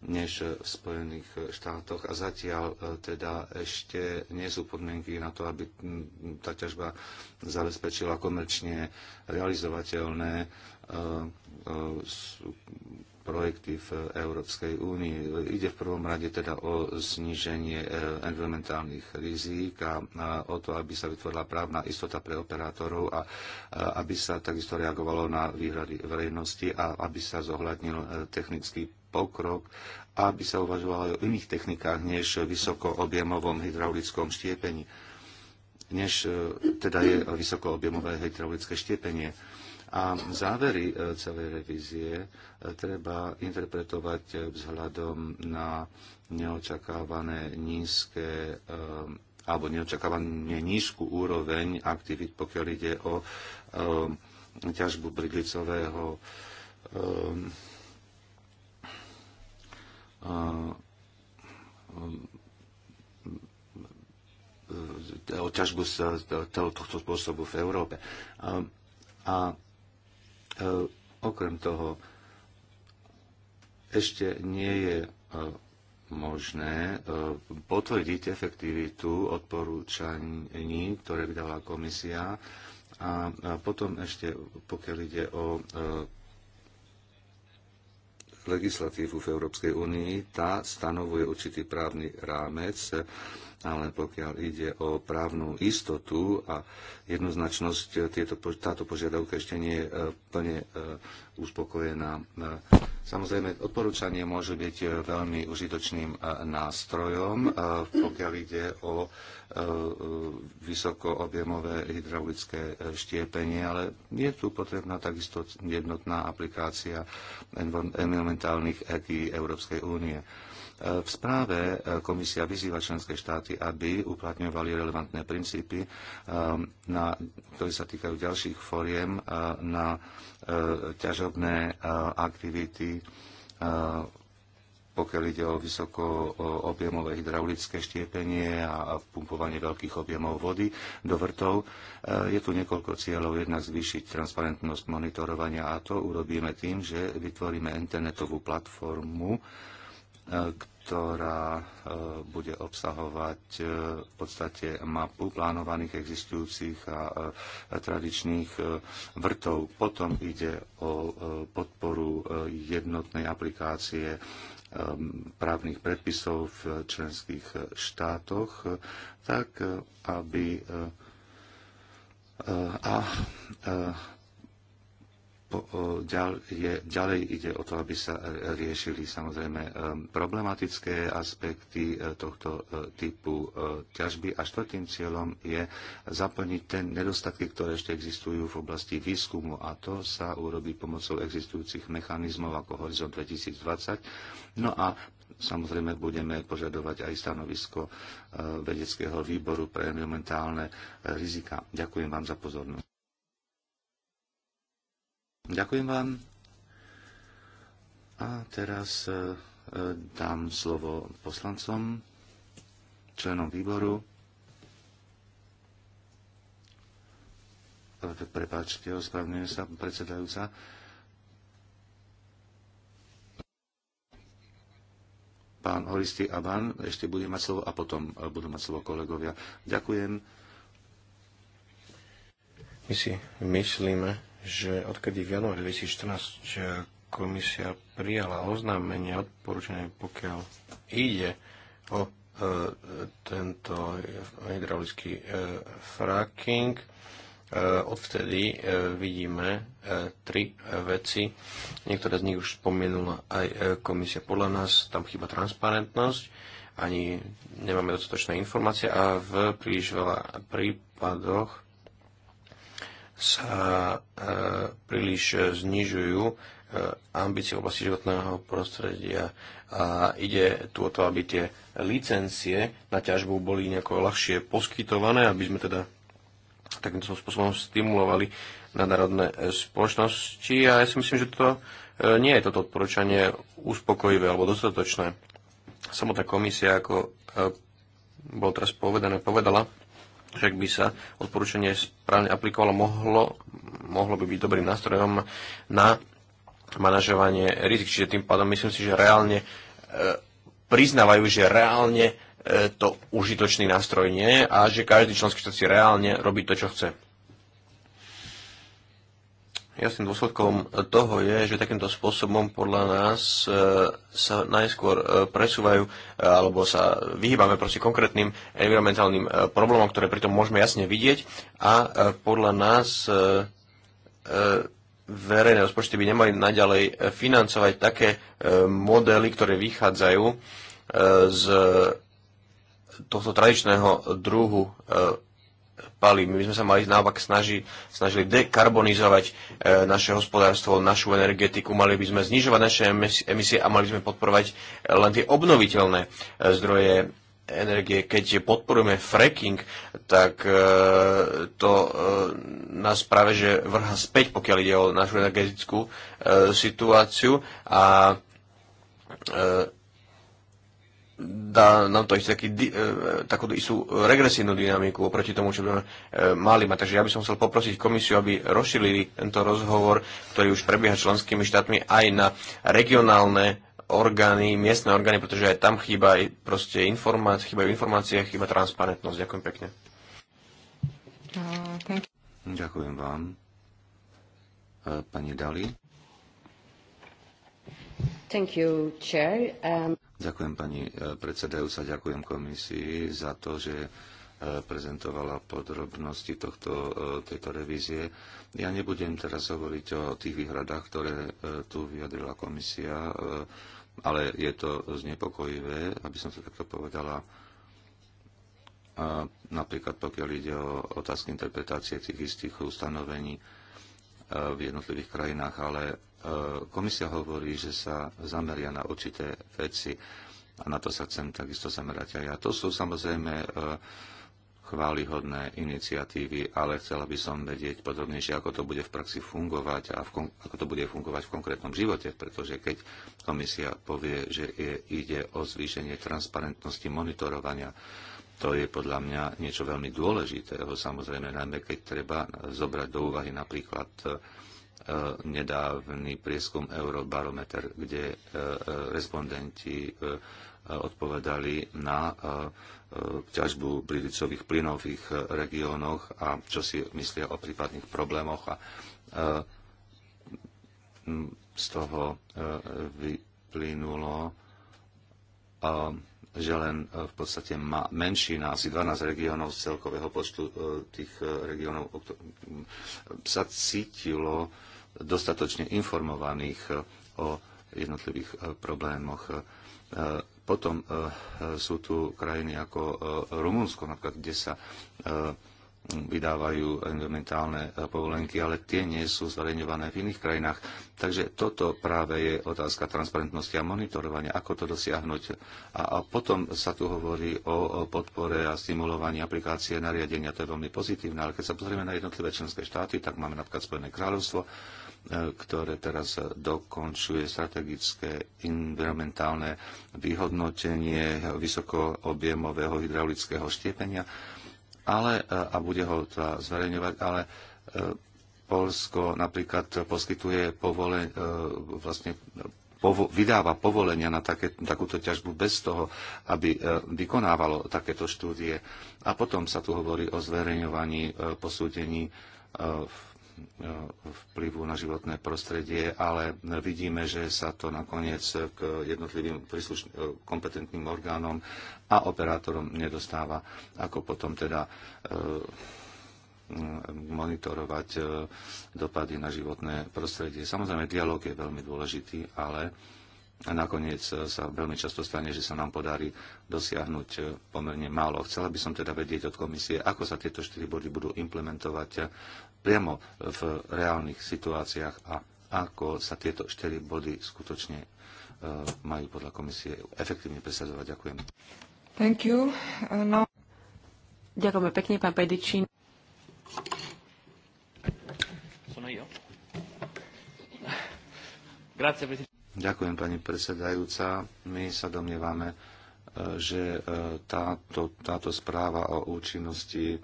než v Spojených štátoch a zatiaľ teda ešte nie sú podmienky na to, aby tá ťažba zabezpečila komerčne realizovateľné projekty v Európskej únii. Ide v prvom rade teda o zníženie e, environmentálnych rizík a o to, aby sa vytvorila právna istota pre operátorov a aby sa takisto reagovalo na výhrady verejnosti a aby sa zohľadnil e, technický pokrok a aby sa uvažovalo aj o iných technikách než vysokoobjemovom hydraulickom štiepení než e, teda je vysokoobjemové hydraulické štiepenie a závery celej revízie treba interpretovať vzhľadom na neočakávané nízke alebo neočakávané nízku úroveň aktivít, pokiaľ ide o ťažbu bridlicového o ťažbu z tohto spôsobu v Európe. A E, okrem toho, ešte nie je e, možné e, potvrdiť efektivitu odporúčaní, ktoré vydala komisia. A potom ešte, pokiaľ ide o legislatívu v Európskej únii, tá stanovuje určitý právny rámec ale pokiaľ ide o právnu istotu a jednoznačnosť, tieto, táto požiadavka ešte nie je e, plne e, uspokojená. E, samozrejme, odporúčanie môže byť veľmi užitočným nástrojom, pokiaľ ide o vysokoobjemové hydraulické štiepenie, ale je tu potrebná takisto jednotná aplikácia environmentálnych eký Európskej únie. V správe eh, komisia vyzýva členské štáty, aby uplatňovali relevantné princípy, eh, na, ktoré sa týkajú ďalších foriem eh, na ťažobné aktivity pokiaľ ide o vysoko objemové hydraulické štiepenie a pumpovanie veľkých objemov vody do vrtov. Je tu niekoľko cieľov. Jednak zvýšiť transparentnosť monitorovania a to urobíme tým, že vytvoríme internetovú platformu, E, ktorá e, bude obsahovať e, v podstate mapu plánovaných existujúcich a tradičných vrtov. Potom ide o podporu jednotnej aplikácie právnych predpisov v členských štátoch, tak aby a po, ďal, je, ďalej ide o to, aby sa e, riešili samozrejme e, problematické aspekty e, tohto typu ťažby a štvrtým cieľom je zaplniť ten nedostatky, ktoré ešte existujú v oblasti výskumu a to sa urobí pomocou existujúcich mechanizmov ako Horizon 2020. No a samozrejme budeme požadovať aj stanovisko vedeckého výboru pre environmentálne rizika. Ďakujem vám za pozornosť. Ďakujem vám. A teraz e, e, dám slovo poslancom, členom výboru. E, Prepáčte, ospravňujem sa predsedajúca. Pán Oristi a Van ešte bude mať slovo a potom budú mať slovo kolegovia. Ďakujem. My si myslíme, že odkedy v januári 2014 komisia prijala oznámenie odporúčania, pokiaľ ide o e, tento hydraulický e, fracking, e, odvtedy e, vidíme e, tri veci. Niektoré z nich už spomenula aj e, komisia. Podľa nás tam chyba transparentnosť, ani nemáme dostatočné informácie a v príliš veľa prípadoch sa e, príliš znižujú e, ambície v oblasti životného prostredia a ide tu o to, aby tie licencie na ťažbu boli nejako ľahšie poskytované, aby sme teda takýmto spôsobom stimulovali nadnárodné spoločnosti a ja si myslím, že to e, nie je toto odporúčanie uspokojivé alebo dostatočné. Samotná komisia, ako bolo teraz povedané, povedala, však by sa odporúčanie správne aplikovalo, mohlo, mohlo by byť dobrým nástrojom na manažovanie rizik. Čiže tým pádom myslím si, že reálne e, priznávajú, že reálne e, to užitočný nástroj nie a že každý členský štát si reálne robí to, čo chce. Jasným dôsledkom toho je, že takýmto spôsobom podľa nás e, sa najskôr e, presúvajú e, alebo sa vyhýbame proste konkrétnym environmentálnym problémom, ktoré pritom môžeme jasne vidieť a podľa nás verejné rozpočty by nemali naďalej financovať také modely, ktoré vychádzajú z tohto tradičného druhu palí. My sme sa mali naopak snaži, snažili dekarbonizovať e, naše hospodárstvo, našu energetiku, mali by sme znižovať naše emisie a mali by sme podporovať e, len tie obnoviteľné e, zdroje energie. Keď podporujeme fracking, tak e, to e, nás práve že vrha späť, pokiaľ ide o našu energetickú e, situáciu a e, dá nám to istý taký, e, takú istú regresívnu dynamiku oproti tomu, čo by sme e, mali mať. Takže ja by som chcel poprosiť komisiu, aby rozšírili tento rozhovor, ktorý už prebieha členskými štátmi aj na regionálne orgány, miestne orgány, pretože aj tam chýba proste informácie, chýbajú informácie, chýba transparentnosť. Ďakujem pekne. Ďakujem vám. E, pani Dali. Thank you, Chair. Um... Ďakujem pani e, predsedajúca, ďakujem komisii za to, že e, prezentovala podrobnosti tohto, e, tejto revízie. Ja nebudem teraz hovoriť o tých výhradách, ktoré tu vyjadrila komisia, ale je to znepokojivé, aby som sa takto povedala. A napríklad pokiaľ ide o otázky interpretácie tých istých ustanovení v jednotlivých krajinách, ale Komisia hovorí, že sa zameria na určité veci a na to sa chcem takisto zamerať aj ja. To sú samozrejme e, chválihodné iniciatívy, ale chcela by som vedieť podrobnejšie, ako to bude v praxi fungovať a v kon- ako to bude fungovať v konkrétnom živote, pretože keď komisia povie, že je, ide o zvýšenie transparentnosti monitorovania, to je podľa mňa niečo veľmi dôležitého, samozrejme, najmä keď treba zobrať do úvahy napríklad e, nedávny prieskum Eurobarometer, kde e, e, respondenti e, odpovedali na ťažbu bridlicových plynov v ich regiónoch a čo si myslia o prípadných problémoch. A z toho vyplynulo, že len v podstate má menšina, asi 12 regiónov z celkového počtu tých regiónov sa cítilo dostatočne informovaných e, o jednotlivých e, problémoch. E, potom sú tu krajiny ako Rumunsko, napríklad, kde sa vydávajú environmentálne povolenky, ale tie nie sú zverejňované v iných krajinách. Takže toto práve je otázka transparentnosti a monitorovania, ako to dosiahnuť. A, potom sa tu hovorí o podpore a stimulovaní aplikácie nariadenia, to je veľmi pozitívne, ale keď sa pozrieme na jednotlivé členské štáty, tak máme napríklad Spojené kráľovstvo, E, ktoré teraz dokončuje strategické environmentálne vyhodnotenie vysokoobjemového hydraulického štiepenia ale, e, a bude ho teda zverejňovať, ale e, Polsko napríklad poskytuje povole, vlastne povo, vydáva povolenia na také, takúto ťažbu bez toho, aby vykonávalo takéto štúdie. A potom sa tu hovorí o zverejňovaní posúdení v Eh, vplyvu na životné prostredie, ale vidíme, že sa to nakoniec k jednotlivým eh, kompetentným orgánom a operátorom nedostáva, ako potom teda eh, monitorovať dopady na životné prostredie. Samozrejme, dialog je veľmi dôležitý, ale nakoniec sa veľmi často stane, že sa nám podarí dosiahnuť pomerne málo. Chcela by som teda vedieť od komisie, ako sa tieto štyri body budú implementovať priamo v reálnych situáciách a ako sa tieto štyri body skutočne e, majú podľa komisie efektívne presadzovať. Ďakujem. Thank you. Uh, no. Ďakujeme pekne, pán Pedičín. Ďakujem, pani predsedajúca. My sa domnievame, že e, táto, táto správa o účinnosti e,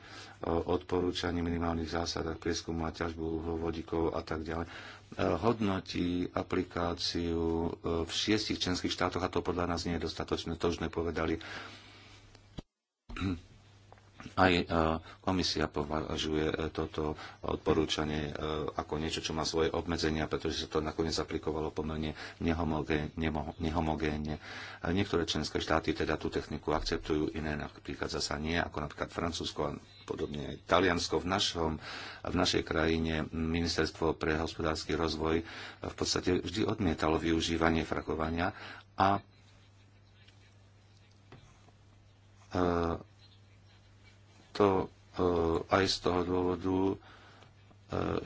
odporúčaní minimálnych zásadách prieskumu a ťažbu uhlovodíkov a tak ďalej e, hodnotí aplikáciu v šiestich členských štátoch a to podľa nás nie je dostatočné, to už sme povedali aj e, komisia považuje e, toto odporúčanie e, ako niečo, čo má svoje obmedzenia, pretože sa to nakoniec aplikovalo pomerne nehomogénne. Niektoré členské štáty teda tú techniku akceptujú, iné napríklad zasa nie, ako napríklad Francúzsko a podobne aj Taliansko. V, našom, v našej krajine Ministerstvo pre hospodársky rozvoj v podstate vždy odmietalo využívanie frakovania a to e, aj z toho dôvodu, e,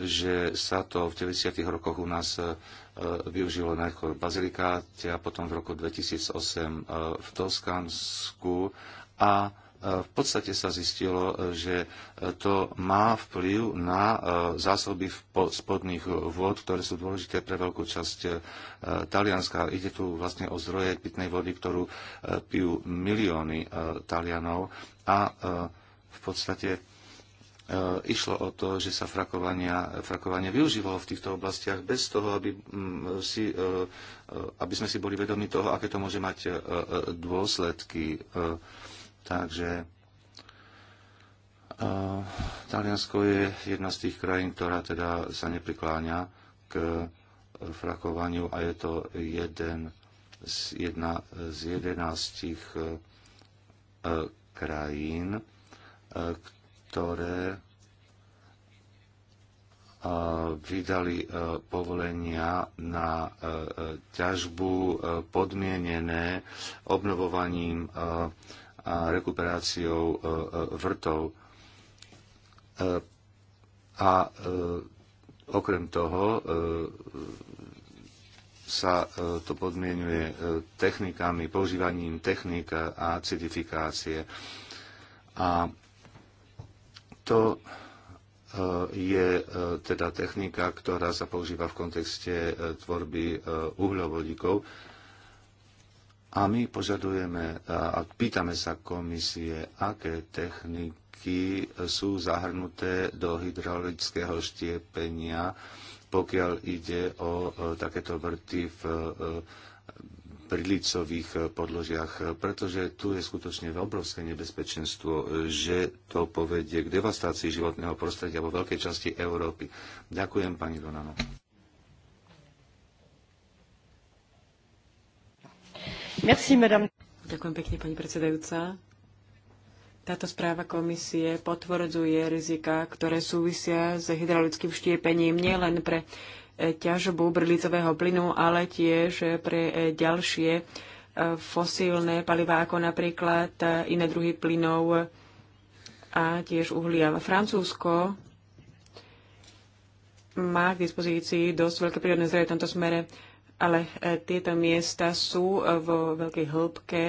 že sa to v 90. rokoch u nás e, využilo najskôr v Bazilikáte a potom v roku 2008 v Toskánsku a v podstate sa zistilo, že to má vplyv na zásoby spodných vôd, ktoré sú dôležité pre veľkú časť Talianska. Ide tu vlastne o zdroje pitnej vody, ktorú pijú milióny Talianov a v podstate e, išlo o to, že sa frakovanie využívalo v týchto oblastiach bez toho, aby, mm, si, e, e, aby sme si boli vedomi toho, aké to môže mať dôsledky. Takže Taliansko je jedna z tých krajín, ktorá teda sa neprikláňa k frakovaniu a je to jeden z, jedna z jedenástich krajín, ktoré vydali e, povolenia na e, e, ťažbu podmienené obnovovaním a rekuperáciou vrtov. A okrem toho sa to podmienuje technikami, používaním technik a acidifikácie. A to e, je e, teda technika, ktorá sa používa v kontexte e, tvorby uhľovodíkov. A my požadujeme a pýtame sa komisie, aké techniky sú zahrnuté do hydraulického štiepenia, pokiaľ ide o takéto vrty v prílicových eh, podložiach, eh, pretože tu je skutočne obrovské nebezpečenstvo, eh, že to povedie k devastácii životného prostredia vo veľkej časti Európy. Ďakujem, pani Donano. Merci, madame. Ďakujem pekne, pani predsedajúca. Táto správa komisie potvrdzuje rizika, ktoré súvisia s hydraulickým štiepením nielen pre ťažbu brlicového plynu, ale tiež pre ďalšie e, fosílne palivá, ako napríklad e, iné druhy plynov a tiež uhlia. Francúzsko má k dispozícii dosť veľké prírodné zdroje v tomto smere, ale e, tieto miesta sú vo veľkej hĺbke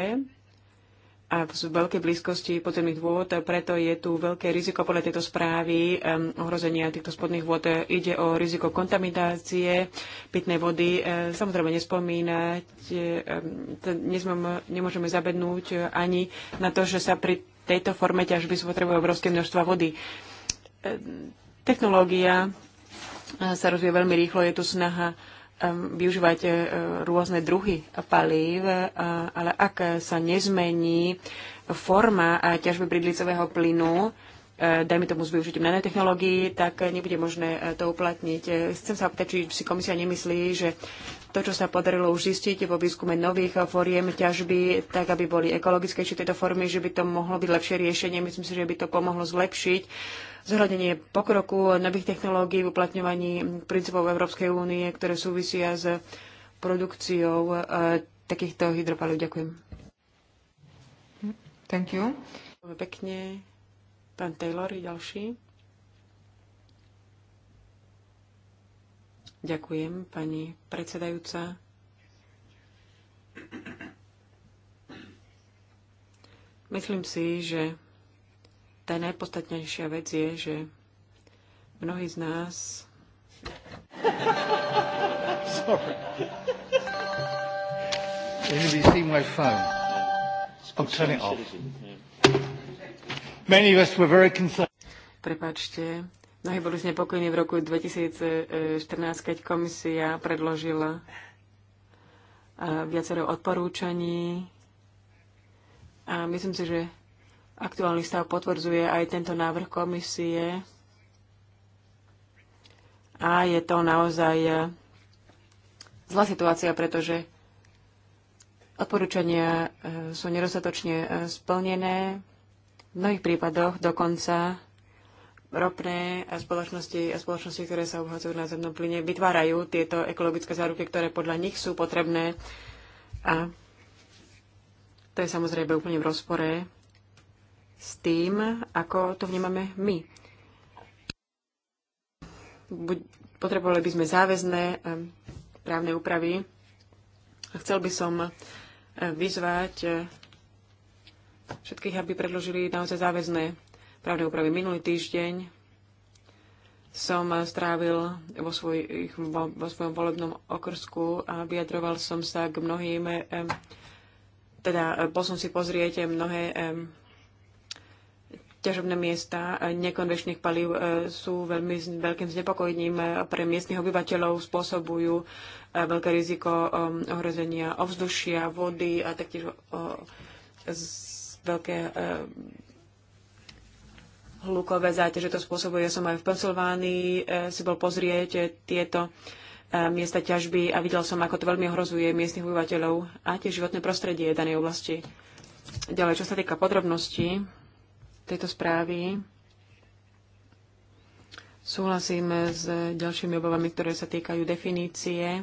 a sú v veľkej blízkosti podzemných vôd, preto je tu veľké riziko podľa tejto správy um, ohrozenia týchto spodných vôd. Ide o riziko kontaminácie pitnej vody. E, samozrejme nespomínať, e, nemôžeme zabednúť ani na to, že sa pri tejto forme ťažby spotrebuje obrovské množstva vody. E, technológia e, sa rozvíja veľmi rýchlo, je tu snaha Um, využívať uh, rôzne druhy palív, uh, ale ak sa nezmení forma ťažby bridlicového plynu, uh, dajme tomu s využitím nanotechnológií, tak nebude možné to uplatniť. Chcem sa opýtať, či si komisia nemyslí, že to, čo sa podarilo už zistiť vo výskume nových foriem ťažby, tak aby boli ekologické či tieto formy, že by to mohlo byť lepšie riešenie. Myslím si, že by to pomohlo zlepšiť Zhradenie pokroku nových technológií v uplatňovaní princípov Európskej únie, ktoré súvisia s produkciou e, takýchto hydropalov. Ďakujem. Thank you. Pekne. Pán Taylor je ďalší. Ďakujem, pani predsedajúca. Myslím si, že tá najpodstatnejšia vec je, že mnohí z nás... <laughs> Sorry. Anybody my phone? I'll turn it off. Many of us were very concerned. Prepačte, Mnohí boli znepokojení v roku 2014, keď komisia predložila eh, viacero odporúčaní. A myslím si, že Aktuálny stav potvrdzuje aj tento návrh komisie a je to naozaj e, zlá situácia, pretože odporúčania e, sú nedostatočne e, splnené. V mnohých prípadoch dokonca ropné a spoločnosti a spoločnosti, ktoré sa obhádzajú na zemnom plyne, vytvárajú tieto ekologické záruky, ktoré podľa nich sú potrebné. A to je samozrejme úplne v rozpore s tým, ako to vnímame my. Potrebovali by sme záväzné eh, právne úpravy. Chcel by som eh, vyzvať eh, všetkých, aby predložili naozaj záväzné právne úpravy. Minulý týždeň som strávil vo, svoj, vo svojom volebnom okrsku a vyjadroval som sa k mnohým, teda bol som si pozrieť mnohé ťažobné miesta e, nekonvečných palív e, sú veľmi veľkým znepokojením pre miestnych obyvateľov, spôsobujú e, veľké riziko um, ohrozenia ovzdušia, vody a taktiež veľké hlukové záťaže to spôsobuje. Ja som aj v Pensylvánii si bol pozrieť tieto miesta ťažby a videl som, ako to veľmi ohrozuje miestnych obyvateľov a tiež životné prostredie danej oblasti. Ďalej, čo sa týka podrobností, tejto správy. Súhlasím s ďalšími obavami, ktoré sa týkajú definície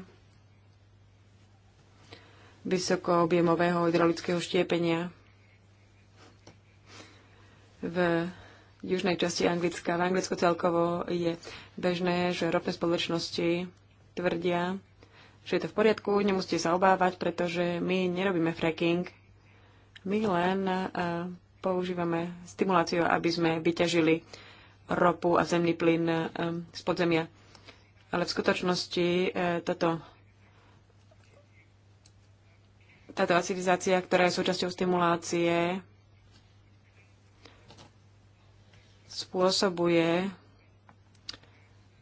vysokoobjemového hydraulického štiepenia. V južnej časti Anglicka, v Anglicku celkovo je bežné, že ropné spoločnosti tvrdia, že je to v poriadku, nemusíte sa obávať, pretože my nerobíme fracking, my len eh, používame stimuláciu, aby sme vyťažili ropu a zemný plyn eh, z podzemia. Ale v skutočnosti eh, toto, táto acidizácia, ktorá je súčasťou stimulácie, spôsobuje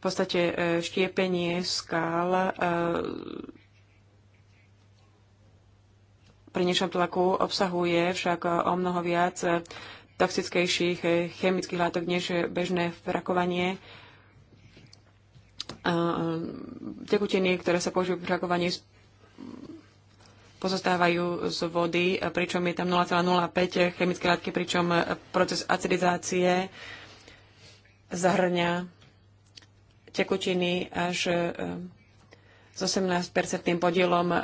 v podstate eh, štiepenie skál pri dnešnom tlaku obsahuje však o mnoho viac toxickejších chemických látok než bežné frakovanie. Tekutiny, ktoré sa používajú pri vrakovaní, pozostávajú z vody, pričom je tam 0,05 chemické látky, pričom proces acidizácie zahrňa tekutiny až e, s 18-percentným podielom e,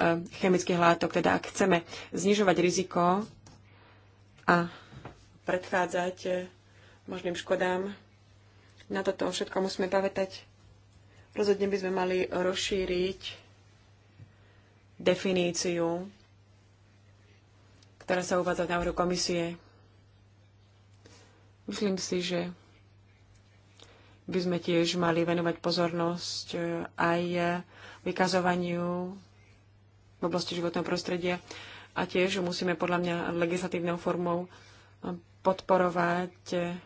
chemických látok. Teda ak chceme znižovať riziko a predchádzať e, možným škodám, na toto všetko musíme pamätať. Rozhodne by sme mali rozšíriť definíciu, ktorá sa uvádza v návrhu komisie. Myslím si, že by sme tiež mali venovať pozornosť e, aj vykazovaniu v oblasti životného prostredia a tiež musíme podľa mňa legislatívnou formou eh, podporovať eh,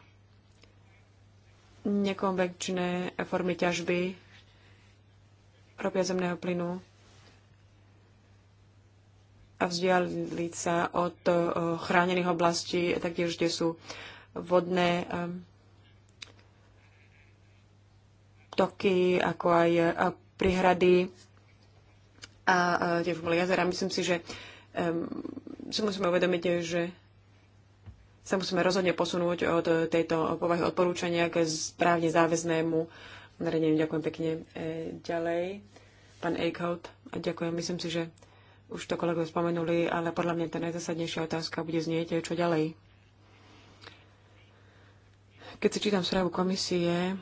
nekonvenčné formy ťažby ropia zemného plynu a vzdialiť sa od eh, chránených oblastí, taktiež, kde sú vodné toky, ako aj priehrady a tie formule jazera. Myslím si, že si musíme uvedomiť, že sa musíme rozhodne posunúť od tejto povahy odporúčania k správne záväznému nariadeniu. Ďakujem pekne. E, ďalej, pán Eichhout, ďakujem. Myslím si, že už to kolegov spomenuli, ale podľa mňa tá najzasadnejšia otázka bude znieť, čo ďalej. Keď si čítam správu komisie,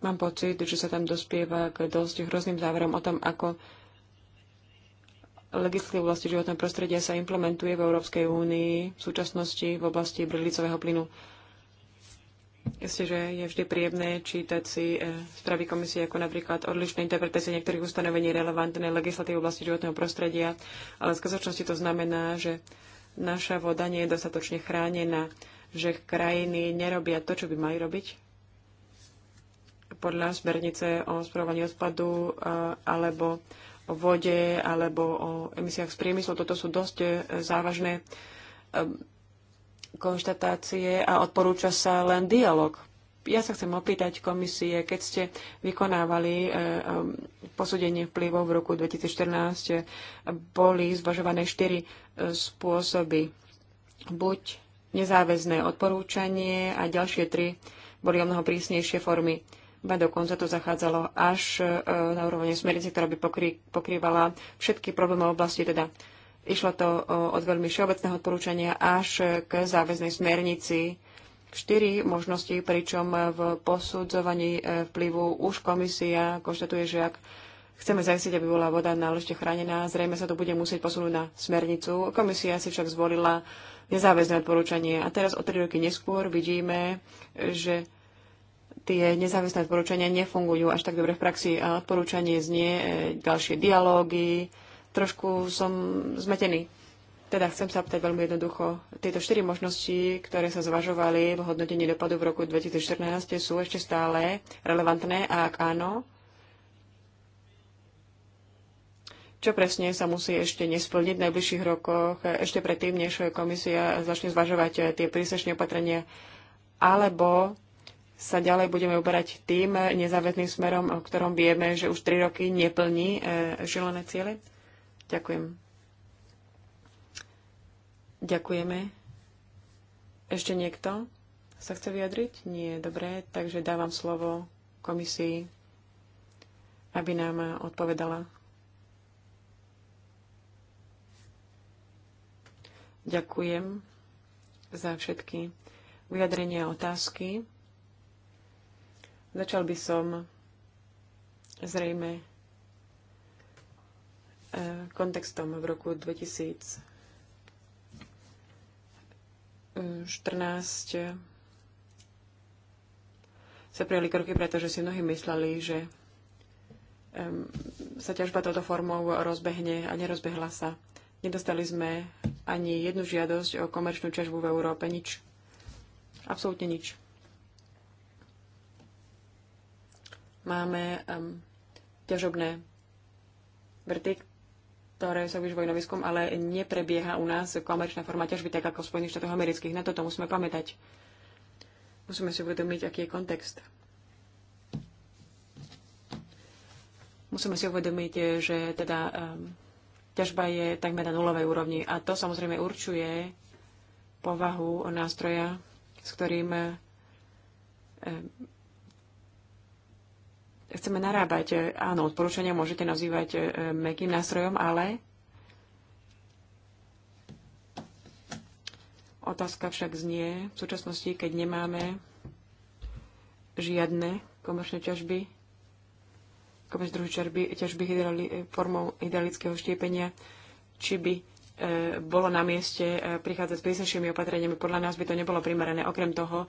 Mám pocit, že sa tam dospieva k dosť hrozným záverom o tom, ako legislatívu v oblasti životného prostredia sa implementuje v Európskej únii v súčasnosti v oblasti brilicového plynu. Isté, že je vždy príjemné čítať si e, správy komisie ako napríklad odlišné interpretácie niektorých ustanovení relevantné legislatívy v oblasti životného prostredia, ale v skutočnosti to znamená, že naša voda nie je dostatočne chránená, že krajiny nerobia to, čo by mali robiť podľa smernice o spravovaní odpadu alebo o vode alebo o emisiách z priemyslu. Toto sú dosť e, závažné e, konštatácie a odporúča sa len dialog. Ja sa chcem opýtať komisie, keď ste vykonávali e, posúdenie vplyvov v roku 2014, boli zvažované štyri spôsoby. Buď nezáväzné odporúčanie a ďalšie tri boli o mnoho prísnejšie formy ba dokonca to zachádzalo až e, na úroveň smernice, ktorá by pokry, pokrývala všetky problémy oblasti, teda išlo to e, od veľmi všeobecného odporúčania až k záväznej smernici. Štyri možnosti, pričom v posudzovaní e, vplyvu už komisia konštatuje, že ak Chceme zajistiť, aby bola voda náležite chránená. Zrejme sa to bude musieť posunúť na smernicu. Komisia si však zvolila nezáväzné odporúčanie. A teraz o tri roky neskôr vidíme, že tie nezáväzné odporúčania nefungujú až tak dobre v praxi. A odporúčanie znie e, ďalšie dialógy. Trošku som zmetený. Teda chcem sa opýtať veľmi jednoducho. Tieto štyri možnosti, ktoré sa zvažovali v hodnotení dopadu v roku 2014, sú ešte stále relevantné a ak áno, čo presne sa musí ešte nesplniť v najbližších rokoch, ešte predtým, než komisia začne zvažovať tie príslušné opatrenia, alebo sa ďalej budeme uberať tým nezáväzným smerom, o ktorom vieme, že už 3 roky neplní e, želené ciele? Ďakujem. Ďakujeme. Ešte niekto sa chce vyjadriť? Nie, dobre, takže dávam slovo komisii, aby nám odpovedala. Ďakujem za všetky vyjadrenia a otázky. Začal by som zrejme e, kontextom v roku 2014 sa prijali kroky, pretože si mnohí mysleli, že sa ťažba touto formou rozbehne a nerozbehla sa. Nedostali sme ani jednu žiadosť o komerčnú ťažbu v Európe, nič. Absolútne nič. Máme um, ťažobné vrty, ktoré sú už vojnoviskom, ale neprebieha u nás komerčná forma ťažby tak ako v Spojených štátoch amerických. Na toto musíme pamätať. Musíme si uvedomiť, aký je kontext. Musíme si uvedomiť, že teda um, ťažba je takmer na nulovej úrovni a to samozrejme určuje povahu nástroja, s ktorým um, chceme narábať. Áno, odporúčania môžete nazývať e, mekým nástrojom, ale otázka však znie v súčasnosti, keď nemáme žiadne komerčné ťažby, komerčné druhé ťažby, ťažby hydrali, formou hydraulického štiepenia, či by e, bolo na mieste e, prichádzať s prísnejšími opatreniami. Podľa nás by to nebolo primerané. Okrem toho,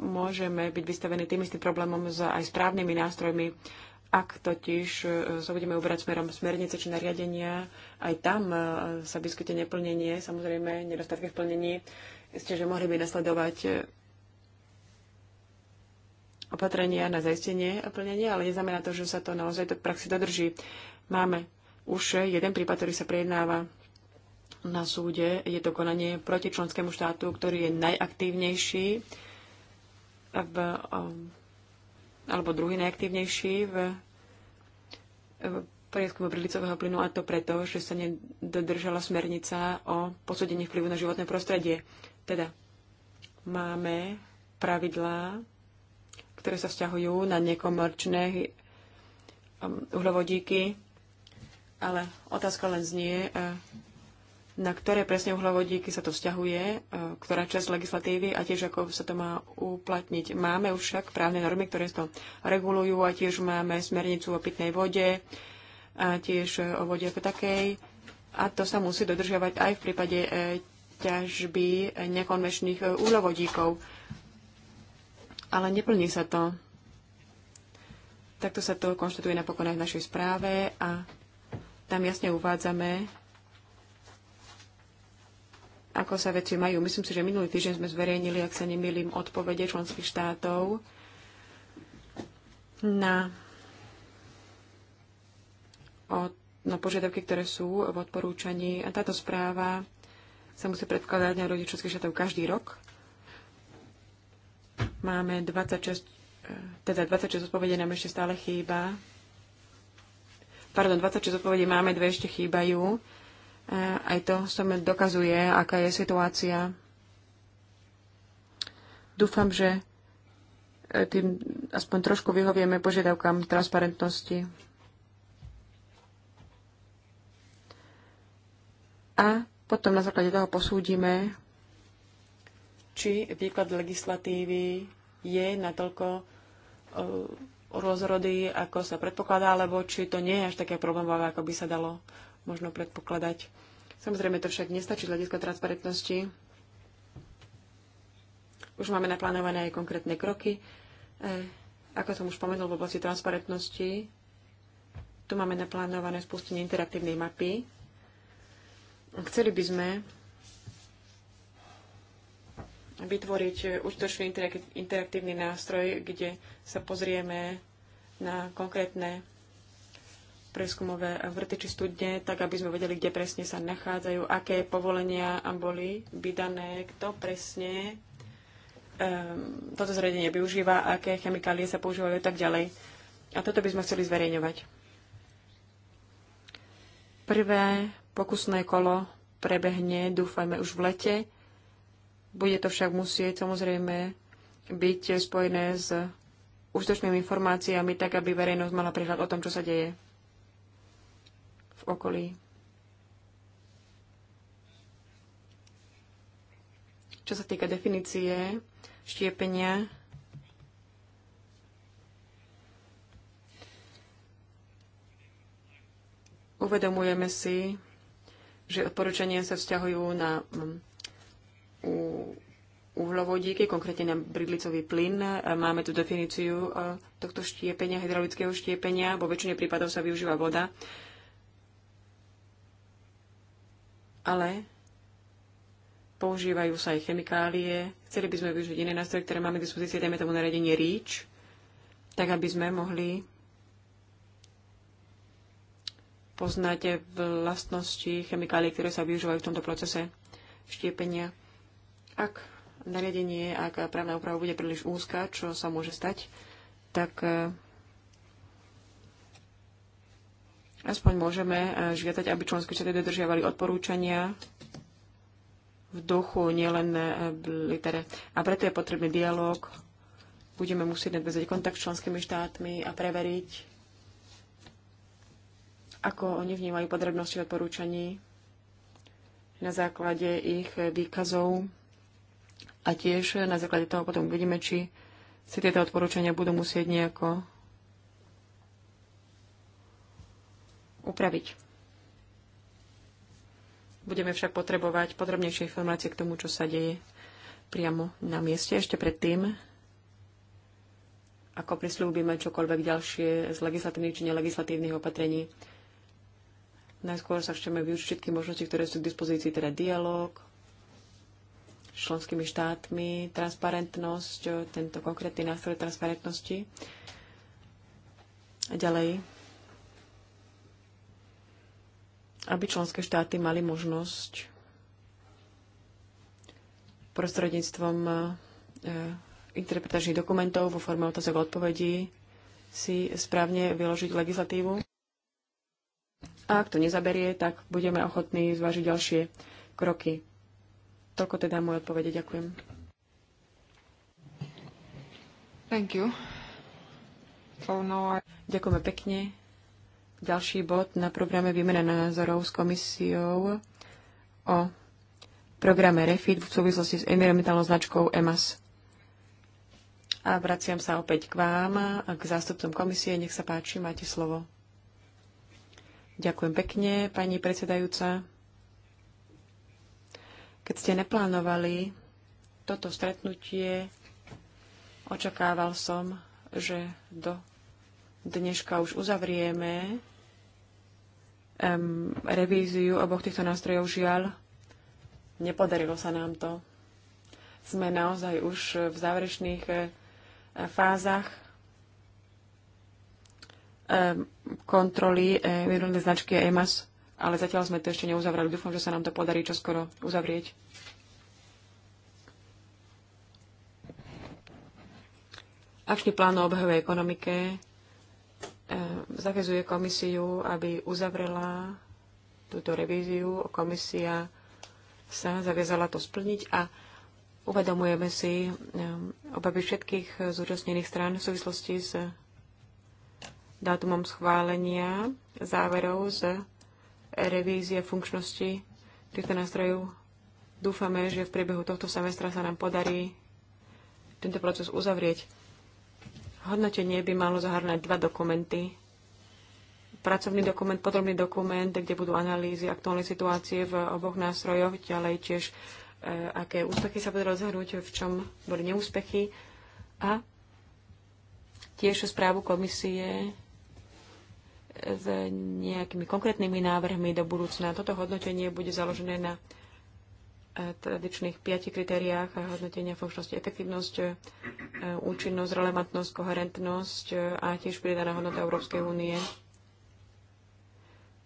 môžeme byť vystavení tým istým problémom s aj správnymi nástrojmi. Ak totiž e, sa budeme uberať smerom smernice či nariadenia, aj tam e, sa vyskytne neplnenie, samozrejme nedostatky v plnení, ste, že mohli by nasledovať e, opatrenia na zaistenie a plnenie, ale neznamená to, že sa to naozaj v praxi dodrží. Máme už jeden prípad, ktorý sa prejednáva na súde. Je to konanie proti členskému štátu, ktorý je najaktívnejší v, um, alebo druhý najaktívnejší v, v prieskumu brilicového plynu a to preto, že sa nedodržala smernica o posúdení vplyvu na životné prostredie. Teda máme pravidlá, ktoré sa vzťahujú na nekomerčné um, uhlovodíky, ale otázka len znie, na ktoré presne uhlovodíky sa to vzťahuje, e, ktorá časť legislatívy a tiež ako sa to má uplatniť. Máme už však právne normy, ktoré to regulujú a tiež máme smernicu o pitnej vode a tiež e, o vode ako takej. A to sa musí dodržiavať aj v prípade e, ťažby nekonvenčných uhlovodíkov. Ale neplní sa to. Takto sa to konštatuje napokon aj v našej správe a tam jasne uvádzame, ako sa veci majú. Myslím si, že minulý týždeň sme zverejnili, ak sa nemýlim, odpovede členských štátov na, od, na požiadavky, ktoré sú v odporúčaní. A táto správa sa musí predkladať na rodičovských štátov každý rok. Máme 26, eh, teda 26 odpovedí nám ešte stále chýba. Pardon, 26 odpovedí máme, dve ešte chýbajú. Eh, aj to som dokazuje, aká je situácia. Dúfam, že eh, tým aspoň trošku vyhovieme požiadavkám transparentnosti. A potom na základe toho posúdime, či výklad legislatívy je natoľko eh, rozrody, ako sa predpokladá, alebo či to nie je až také problémové, ako by sa dalo možno predpokladať. Samozrejme, to však nestačí z hľadiska transparentnosti. Už máme naplánované aj konkrétne kroky. E, ako som už spomenul v oblasti transparentnosti, tu máme naplánované spustenie interaktívnej mapy. Chceli by sme vytvoriť užitočný interaktívny nástroj, kde sa pozrieme na konkrétne prieskumové vrty či studne, tak aby sme vedeli, kde presne sa nachádzajú, aké povolenia boli vydané, kto presne um, toto zariadenie využíva, aké chemikálie sa používajú a tak ďalej. A toto by sme chceli zverejňovať. Prvé pokusné kolo prebehne, dúfajme, už v lete. Bude to však musieť samozrejme byť spojené s užitočnými informáciami, tak aby verejnosť mala prihľad o tom, čo sa deje v okolí. Čo sa týka definície štiepenia, uvedomujeme si, že odporúčania sa vzťahujú na mm, uhlovodíky, konkrétne na bridlicový plyn. Máme tu definíciu tohto štiepenia, hydraulického štiepenia. Vo väčšine prípadov sa využíva voda. ale používajú sa aj chemikálie. Chceli by sme využiť iné nástroje, ktoré máme k dispozícii, dajme tomu naredenie REACH, tak aby sme mohli poznať vlastnosti chemikálie, ktoré sa využívajú v tomto procese štiepenia. Ak nariadenie, ak právna úprava bude príliš úzka, čo sa môže stať, tak Aspoň môžeme e, žiadať, aby členské štáty dodržiavali odporúčania v duchu, nielen e, v litere. A preto je potrebný dialog. Budeme musieť nadviazať kontakt s členskými štátmi a preveriť, ako oni vnímajú podrobnosti odporúčaní na základe ich výkazov a tiež na základe toho potom uvidíme, či si tieto odporúčania budú musieť nejako upraviť. Budeme však potrebovať podrobnejšie informácie k tomu, čo sa deje priamo na mieste. Ešte predtým, ako prislúbime čokoľvek ďalšie z legislatívnych či nelegislatívnych opatrení, najskôr sa chceme využiť všetky možnosti, ktoré sú k dispozícii, teda dialog s členskými štátmi, transparentnosť, tento konkrétny nástroj transparentnosti. A ďalej, aby členské štáty mali možnosť prostredníctvom e, interpretačných dokumentov vo forme otázok a odpovedí si správne vyložiť legislatívu. A ak to nezaberie, tak budeme ochotní zvážiť ďalšie kroky. Toľko teda moje odpovede. Ďakujem. Thank you. Oh, no, I... Ďakujeme pekne. Ďalší bod na programe výmena názorov s komisiou o programe REFIT v súvislosti s environmentálnou značkou EMAS. A vraciam sa opäť k vám, a k zástupcom komisie. Nech sa páči, máte slovo. Ďakujem pekne, pani predsedajúca. Keď ste neplánovali toto stretnutie, očakával som, že do dneška už uzavrieme um, revíziu oboch týchto nástrojov. Žiaľ, nepodarilo sa nám to. Sme naozaj už v záverečných eh, fázach kontroly výrobnej eh, značky EMAS, ale zatiaľ sme to ešte neuzavrali. Dúfam, že sa nám to podarí čoskoro uzavrieť. Akčný plán o obehovej ekonomike E, zavezuje komisiu, aby uzavrela túto revíziu. Komisia sa zaviazala to splniť a uvedomujeme si e, obavy všetkých zúčastnených strán v súvislosti s dátumom schválenia záverov z revízie funkčnosti týchto nástrojov. Dúfame, že v priebehu tohto semestra sa nám podarí tento proces uzavrieť. Hodnotenie by malo zahrňať dva dokumenty. Pracovný dokument, podrobný dokument, kde budú analýzy aktuálnej situácie v oboch nástrojoch, ďalej tiež e, aké úspechy sa podarilo zahrnúť, v čom boli neúspechy a tiež správu komisie e, s nejakými konkrétnymi návrhmi do budúcna. Toto hodnotenie bude založené na tradičných piatich kritériách a hodnotenia funkčnosti, efektívnosť, e, účinnosť, relevantnosť, koherentnosť e, a tiež pridaná hodnota Európskej únie.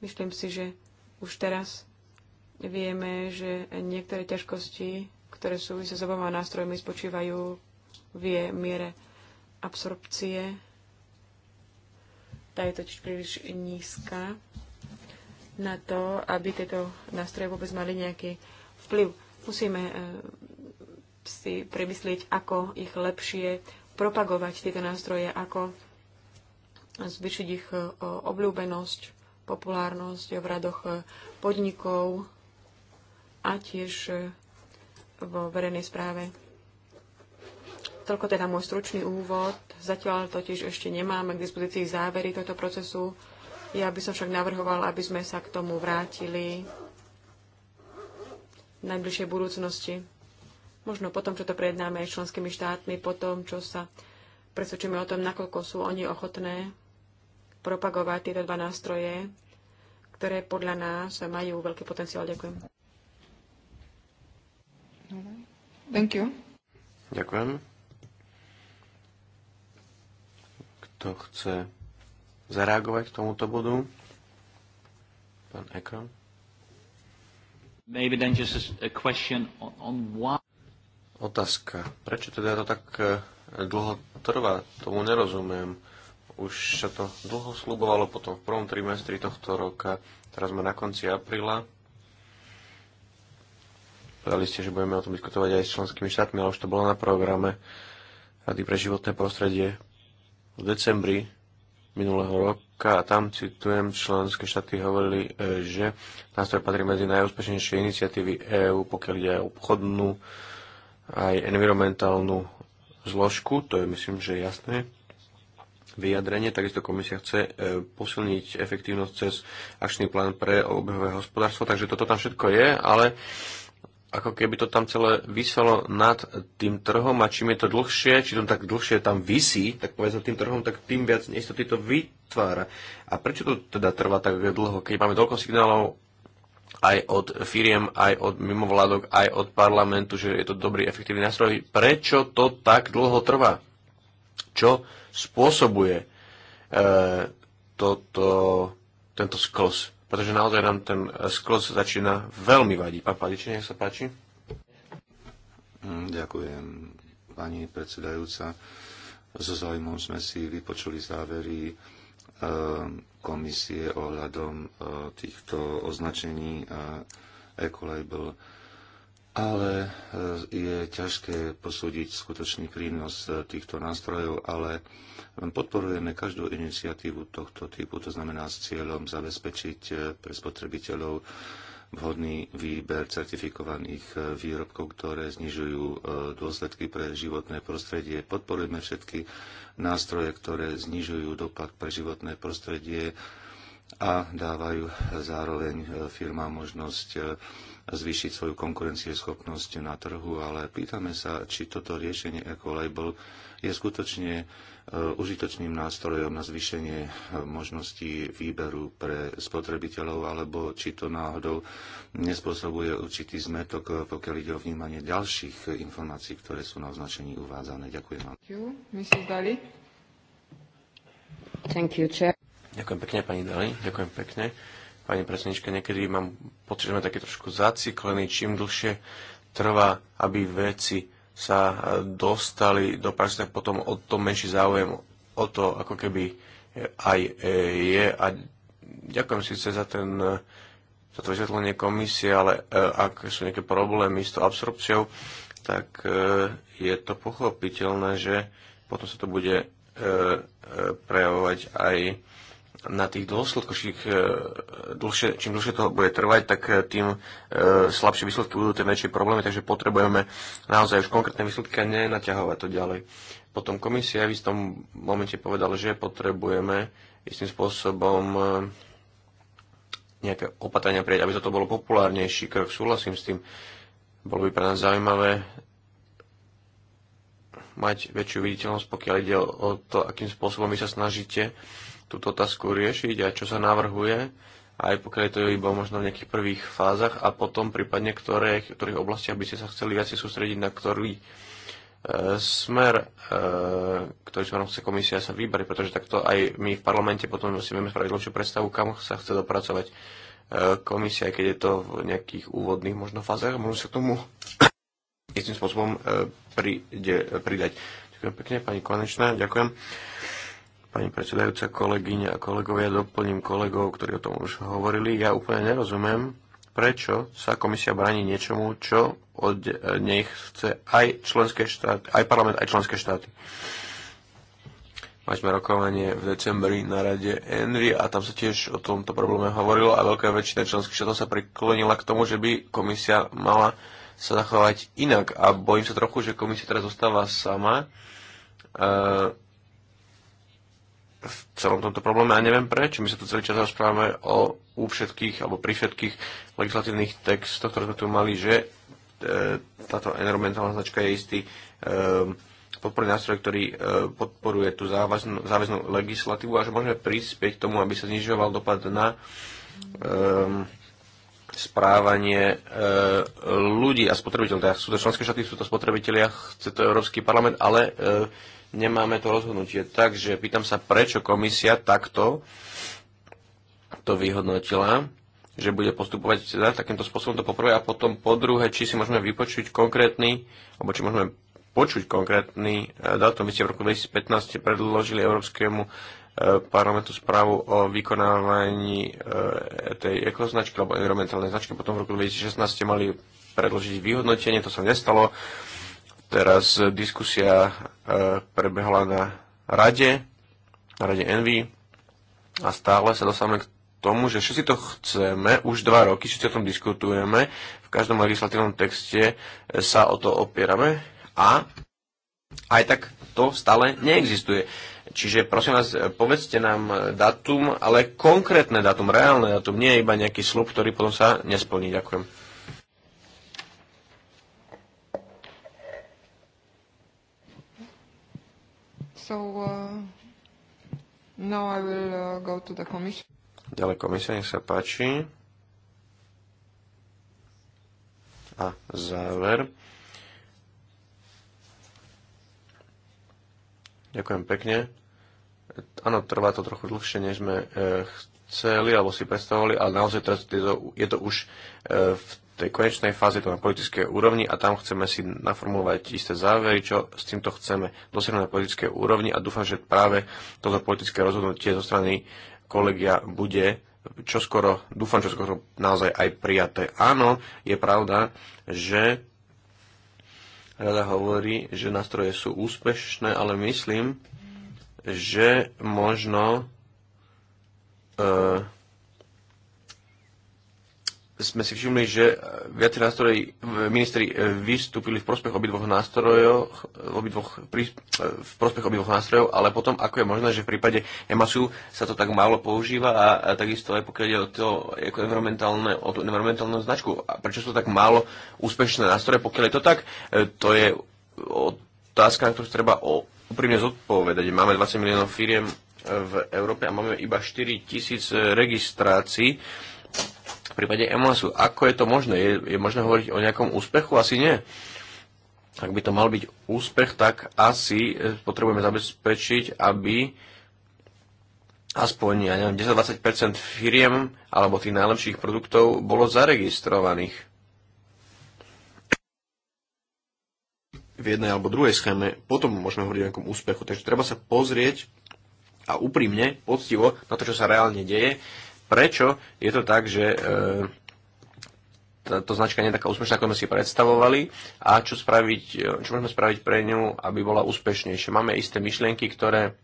Myslím si, že už teraz vieme, že niektoré ťažkosti, ktoré súvisia s oboma nástrojmi, spočívajú v miere absorpcie. Tá je totiž príliš nízka na to, aby tieto nástroje vôbec mali nejaký vplyv. Musíme e, si premyslieť, ako ich lepšie propagovať tieto nástroje, ako zvyšiť ich e, obľúbenosť, populárnosť v radoch e, podnikov a tiež vo verejnej správe. Toľko teda môj stručný úvod. Zatiaľ totiž ešte nemáme k dispozícii závery tohto procesu. Ja by som však navrhoval, aby sme sa k tomu vrátili v najbližšej budúcnosti. Možno potom, čo to prejednáme aj s členskými štátmi, potom, čo sa presvedčíme o tom, nakoľko sú oni ochotné propagovať tieto dva nástroje, ktoré podľa nás majú veľký potenciál. Ďakujem. Thank you. Ďakujem. Kto chce zareagovať k tomuto bodu? Pán Ekron. Maybe then just a question on, why... Otázka. Prečo teda to tak e, dlho trvá? Tomu nerozumiem. Už sa to dlho slubovalo potom v prvom trimestri tohto roka. Teraz sme na konci apríla. Povedali ste, že budeme o tom diskutovať aj s členskými štátmi, ale už to bolo na programe Rady pre životné prostredie v decembri minulého roka a tam, citujem, členské štáty hovorili, e, že nástroj patrí medzi najúspešnejšie iniciatívy EÚ, pokiaľ ide aj obchodnú, aj environmentálnu zložku, to je myslím, že jasné vyjadrenie. Takisto komisia chce e, posilniť efektívnosť cez akčný plán pre obehové hospodárstvo, takže toto tam všetko je, ale ako keby to tam celé vyselo nad tým trhom a čím je to dlhšie, či to tak dlhšie tam vysí, tak povedz tým trhom, tak tým viac neistoty to vytvára. A prečo to teda trvá tak dlho, keď máme toľko signálov aj od firiem, aj od mimovládok, aj od parlamentu, že je to dobrý, efektívny nástroj. Prečo to tak dlho trvá? Čo spôsobuje e, toto, tento skos? pretože naozaj nám ten sklos začína veľmi vadiť. Pán Paliči, nech sa páči. Mm, ďakujem, pani predsedajúca. So zaujímavom sme si vypočuli závery eh, komisie ohľadom eh, týchto označení eh, ecolabel ale e, je ťažké posúdiť skutočný prínos e, týchto nástrojov, ale podporujeme každú iniciatívu tohto typu, to znamená s cieľom zabezpečiť e, pre spotrebiteľov vhodný výber certifikovaných výrobkov, ktoré znižujú dôsledky pre životné prostredie. Podporujeme všetky nástroje, ktoré znižujú dopad pre životné prostredie a dávajú zároveň firmám možnosť zvýšiť svoju konkurencieschopnosť na trhu, ale pýtame sa, či toto riešenie ako label je skutočne e, užitočným nástrojom na zvýšenie e, možností výberu pre spotrebiteľov, alebo či to náhodou nespôsobuje určitý zmetok, e, pokiaľ ide o vnímanie ďalších informácií, ktoré sú na označení uvádzané. Ďakujem vám. Ďakujem pekne, pani Dali. Ďakujem pekne pani predsednička, niekedy mám pocit, že sme také trošku zaciklení, čím dlhšie trvá, aby veci sa dostali do praxe, tak potom o to menší záujem o to, ako keby aj je. A ďakujem síce za ten za to vysvetlenie komisie, ale e, ak sú nejaké problémy s tou absorpciou, tak e, je to pochopiteľné, že potom sa to bude e, prejavovať aj na tých dôsledkoch, e, dlhšie, čím dlhšie to bude trvať, tak e, tým e, slabšie výsledky budú, tie väčšie problémy, takže potrebujeme naozaj už konkrétne výsledky a nenaťahovať to ďalej. Potom komisia v istom momente povedala, že potrebujeme istým spôsobom nejaké opatrenia prieť, aby toto bolo populárnejší krok. Súhlasím s tým, bolo by pre nás zaujímavé mať väčšiu viditeľnosť, pokiaľ ide o to, akým spôsobom vy sa snažíte túto otázku riešiť a čo sa navrhuje, aj pokiaľ je to je iba možno v nejakých prvých fázach a potom prípadne, ktoré, v ktorých oblastiach by ste sa chceli viac sústrediť, na ktorý e, smer, e, ktorý smerom chce komisia sa vybrať, pretože takto aj my v parlamente potom si vieme spraviť lepšiu predstavu, kam sa chce dopracovať e, komisia, keď je to v nejakých úvodných možno fázach, môžu sa k tomu istým spôsobom pridať. Ďakujem pekne, pani Konečná, ďakujem. Pani predsedajúca, kolegyne a kolegovia, doplním kolegov, ktorí o tom už hovorili. Ja úplne nerozumiem, prečo sa komisia bráni niečomu, čo od nej chce aj členské štáty, aj parlament, aj členské štáty. Máme rokovanie v decembri na rade Envy a tam sa tiež o tomto probléme hovorilo a veľká väčšina členských štátov sa priklonila k tomu, že by komisia mala sa zachovať inak. A bojím sa trochu, že komisia teraz zostáva sama. Eh, v celom tomto probléme a neviem prečo. My sa tu celý čas rozprávame o u všetkých alebo pri všetkých legislatívnych textoch, ktoré sme tu mali, že e, táto environmentálna značka je istý e, podporný nástroj, ktorý e, podporuje tú závaznú, záväznú legislatívu a že môžeme prispieť k tomu, aby sa znižoval dopad na e, správanie e, ľudí a spotrebiteľov. Teda sú to členské štáty, sú to spotrebitelia, chce to Európsky parlament, ale e, nemáme to rozhodnutie. Takže pýtam sa, prečo komisia takto to vyhodnotila, že bude postupovať teda takýmto spôsobom to poprvé a potom po druhé, či si môžeme vypočuť konkrétny, alebo či môžeme počuť konkrétny e, dátum. Vy ste v roku 2015 predložili Európskemu e, parlamentu správu o vykonávaní e, tej ekoznačky alebo environmentálnej značky. Potom v roku 2016 ste mali predložiť vyhodnotenie, to sa nestalo. Teraz diskusia e, prebehla na rade, na rade Envy a stále sa dostávame k tomu, že všetci to chceme, už dva roky všetci o tom diskutujeme, v každom legislatívnom texte sa o to opierame a aj tak to stále neexistuje. Čiže prosím vás, povedzte nám datum, ale konkrétne datum, reálne datum, nie iba nejaký slub, ktorý potom sa nesplní. Ďakujem. So uh, now I will uh, go to the commission. Ďalej komisia, nech sa páči. A záver. Ďakujem pekne. Áno, trvá to trochu dlhšie, než sme e, chceli alebo si predstavovali, ale naozaj teraz je to, už e, v tej konečnej fáze, to na politickej úrovni a tam chceme si naformulovať isté závery, čo s týmto chceme dosiahnuť na politickej úrovni a dúfam, že práve toto politické rozhodnutie zo strany kolegia bude čoskoro, dúfam, čoskoro naozaj aj prijaté. Áno, je pravda, že rada hovorí, že nástroje sú úspešné, ale myslím, že možno e, sme si všimli, že viacerí nástroj, ministri e, vystúpili v prospech obidvoch nástrojov, e, obidvoch, pri, e, v prospech obidvoch nástrojov, ale potom ako je možné, že v prípade EMASu sa to tak málo používa a, a takisto aj pokiaľ ide o, to, ako environmentálne, o tú environmentálnu značku. A prečo sú tak málo úspešné nástroje? Pokiaľ je to tak, to je otázka, na ktorú treba o, úprimne zodpovedať. Máme 20 miliónov firiem v Európe a máme iba 4 tisíc registrácií v prípade MLS-u. Ako je to možné? Je, je možné hovoriť o nejakom úspechu? Asi nie. Ak by to mal byť úspech, tak asi e, potrebujeme zabezpečiť, aby aspoň ja neviem, 10-20% firiem alebo tých najlepších produktov bolo zaregistrovaných v jednej alebo druhej schéme. Potom môžeme hovoriť o nejakom úspechu. Takže treba sa pozrieť a úprimne, poctivo na to, čo sa reálne deje prečo je to tak, že e, táto značka nie je taká úspešná, ako sme si predstavovali a čo, spraviť, e, čo môžeme spraviť pre ňu, aby bola úspešnejšia. Máme isté myšlienky, ktoré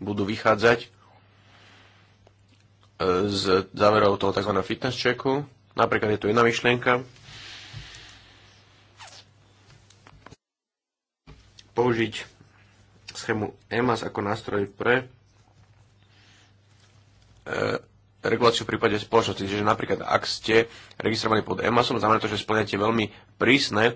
budú vychádzať e, z záverov toho tzv. fitness checku. Napríklad je tu jedna myšlienka. Použiť schému EMAS ako nástroj pre E, reguláciu v prípade spoločnosti. Čiže napríklad, ak ste registrovaní pod EMASom, znamená to, že splňate veľmi prísne e,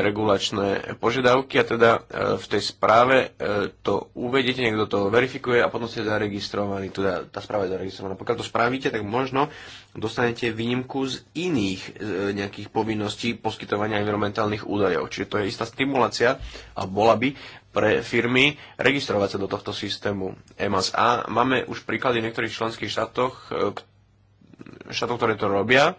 regulačné požiadavky a teda e, v tej správe e, to uvedete, niekto to verifikuje a potom ste zaregistrovaní, teda tá správa je zaregistrovaná. Pokiaľ to spravíte, tak možno dostanete výnimku z iných nejakých povinností poskytovania environmentálnych údajov. Čiže to je istá stimulácia a bola by pre firmy registrovať sa do tohto systému EMAS. A máme už príklady v niektorých členských štátoch, štátoch, ktoré to robia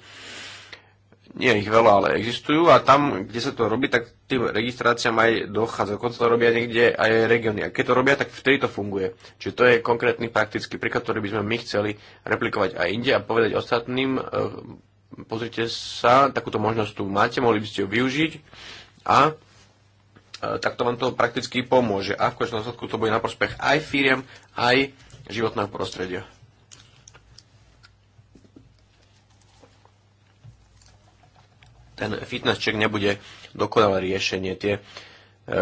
nie je ich veľa, ale existujú a tam, kde sa to robí, tak tým registráciám aj dochádza. Dokonca to robia niekde aj regióny. A keď to robia, tak vtedy to funguje. Čiže to je konkrétny praktický príklad, ktorý by sme my chceli replikovať aj inde a povedať ostatným, e, pozrite sa, takúto možnosť tu máte, mohli by ste ju využiť a e, takto vám to prakticky pomôže. A v konečnom dôsledku to bude na prospech aj firiem, aj životného prostredia. ten fitness check nebude dokonalé riešenie. Tie e,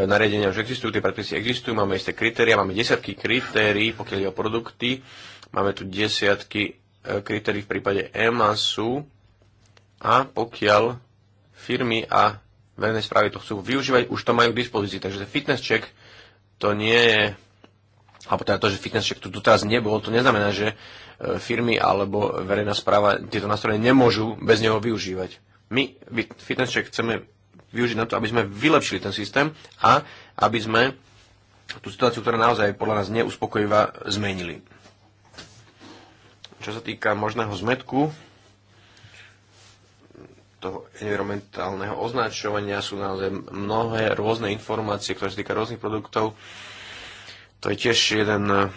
nariadenia už existujú, tie predpisy existujú, máme isté kritéria, máme desiatky kritérií, pokiaľ je o produkty, máme tu desiatky e, kritérií v prípade EMASu a pokiaľ firmy a verejné správy to chcú využívať, už to majú k dispozícii. Takže fitness check to nie je, alebo teda to, že fitness check tu doteraz nebol, to neznamená, že e, firmy alebo verejná správa tieto nástroje nemôžu bez neho využívať. My fitness check chceme využiť na to, aby sme vylepšili ten systém a aby sme tú situáciu, ktorá naozaj podľa nás neuspokojivá, zmenili. Čo sa týka možného zmetku, toho environmentálneho označovania sú naozaj mnohé rôzne informácie, ktoré sa týka rôznych produktov. To je tiež jeden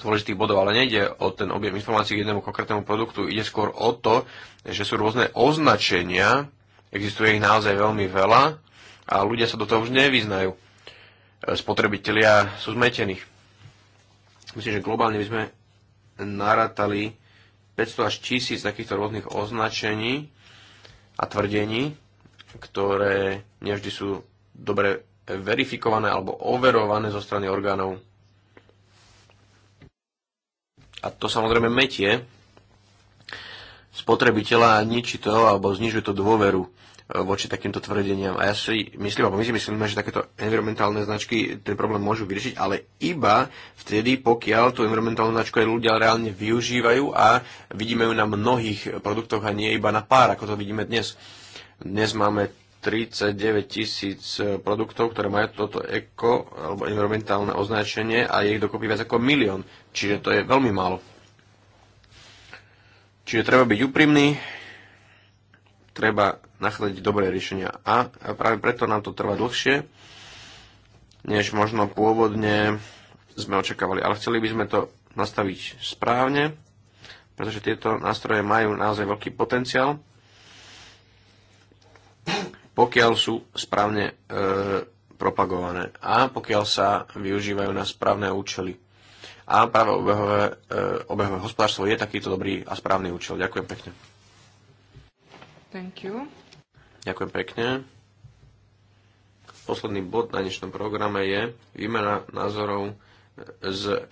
dôležitých bodov, ale nejde o ten objem informácií k jednému konkrétnemu produktu, ide skôr o to, že sú rôzne označenia, existuje ich naozaj veľmi veľa a ľudia sa do toho už nevyznajú. E, spotrebitelia sú zmetení. Myslím, že globálne by sme narátali 500 až 1000 takýchto rôznych označení a tvrdení, ktoré nevždy sú dobre verifikované alebo overované zo strany orgánov a to samozrejme metie spotrebiteľa a ničí to alebo znižuje to dôveru e, voči takýmto tvrdeniam. A ja si myslím, alebo my si myslíme, že takéto environmentálne značky ten problém môžu vyriešiť, ale iba vtedy, pokiaľ tú environmentálnu značku aj ľudia reálne využívajú a vidíme ju na mnohých produktoch a nie iba na pár, ako to vidíme dnes. Dnes máme 39 tisíc e, produktov, ktoré majú toto eko alebo environmentálne označenie a je ich dokopy viac ako milión. Čiže to je veľmi málo. Čiže treba byť úprimný, treba nachádzať dobré riešenia. A práve preto nám to trvá dlhšie, než možno pôvodne sme očakávali. Ale chceli by sme to nastaviť správne, pretože tieto nástroje majú naozaj veľký potenciál, pokiaľ sú správne e, propagované a pokiaľ sa využívajú na správne účely. A práve obehové, eh, obehové hospodárstvo je takýto dobrý a správny účel. Ďakujem pekne. Thank you. Ďakujem pekne. Posledný bod na dnešnom programe je výmena názorov z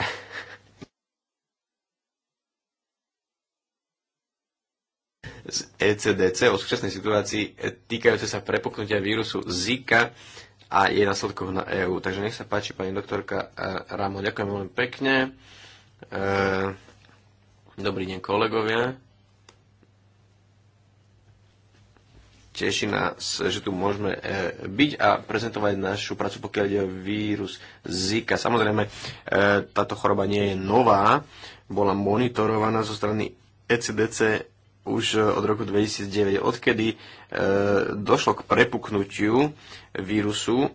z ECDC o súčasnej situácii týkajúce sa prepuknutia vírusu Zika a je následkov na EÚ. Takže nech sa páči, pani doktorka eh, Ramo, ďakujem veľmi pekne. Eh, dobrý deň, kolegovia. Teší nás, že tu môžeme eh, byť a prezentovať našu prácu, pokiaľ ide o vírus Zika. Samozrejme, táto choroba nie je nová, bola monitorovaná zo strany ECDC už e, od roku 2009, odkedy e, došlo k prepuknutiu vírusu,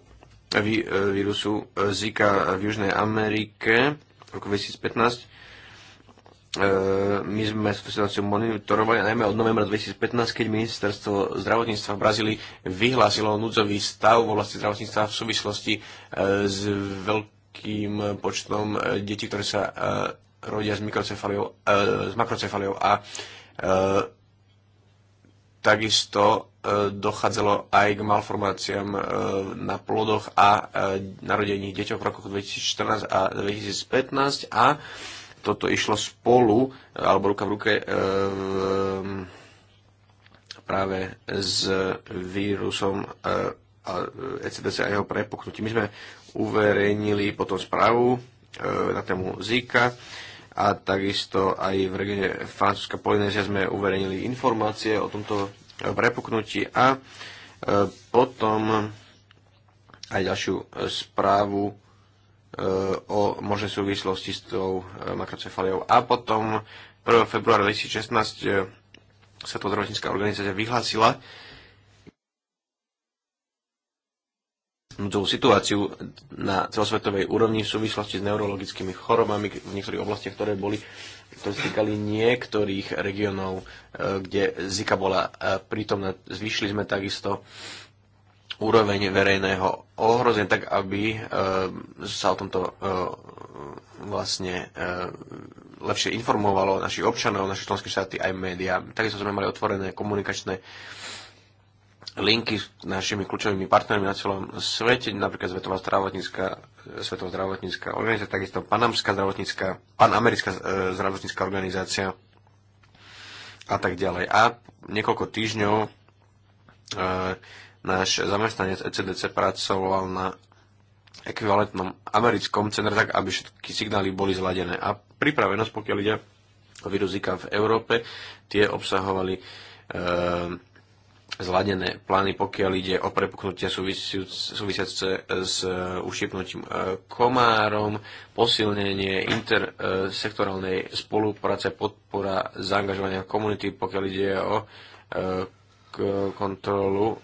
ví, e, vírusu Zika v Južnej Amerike v roku 2015. My sme tú situáciu monitorovali najmä od novembra 2015, keď ministerstvo zdravotníctva v Brazílii vyhlásilo núdzový stav v oblasti zdravotníctva v súvislosti s veľkým počtom detí, ktoré sa rodia s, e, s makrocefaliou a E, takisto e, dochádzalo aj k malformáciám e, na plodoch a narodených deťoch v rokoch 2014 a 2015 a toto išlo spolu, alebo ruka v ruke práve s vírusom a ECDC a jeho prepuknutí. My sme uverejnili potom správu na tému Zika a takisto aj v regióne Francúzska Polynézia sme uverejnili informácie o tomto eh, prepuknutí a eh, potom aj ďalšiu eh, správu o možnej súvislosti s tou makrocefaliou. A potom 1. februára 2016 sa to zdravotnícká organizácia vyhlásila tú situáciu na celosvetovej úrovni v súvislosti s neurologickými chorobami v niektorých oblastiach, ktoré boli ktoré týkali niektorých regionov, e, kde Zika bola e, prítomná. Zvýšili sme takisto úroveň verejného ohrozenia, tak aby e, sa o tomto vlastne lepšie informovalo našich občanov, naše členské štáty aj médiá. Takisto sme mali otvorené komunikačné linky s našimi kľúčovými partnermi na celom svete, napríklad Svetová zdravotnícka, Svetová zdravotnícka organizácia, takisto Panamská zdravotnícka, Panamerická e, zdravotnícka organizácia a tak ďalej. A niekoľko týždňov e, náš zamestnanec ECDC pracoval na ekvivalentnom americkom centre tak, aby všetky signály boli zladené. A pripravenosť, pokiaľ ide o vírus Zika v Európe, tie obsahovali e, zladené plány, pokiaľ ide o prepuknutie súvisiace e, s e, ušipnutím e, komárom, posilnenie intersektorálnej spolupráce, podpora zaangažovania komunity, pokiaľ ide o kontrolu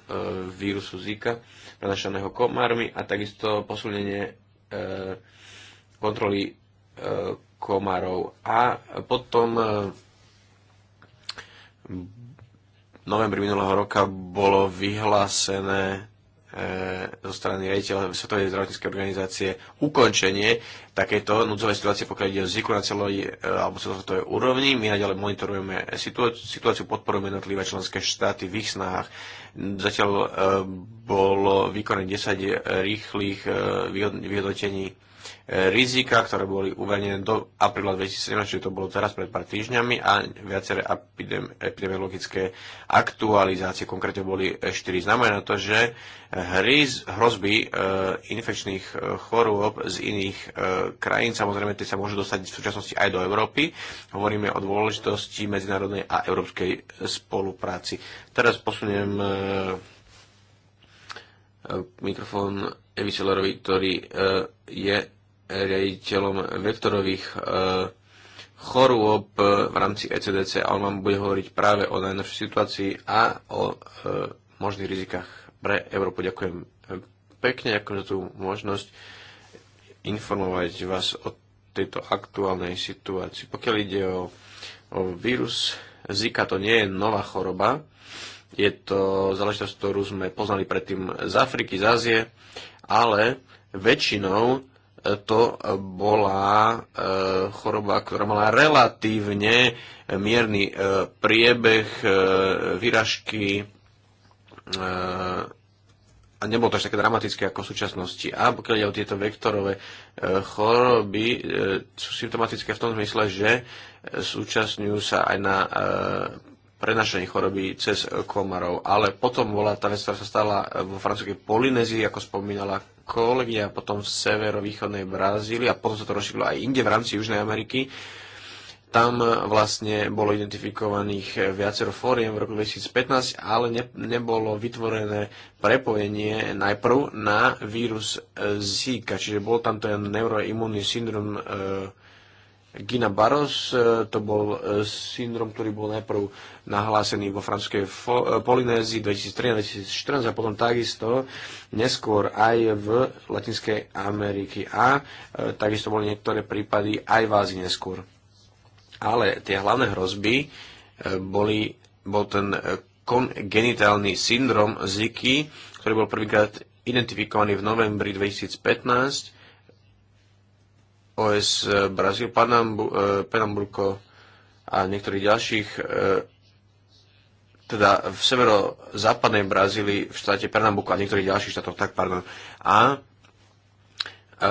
vírusu Zika prenašaného komármi a takisto posilnenie kontroly komárov. A potom novembri minulého roka bolo vyhlásené e, zo strany rejiteľa Svetovej zdravotníckej organizácie ukončenie takéto núdzovej situácie, pokiaľ ide o ziku na celej e, alebo celosvetovej úrovni. My naďalej monitorujeme situáciu, podporujeme jednotlivé členské štáty v ich snahách. Zatiaľ e, bolo vykonané 10 rýchlych vyhodnotení rizika, ktoré boli uvedené do apríla 2017, čiže to bolo teraz pred pár týždňami a viaceré epidemiologické aktualizácie, konkrétne boli 4. Znamená to, že hryz, hrozby e, infekčných e, chorôb z iných e, krajín, samozrejme, tie sa môžu dostať v súčasnosti aj do Európy. Hovoríme o dôležitosti medzinárodnej a európskej spolupráci. Teraz posuniem mikrofón Evi ktorý je riaditeľom vektorových e, chorôb e, v rámci ECDC a on vám bude hovoriť práve o najnovšej situácii a o e, možných rizikách pre Európu. Ďakujem pekne, ďakujem za tú možnosť informovať vás o tejto aktuálnej situácii. Pokiaľ ide o, o vírus Zika, to nie je nová choroba, je to záležitosť, ktorú sme poznali predtým z Afriky, z Ázie, ale väčšinou to bola eh, choroba, ktorá mala relatívne eh, mierny eh, priebeh, výražky a nebolo to až také dramatické ako v súčasnosti. A pokiaľ ide o tieto vektorové choroby, sú symptomatické v tom zmysle, že súčasňujú sa aj na prenašanie choroby cez komarov. Ale potom bola tá vec, ktorá sa stala vo francúzskej Polynézii, ako spomínala kolegyňa, potom v severovýchodnej Brazílii a potom sa to rozšírilo aj inde v rámci Južnej Ameriky. Tam vlastne bolo identifikovaných viacero fóriem v roku 2015, ale ne, nebolo vytvorené prepojenie najprv na vírus Zika, čiže bol tam ten neuroimunný syndrom e, Gina Barros, e, to bol e, syndrom, ktorý bol najprv nahlásený vo francúzskej e, Polynézii 2013-2014 a potom takisto neskôr aj v Latinskej Ameriky a takisto boli niektoré prípady aj v Ázii neskôr. Ale tie hlavné hrozby boli, bol ten kongenitálny syndrom Ziki, ktorý bol prvýkrát identifikovaný v novembri 2015 OS eh, Brazil, eh, Pernambuco a niektorých ďalších, eh, teda v severozápadnej Brazílii, v štáte Pernambuco a niektorých ďalších štátoch, tak pardon. A e,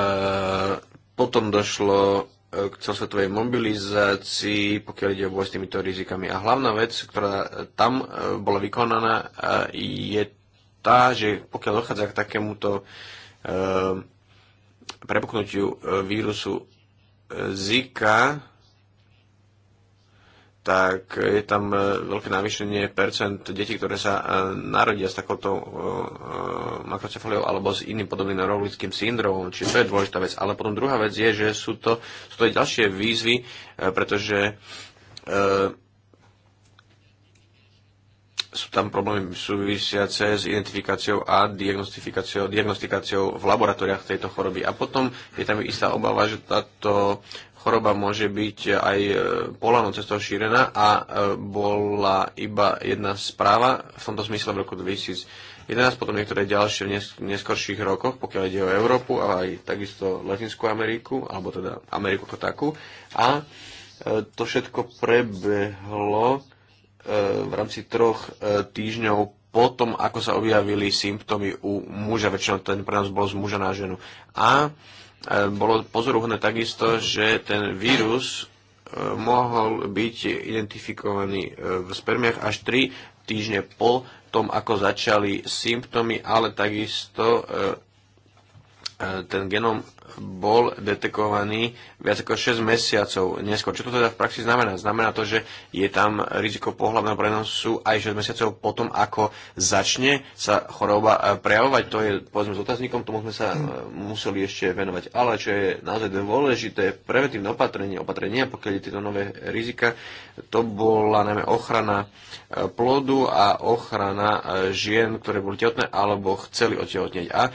potom došlo k celosvetovej mobilizácii, pokiaľ ide o boj s týmito rizikami. A hlavná vec, ktorá tam bola vykonaná, je tá, že pokiaľ dochádza k takémuto e, prepuknutiu e, vírusu e, Zika, tak je tam e, veľké navýšenie percent detí, ktoré sa narodia s takouto makrocefaliou alebo s iným podobným neurologickým syndromom, čiže to je dôležitá vec. Ale potom druhá vec je, že sú to, sú to ďalšie výzvy, pretože e, sú tam problémy súvisiace s identifikáciou a diagnostifikáciou, diagnostikáciou v laboratóriách tejto choroby. A potom je tam istá obava, že táto choroba môže byť aj e, polanou cestou šírená a e, bola iba jedna správa v tomto smysle v roku 2011, potom niektoré ďalšie v neskorších rokoch, pokiaľ ide o Európu a aj takisto Latinskú Ameriku, alebo teda Ameriku ako takú. A e, to všetko prebehlo E, v rámci troch e, týždňov potom, ako sa objavili symptómy u muža, väčšinou ten nás bol z muža na ženu. A e, bolo pozoruhodné takisto, že ten vírus mohol byť identifikovaný v spermiach až 3 týždne po tom, ako začali symptómy, ale takisto ten genom bol detekovaný viac ako 6 mesiacov neskôr. Čo to teda v praxi znamená? Znamená to, že je tam riziko pohľadného prenosu aj 6 mesiacov potom, ako začne sa choroba e, prejavovať. To je, povedzme, s otáznikom, tomu sme sa e, museli ešte venovať. Ale čo je naozaj dôležité, preventívne opatrenie, opatrenia, pokiaľ je tieto nové rizika, to bola najmä ochrana e, plodu a ochrana žien, ktoré boli tehotné alebo chceli otehotneť. A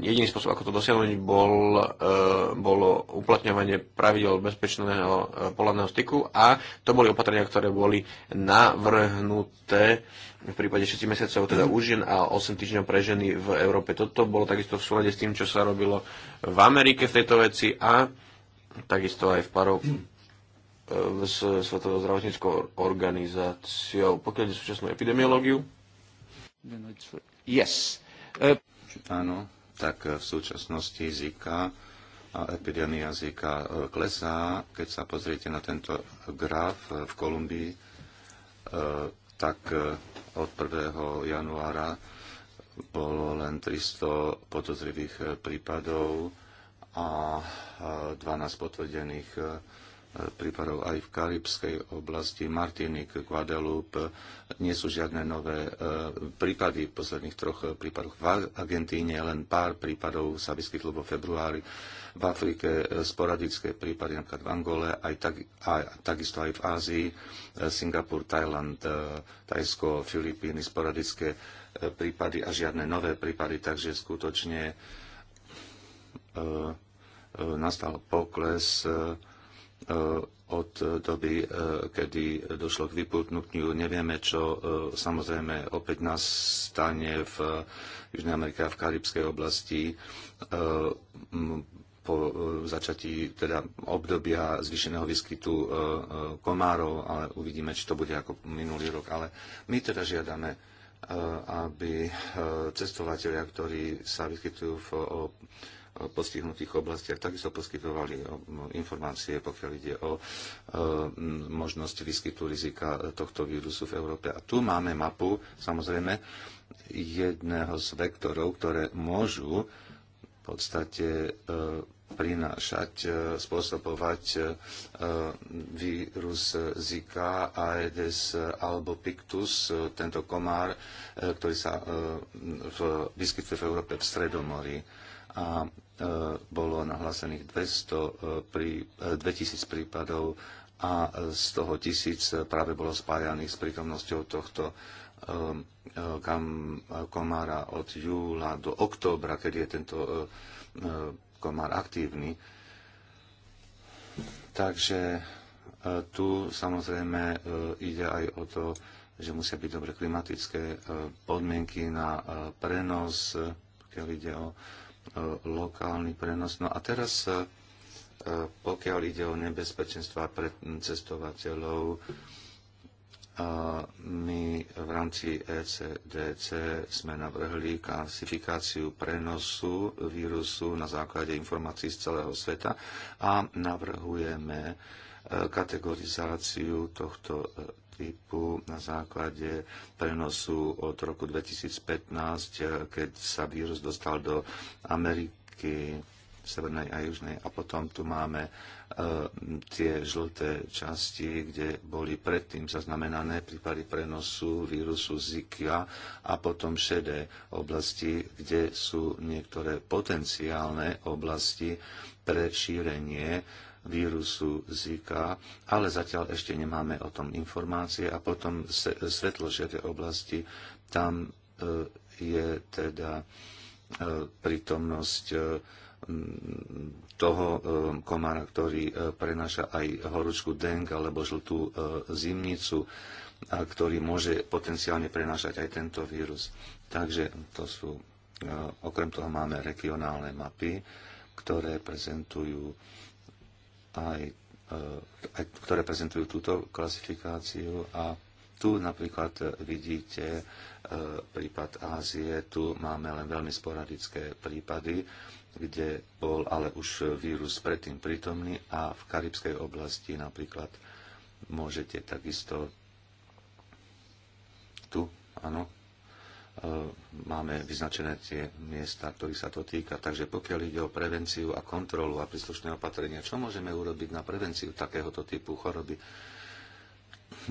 jediný spôsob, ako to dosiahnuť, bol E, bolo uplatňovanie pravidel bezpečného e, polovného styku a to boli opatrenia, ktoré boli navrhnuté v prípade 6 mesiacov teda mhm. u žien a 8 týždňov pre ženy v Európe. Toto bolo takisto v súlade s tým, čo sa robilo v Amerike v tejto veci a takisto aj v parov mhm. e, s Svetovou zdravotníckou organizáciou. Pokiaľ ide súčasnú epidemiológiu? Yes. Áno tak v súčasnosti Zika a epidémia Zika e, klesá. Keď sa pozriete na tento graf v Kolumbii, e, tak e, od 1. januára bolo len 300 podozrivých prípadov a 12 potvrdených prípadov aj v karibskej oblasti Martinik, Guadeloupe. Nie sú žiadne nové e, prípady v posledných troch prípadoch. V Argentíne len pár prípadov sa vyskytlo vo februári. V Afrike e, sporadické prípady, napríklad v Angole, aj, tak, aj takisto aj v Ázii, e, Singapur, Tajland, Tajsko, Filipíny, sporadické prípady a žiadne nové prípady, takže skutočne nastal pokles Eh, od doby, eh, kedy došlo k vyputnutiu. Nevieme, čo eh, samozrejme opäť nastane v Južnej Amerike a v Karibskej oblasti po začatí teda obdobia zvýšeného výskytu komárov, ale uvidíme, či to bude ako minulý rok. Ale my teda žiadame, aby cestovatelia, ktorí sa vyskytujú v postihnutých oblastiach takisto poskytovali e, informácie, pokiaľ ide o e, možnosť výskytu rizika tohto vírusu v Európe. A tu máme mapu, samozrejme, jedného z vektorov, ktoré môžu v podstate e, prinášať, spôsobovať vírus Zika, Aedes alebo Pictus, tento komár, ktorý sa vyskytuje v Európe v Stredomorí. A E, bolo nahlásených 200 pri 2000 prípadov a z toho tisíc práve bolo spájaných s prítomnosťou tohto e, e, komára od júla do októbra, keď je tento komár aktívny. Takže tu samozrejme ide aj o to, že musia byť dobre klimatické podmienky na prenos, pokiaľ ide o E, lokálny prenos. No a teraz, e, e, pokiaľ ide o nebezpečenstva pre cestovateľov, my v rámci ECDC sme navrhli klasifikáciu prenosu vírusu na základe informácií z celého sveta a navrhujeme kategorizáciu tohto typu na základe prenosu od roku 2015, keď sa vírus dostal do Ameriky severnej a južnej. A potom tu máme uh, tie žlté časti, kde boli predtým zaznamenané prípady prenosu vírusu Zika a potom šedé oblasti, kde sú niektoré potenciálne oblasti pre šírenie vírusu Zika, ale zatiaľ ešte nemáme o tom informácie. A potom svetlo žiadej oblasti, tam e, je teda e, prítomnosť e, toho komára, ktorý prenáša aj horúčku deng alebo žltú zimnicu, ktorý môže potenciálne prenášať aj tento vírus. Takže to sú, okrem toho máme regionálne mapy, ktoré prezentujú aj, eh, aj, ktoré prezentujú túto klasifikáciu a tu napríklad vidíte eh, prípad Ázie, tu máme len veľmi sporadické prípady, kde bol ale už vírus predtým prítomný a v karibskej oblasti napríklad môžete takisto tu, áno, E, máme vyznačené tie miesta, ktorých sa to týka. Takže pokiaľ ide o prevenciu a kontrolu a príslušné opatrenia, čo môžeme urobiť na prevenciu takéhoto typu choroby?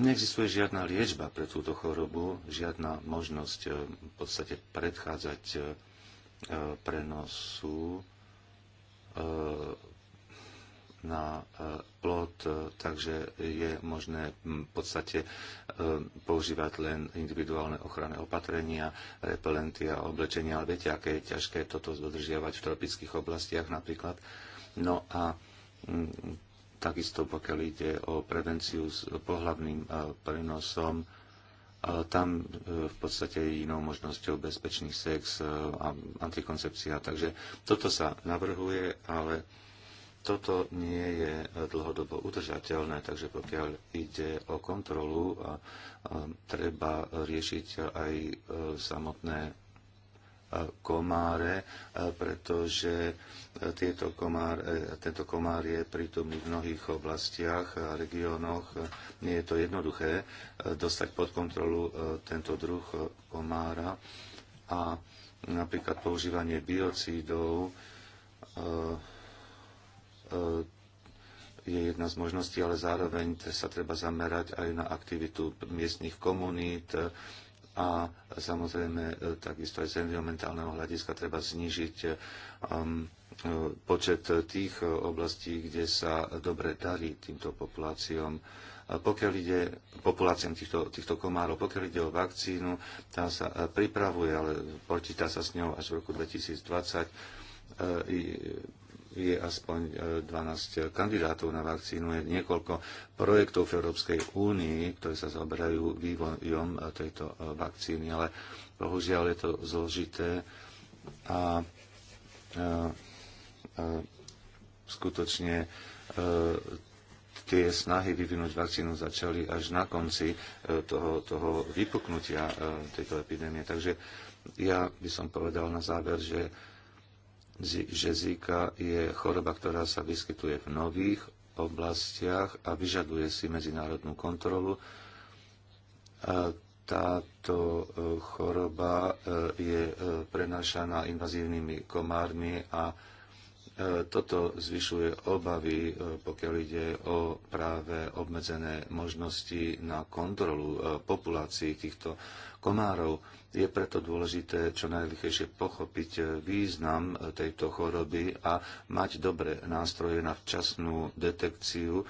Neexistuje žiadna liečba pre túto chorobu, žiadna možnosť e, v podstate predchádzať e, prenosu na e, plod, e, takže je možné v podstate e, používať len individuálne ochranné opatrenia, repelenty a oblečenia, ale viete, aké je ťažké toto dodržiavať v tropických oblastiach napríklad. No a takisto pokiaľ ide o prevenciu s pohľadným prenosom, tam v podstate je inou možnosťou bezpečný sex a antikoncepcia. Takže toto sa navrhuje, ale toto nie je dlhodobo udržateľné, takže pokiaľ ide o kontrolu, a, treba riešiť aj e, samotné e, komáre, e, pretože tieto komár, tento komár je prítomný v mnohých oblastiach a regiónoch. Nie je to jednoduché dostať pod kontrolu tento druh komára a napríklad používanie biocídov E, je jedna z možností, ale zároveň sa treba zamerať aj na aktivitu miestnych komunít a samozrejme e, takisto aj z environmentálneho hľadiska treba znižiť e, um, počet tých oblastí, kde sa dobre darí týmto populáciám. Pokiaľ ide populáciám týchto, týchto komárov, pokiaľ ide o vakcínu, tá sa pripravuje, ale počíta sa s ňou až v roku 2020 je aspoň 12 e, e, kandidátov na vakcínu, je niekoľko projektov v Európskej únii, ktoré sa zaoberajú vývojom e, tejto vakcíny, ale bohužiaľ je to zložité a, a, a skutočne a, tie snahy vyvinúť vakcínu začali až na konci toho, toho vypuknutia tejto epidémie. Takže ja by som povedal na záver, že že Zika je choroba, ktorá sa vyskytuje v nových oblastiach a vyžaduje si medzinárodnú kontrolu. Táto e, choroba e, je e, prenášaná invazívnymi komármi a toto zvyšuje obavy, pokiaľ ide o práve obmedzené možnosti na kontrolu populácií týchto komárov. Je preto dôležité čo najrychlejšie pochopiť eh, význam eh, tejto choroby a mať dobré nástroje na včasnú detekciu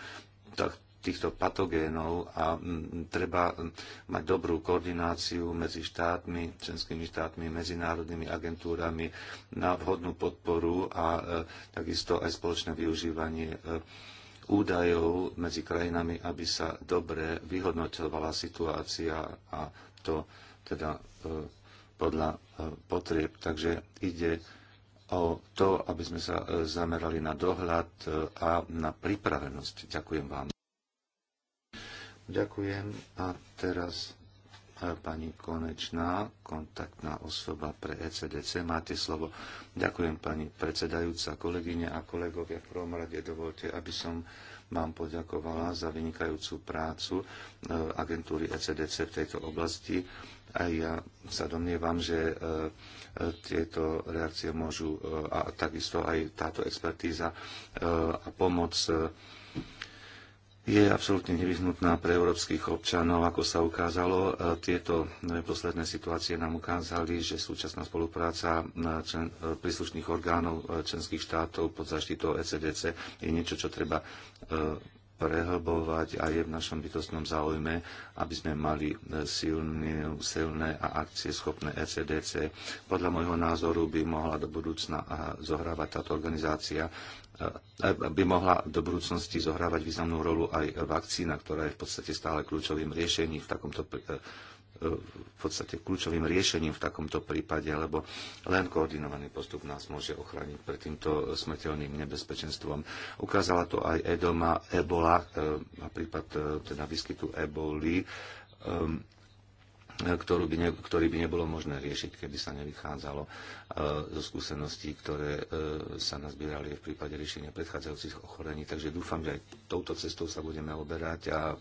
týchto patogénov a mm, treba mm, mať dobrú koordináciu medzi štátmi, členskými štátmi, medzinárodnými agentúrami na vhodnú podporu a eh, takisto aj spoločné využívanie údajov medzi krajinami, aby sa dobre vyhodnotovala situácia a to teda e, podľa e, potrieb. Takže ide o to, aby sme sa e, zamerali na dohľad a na pripravenosť. Ďakujem vám. Ďakujem. A teraz pani Konečná, kontaktná osoba pre ECDC. Máte slovo. Ďakujem pani predsedajúca, kolegyne a kolegovia. V prvom rade dovolte, aby som vám poďakovala za vynikajúcu prácu e, agentúry ECDC v tejto oblasti. A ja sa domnievam, že e, e, tieto reakcie môžu a takisto aj táto expertíza a pomoc je absolútne nevyhnutná pre európskych občanov. Ako sa ukázalo, e, tieto posledné situácie nám ukázali, že súčasná spolupráca e, člen, e, príslušných orgánov členských štátov pod zaštitou ECDC je niečo, čo treba prehlbovať a je v našom bytostnom záujme, aby sme mali silné, silné a schopné ECDC. Podľa môjho názoru by mohla do budúcna zohrávať táto organizácia by mohla do budúcnosti zohrávať významnú rolu aj vakcína, ktorá je v podstate stále kľúčovým riešením v takomto e, e, v podstate kľúčovým riešením v takomto prípade, lebo len koordinovaný postup nás môže ochrániť pred týmto smrteľným nebezpečenstvom. Ukázala to aj Edoma, Ebola, napríklad e, teda výskytu eboli, ehm, ktorú by ne, ktorý by nebolo možné riešiť, keby sa nevychádzalo e, zo skúseností, ktoré e, sa nazbierali v prípade riešenia predchádzajúcich ochorení. Takže dúfam, že aj touto cestou sa budeme oberať a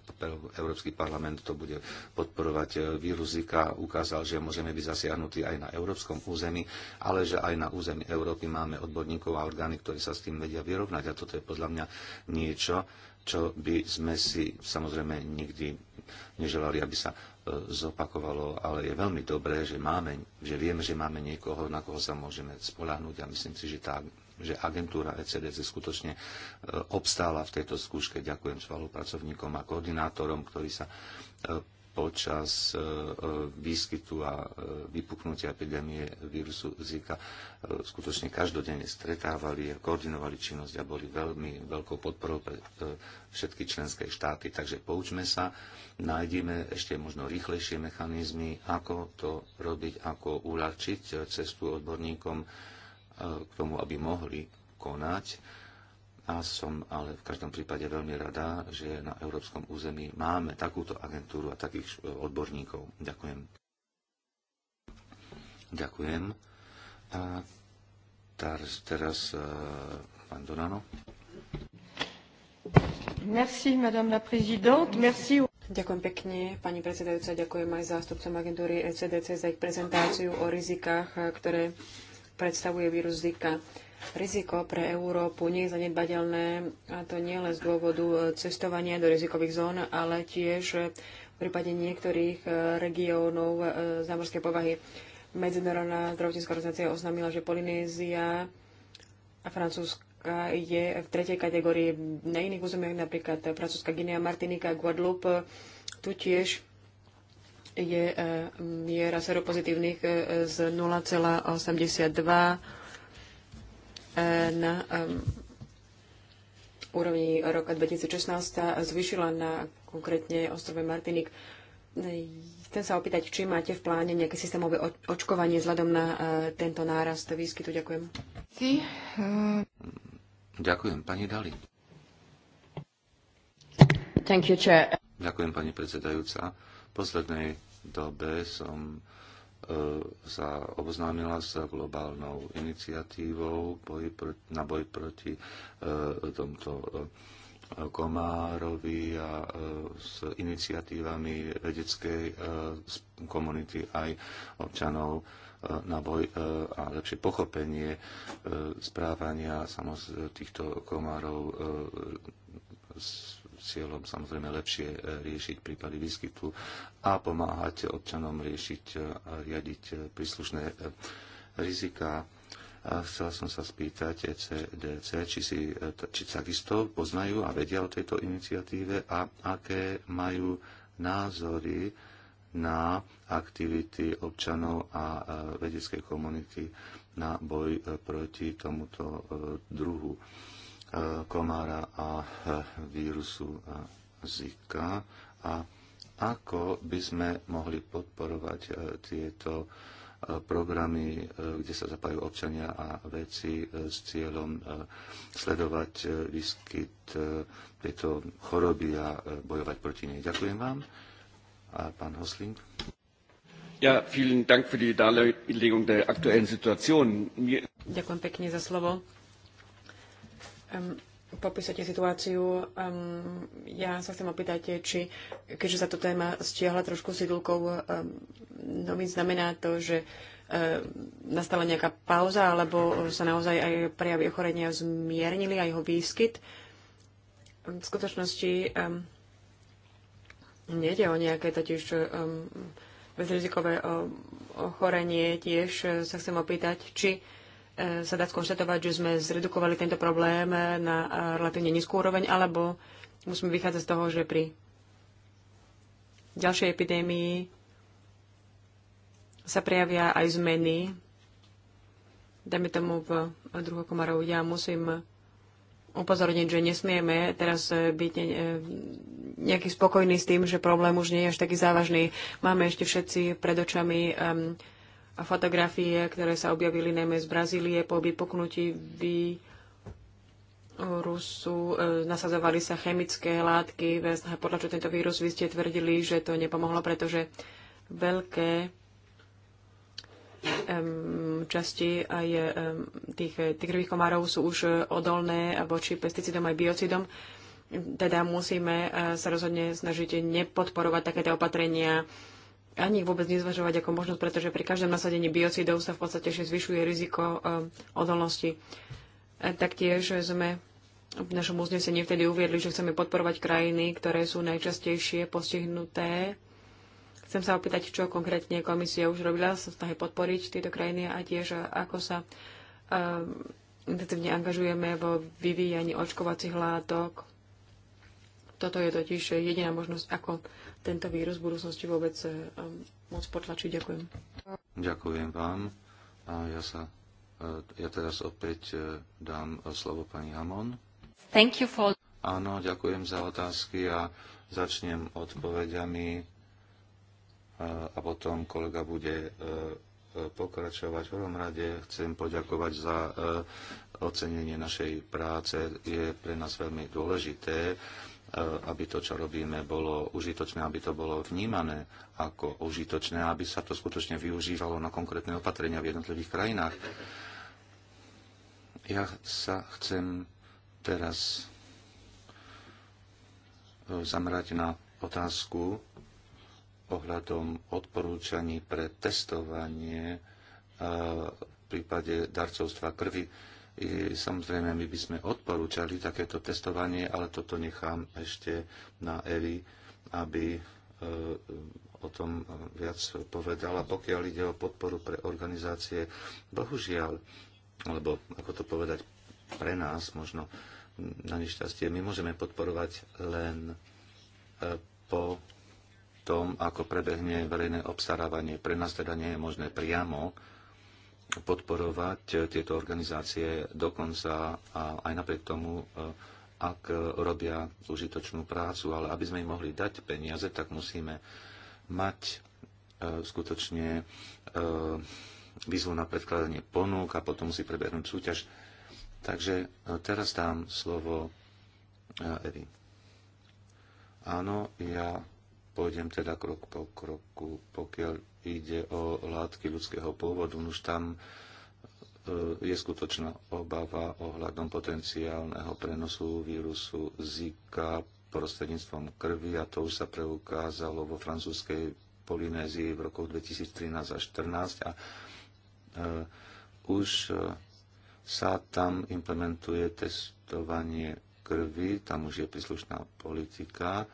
Európsky parlament to bude podporovať. E, vírus Zika ukázal, že môžeme byť zasiahnutí aj na európskom území, ale že aj na území Európy máme odborníkov a orgány, ktorí sa s tým vedia vyrovnať. A toto je podľa mňa niečo, čo by sme si samozrejme nikdy neželali, aby sa zopakovalo, ale je veľmi dobré, že, máme, že vieme, že máme niekoho, na koho sa môžeme spolahnúť a myslím si, že tá že agentúra ECDC skutočne e, obstála v tejto skúške. Ďakujem spolupracovníkom a koordinátorom, ktorí sa e, počas e, e, výskytu a e, vypuknutia epidémie vírusu Zika skutočne každodenne stretávali, koordinovali činnosť a boli veľmi veľkou podporou pre všetky členské štáty. Takže poučme sa, nájdime ešte možno rýchlejšie mechanizmy, ako to robiť, ako uľahčiť cestu odborníkom k tomu, aby mohli konať a som ale v každom prípade veľmi rada, že na európskom území máme takúto agentúru a takých odborníkov. Ďakujem. Ďakujem. A teraz, teraz pán Donano. Merci, madame la présidente. Merci. Ďakujem pekne, pani predsedajúca. Ďakujem aj zástupcom agentúry ECDC za ich prezentáciu o rizikách, e, ktoré predstavuje vírus Zika. Riziko pre Európu nie je zanedbateľné, a to nie len z dôvodu e, cestovania do rizikových zón, ale tiež e, v prípade niektorých e, regiónov zámorskej povahy. Medzinárodná zdravotnícka organizácia oznámila, že Polynézia a Francúzska je v tretej kategórii. Na iných územiach, napríklad Francúzska Guinea, Martinika, Guadeloupe, tu tiež je miera seropozitívnych z 0,82 na um, úrovni roka 2016 zvyšila na konkrétne ostrove Martinik. Chcem sa opýtať, či máte v pláne nejaké systémové očkovanie vzhľadom na uh, tento nárast výskytu. Ďakujem. Uh, Ďakujem, pani Dali. Thank you, chair. Ďakujem, pani predsedajúca. V poslednej dobe som E, sa oboznámila s globálnou iniciatívou na boj proti e, tomto e, Komárovi a s iniciatívami vedeckej komunity aj občanov na boj a lepšie pochopenie správania samoz týchto komárov cieľom samozrejme lepšie e, riešiť prípady výskytu a pomáhať občanom riešiť e, a riadiť e, príslušné rizika. A chcela som sa spýtať ECDC, či, si, či takisto poznajú a vedia o tejto iniciatíve a aké majú názory na aktivity občanov a vedeckej komunity na boj proti tomuto druhu komára a e, vírusu e, Zika a ako by sme mohli podporovať e, tieto programy, kde sa zapájajú občania a veci s cieľom sledovať výskyt tejto choroby a bojovať proti nej. Ďakujem vám. A pán Hosling. Ja, vielen Dank für die Darlegung der aktuellen Situation. Ďakujem pekne za slovo um, popísate situáciu. Um, ja sa chcem opýtať, či keďže sa to téma stiahla trošku sidulkou um, no mi znamená to, že um, nastala nejaká pauza, alebo sa naozaj aj prejavy ochorenia zmiernili, aj jeho výskyt. V skutočnosti um, nejde o nejaké totiž um, bezrizikové um, ochorenie. Tiež sa chcem opýtať, či E, sa dá skonštatovať, že sme zredukovali tento problém na e, relatívne nízku úroveň, alebo musíme vychádzať z toho, že pri ďalšej epidémii sa prejavia aj zmeny. Dajme tomu v druhu komarov. Ja musím upozorniť, že nesmieme teraz byť e, nejaký spokojný s tým, že problém už nie je až taký závažný. Máme ešte všetci pred očami um, a fotografie, ktoré sa objavili najmä z Brazílie po vypuknutí vy Rusu e, nasadzovali sa chemické látky podľa čo tento vírus. Vy ste tvrdili, že to nepomohlo, pretože veľké časti aj tých tigrových komárov sú už odolné voči pesticidom aj biocidom. Teda musíme e, sa rozhodne snažiť nepodporovať takéto opatrenia, ani ich vôbec nezvažovať ako možnosť, pretože pri každom nasadení biocidov sa v podstate ešte zvyšuje riziko eh, odolnosti. Eh, taktiež sme v našom uznesení vtedy uviedli, že chceme podporovať krajiny, ktoré sú najčastejšie postihnuté. Chcem sa opýtať, čo konkrétne komisia už robila v snahe podporiť tieto krajiny a tiež eh, ako sa um, intenzívne angažujeme vo vyvíjaní očkovacích látok. Toto je totiž jediná možnosť, ako tento vírus v budúcnosti vôbec eh, môcť potlačiť. Ďakujem. Ďakujem vám. A ja, sa, eh, ja teraz opäť eh, dám slovo pani Hamon. Thank you for... Áno, ďakujem za otázky a začnem odpovediami a potom kolega bude pokračovať. V prvom rade chcem poďakovať za ocenenie našej práce. Je pre nás veľmi dôležité E, aby to, čo robíme, bolo užitočné, aby to bolo vnímané ako užitočné, aby sa to skutočne využívalo na konkrétne opatrenia v jednotlivých krajinách. Ja sa chcem teraz e, zamerať na otázku ohľadom odporúčaní pre testovanie e, v prípade darcovstva krvi Samozrejme, my by sme odporúčali takéto testovanie, ale toto nechám ešte na Evi, aby e, o tom viac povedala, pokiaľ ide o podporu pre organizácie. Bohužiaľ, alebo ako to povedať pre nás možno na nešťastie, my môžeme podporovať len e, po tom, ako prebehne verejné obstarávanie. Pre nás teda nie je možné priamo podporovať eh, tieto organizácie dokonca a aj napriek tomu, eh, ak robia užitočnú prácu, ale aby sme im mohli dať peniaze, tak musíme mať eh, skutočne výzvu na predkladanie ponúk a potom si preberúť súťaž. Takže teraz dám slovo Evi. Áno, ja Pôjdem teda krok po kroku, pokiaľ ide o látky ľudského pôvodu. Už tam e, je skutočná obava ohľadom potenciálneho prenosu vírusu Zika prostredníctvom krvi a to už sa preukázalo vo francúzskej Polynézii v rokoch 2013 a 2014 e, a už e, sa tam implementuje testovanie krvi, tam už je príslušná politika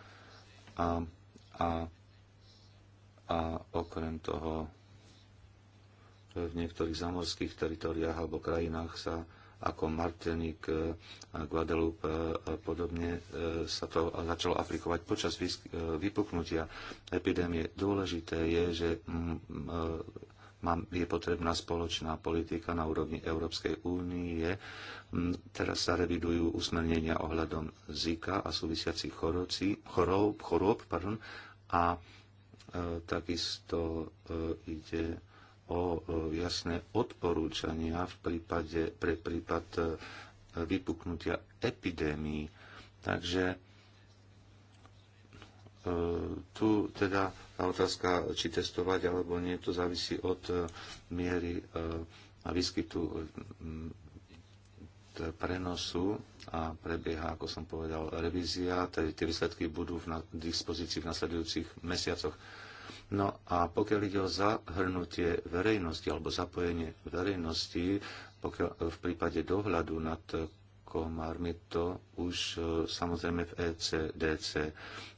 a a, a okrem toho v niektorých zamorských teritoriách alebo krajinách sa ako Martinik, e, Guadeloupe e, a podobne e, sa to začalo aplikovať počas vypuknutia epidémie. Dôležité je, že je potrebná spoločná politika na úrovni Európskej únie. Teraz sa revidujú usmernenia ohľadom Zika a súvisiacich chorob, chorob pardon, a e, takisto e, ide o e, jasné odporúčania v prípade, pre prípad vypuknutia epidémií. Takže tu teda tá otázka, či testovať alebo nie, to závisí od miery a výskytu prenosu a prebieha, ako som povedal, revízia. Tedy tie výsledky budú v na, dispozícii v nasledujúcich mesiacoch. No a pokiaľ ide o zahrnutie verejnosti alebo zapojenie verejnosti, pokiaľ, v prípade dohľadu nad komármi, to už e, samozrejme v ECDC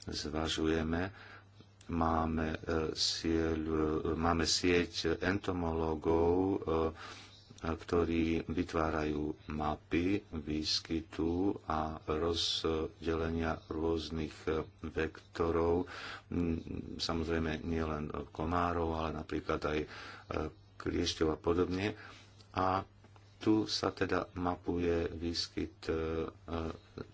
zvažujeme. Máme, sieť, e, e, máme sieť entomológov, ktorí vytvárajú mapy výskytu a rozdelenia rôznych vektorov, mm, samozrejme nielen komárov, ale napríklad aj e, kliešťov a podobne. A tu sa teda mapuje výskyt e, e,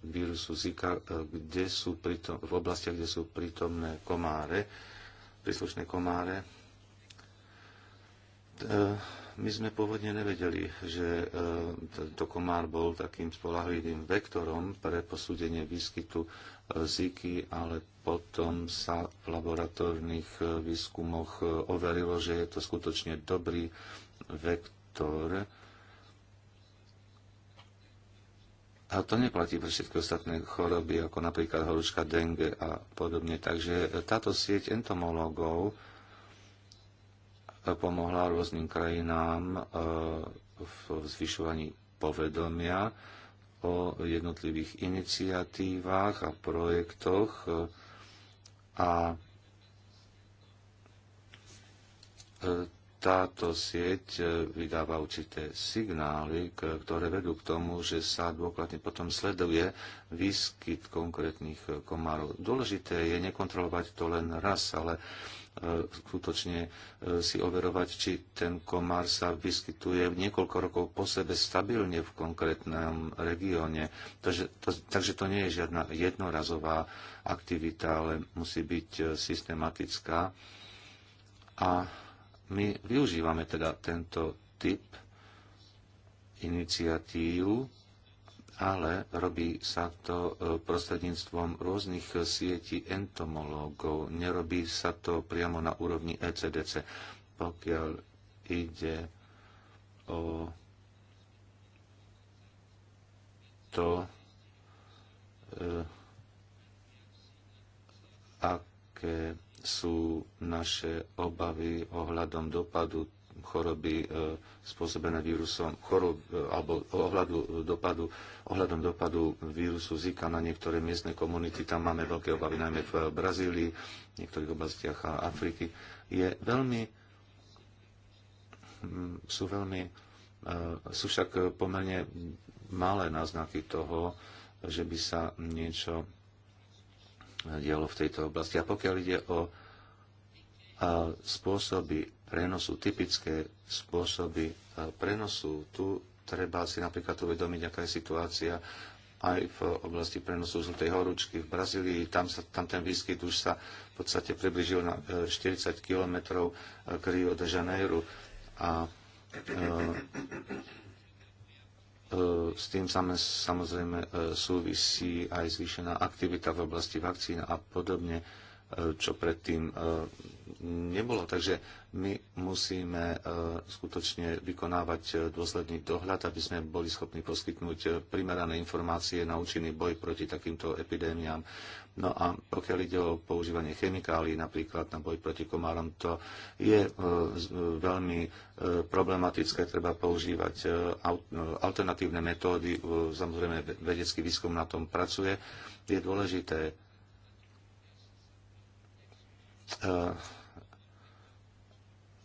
vírusu Zika, kde sú pritom, v oblastiach, kde sú prítomné komáre, príslušné komáre my sme pôvodne nevedeli, že e, tento komár bol takým spolahlivým vektorom pre posúdenie výskytu e, Ziky, ale potom sa v laboratórnych e, výskumoch overilo, že je to skutočne dobrý vektor. A to neplatí pre všetky ostatné choroby, ako napríklad horúčka dengue a podobne. Takže táto sieť entomológov pomohla rôznym krajinám e, v zvyšovaní povedomia o jednotlivých iniciatívach a projektoch e, a e, táto sieť vydáva určité signály, ktoré vedú k tomu, že sa dôkladne potom sleduje výskyt konkrétnych komárov. Dôležité je nekontrolovať to len raz, ale E, skutočne e, si overovať, či ten komár sa vyskytuje niekoľko rokov po sebe stabilne v konkrétnom regióne. Takže to, takže to nie je žiadna jednorazová aktivita, ale musí byť e, systematická. A my využívame teda tento typ iniciatív ale robí sa to e, prostredníctvom rôznych e, sietí entomológov. Nerobí sa to priamo na úrovni ECDC. Pokiaľ ide o to, e, aké sú naše obavy ohľadom dopadu choroby e, spôsobené vírusom, chorob, e, alebo ohľadu dopadu, ohľadom dopadu vírusu Zika na niektoré miestne komunity, tam máme veľké obavy, najmä v Brazílii, v niektorých oblastiach Afriky, je veľmi, sú veľmi, e, sú však pomerne malé náznaky toho, že by sa niečo dialo v tejto oblasti. A pokiaľ ide o spôsoby prenosu, typické spôsoby prenosu. Tu treba si napríklad uvedomiť, aká je situácia aj v oblasti prenosu zlutej horúčky v Brazílii. Tam, sa, tam ten výskyt už sa v podstate približil na 40 e, kilometrov k e, Rio de Janeiro a e, e s tým samozrejme súvisí aj zvýšená aktivita v oblasti vakcín a podobne, čo predtým nebolo. Takže my musíme e, skutočne vykonávať e, dôsledný dohľad, aby sme boli schopní poskytnúť e, primerané informácie na účinný boj proti takýmto epidémiám. No a pokiaľ ide o používanie chemikálií napríklad na boj proti komárom, to je veľmi problematické. Treba používať alternatívne metódy. Samozrejme, vedecký výskum na tom pracuje. Je dôležité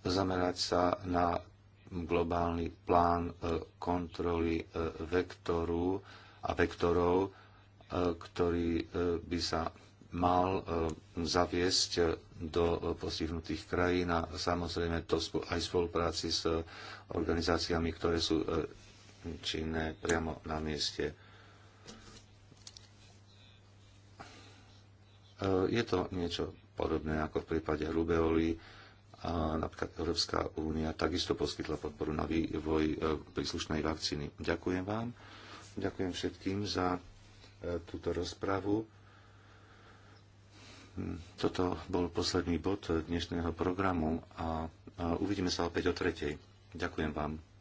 zamerať sa na globálny plán e, kontroly e, vektoru a vektorov, e, ktorý by sa mal zaviesť do postihnutých krajín a samozrejme to aj v spolupráci s organizáciami, ktoré sú činné priamo na mieste. Je to niečo podobné ako v prípade Rubeoli. A napríklad Európska únia takisto poskytla podporu na vývoj e, príslušnej vakcíny. Ďakujem vám. Ďakujem všetkým za e, túto rozpravu. Hm, toto bol posledný bod dnešného programu a uvidíme sa opäť o tretej. Ďakujem vám.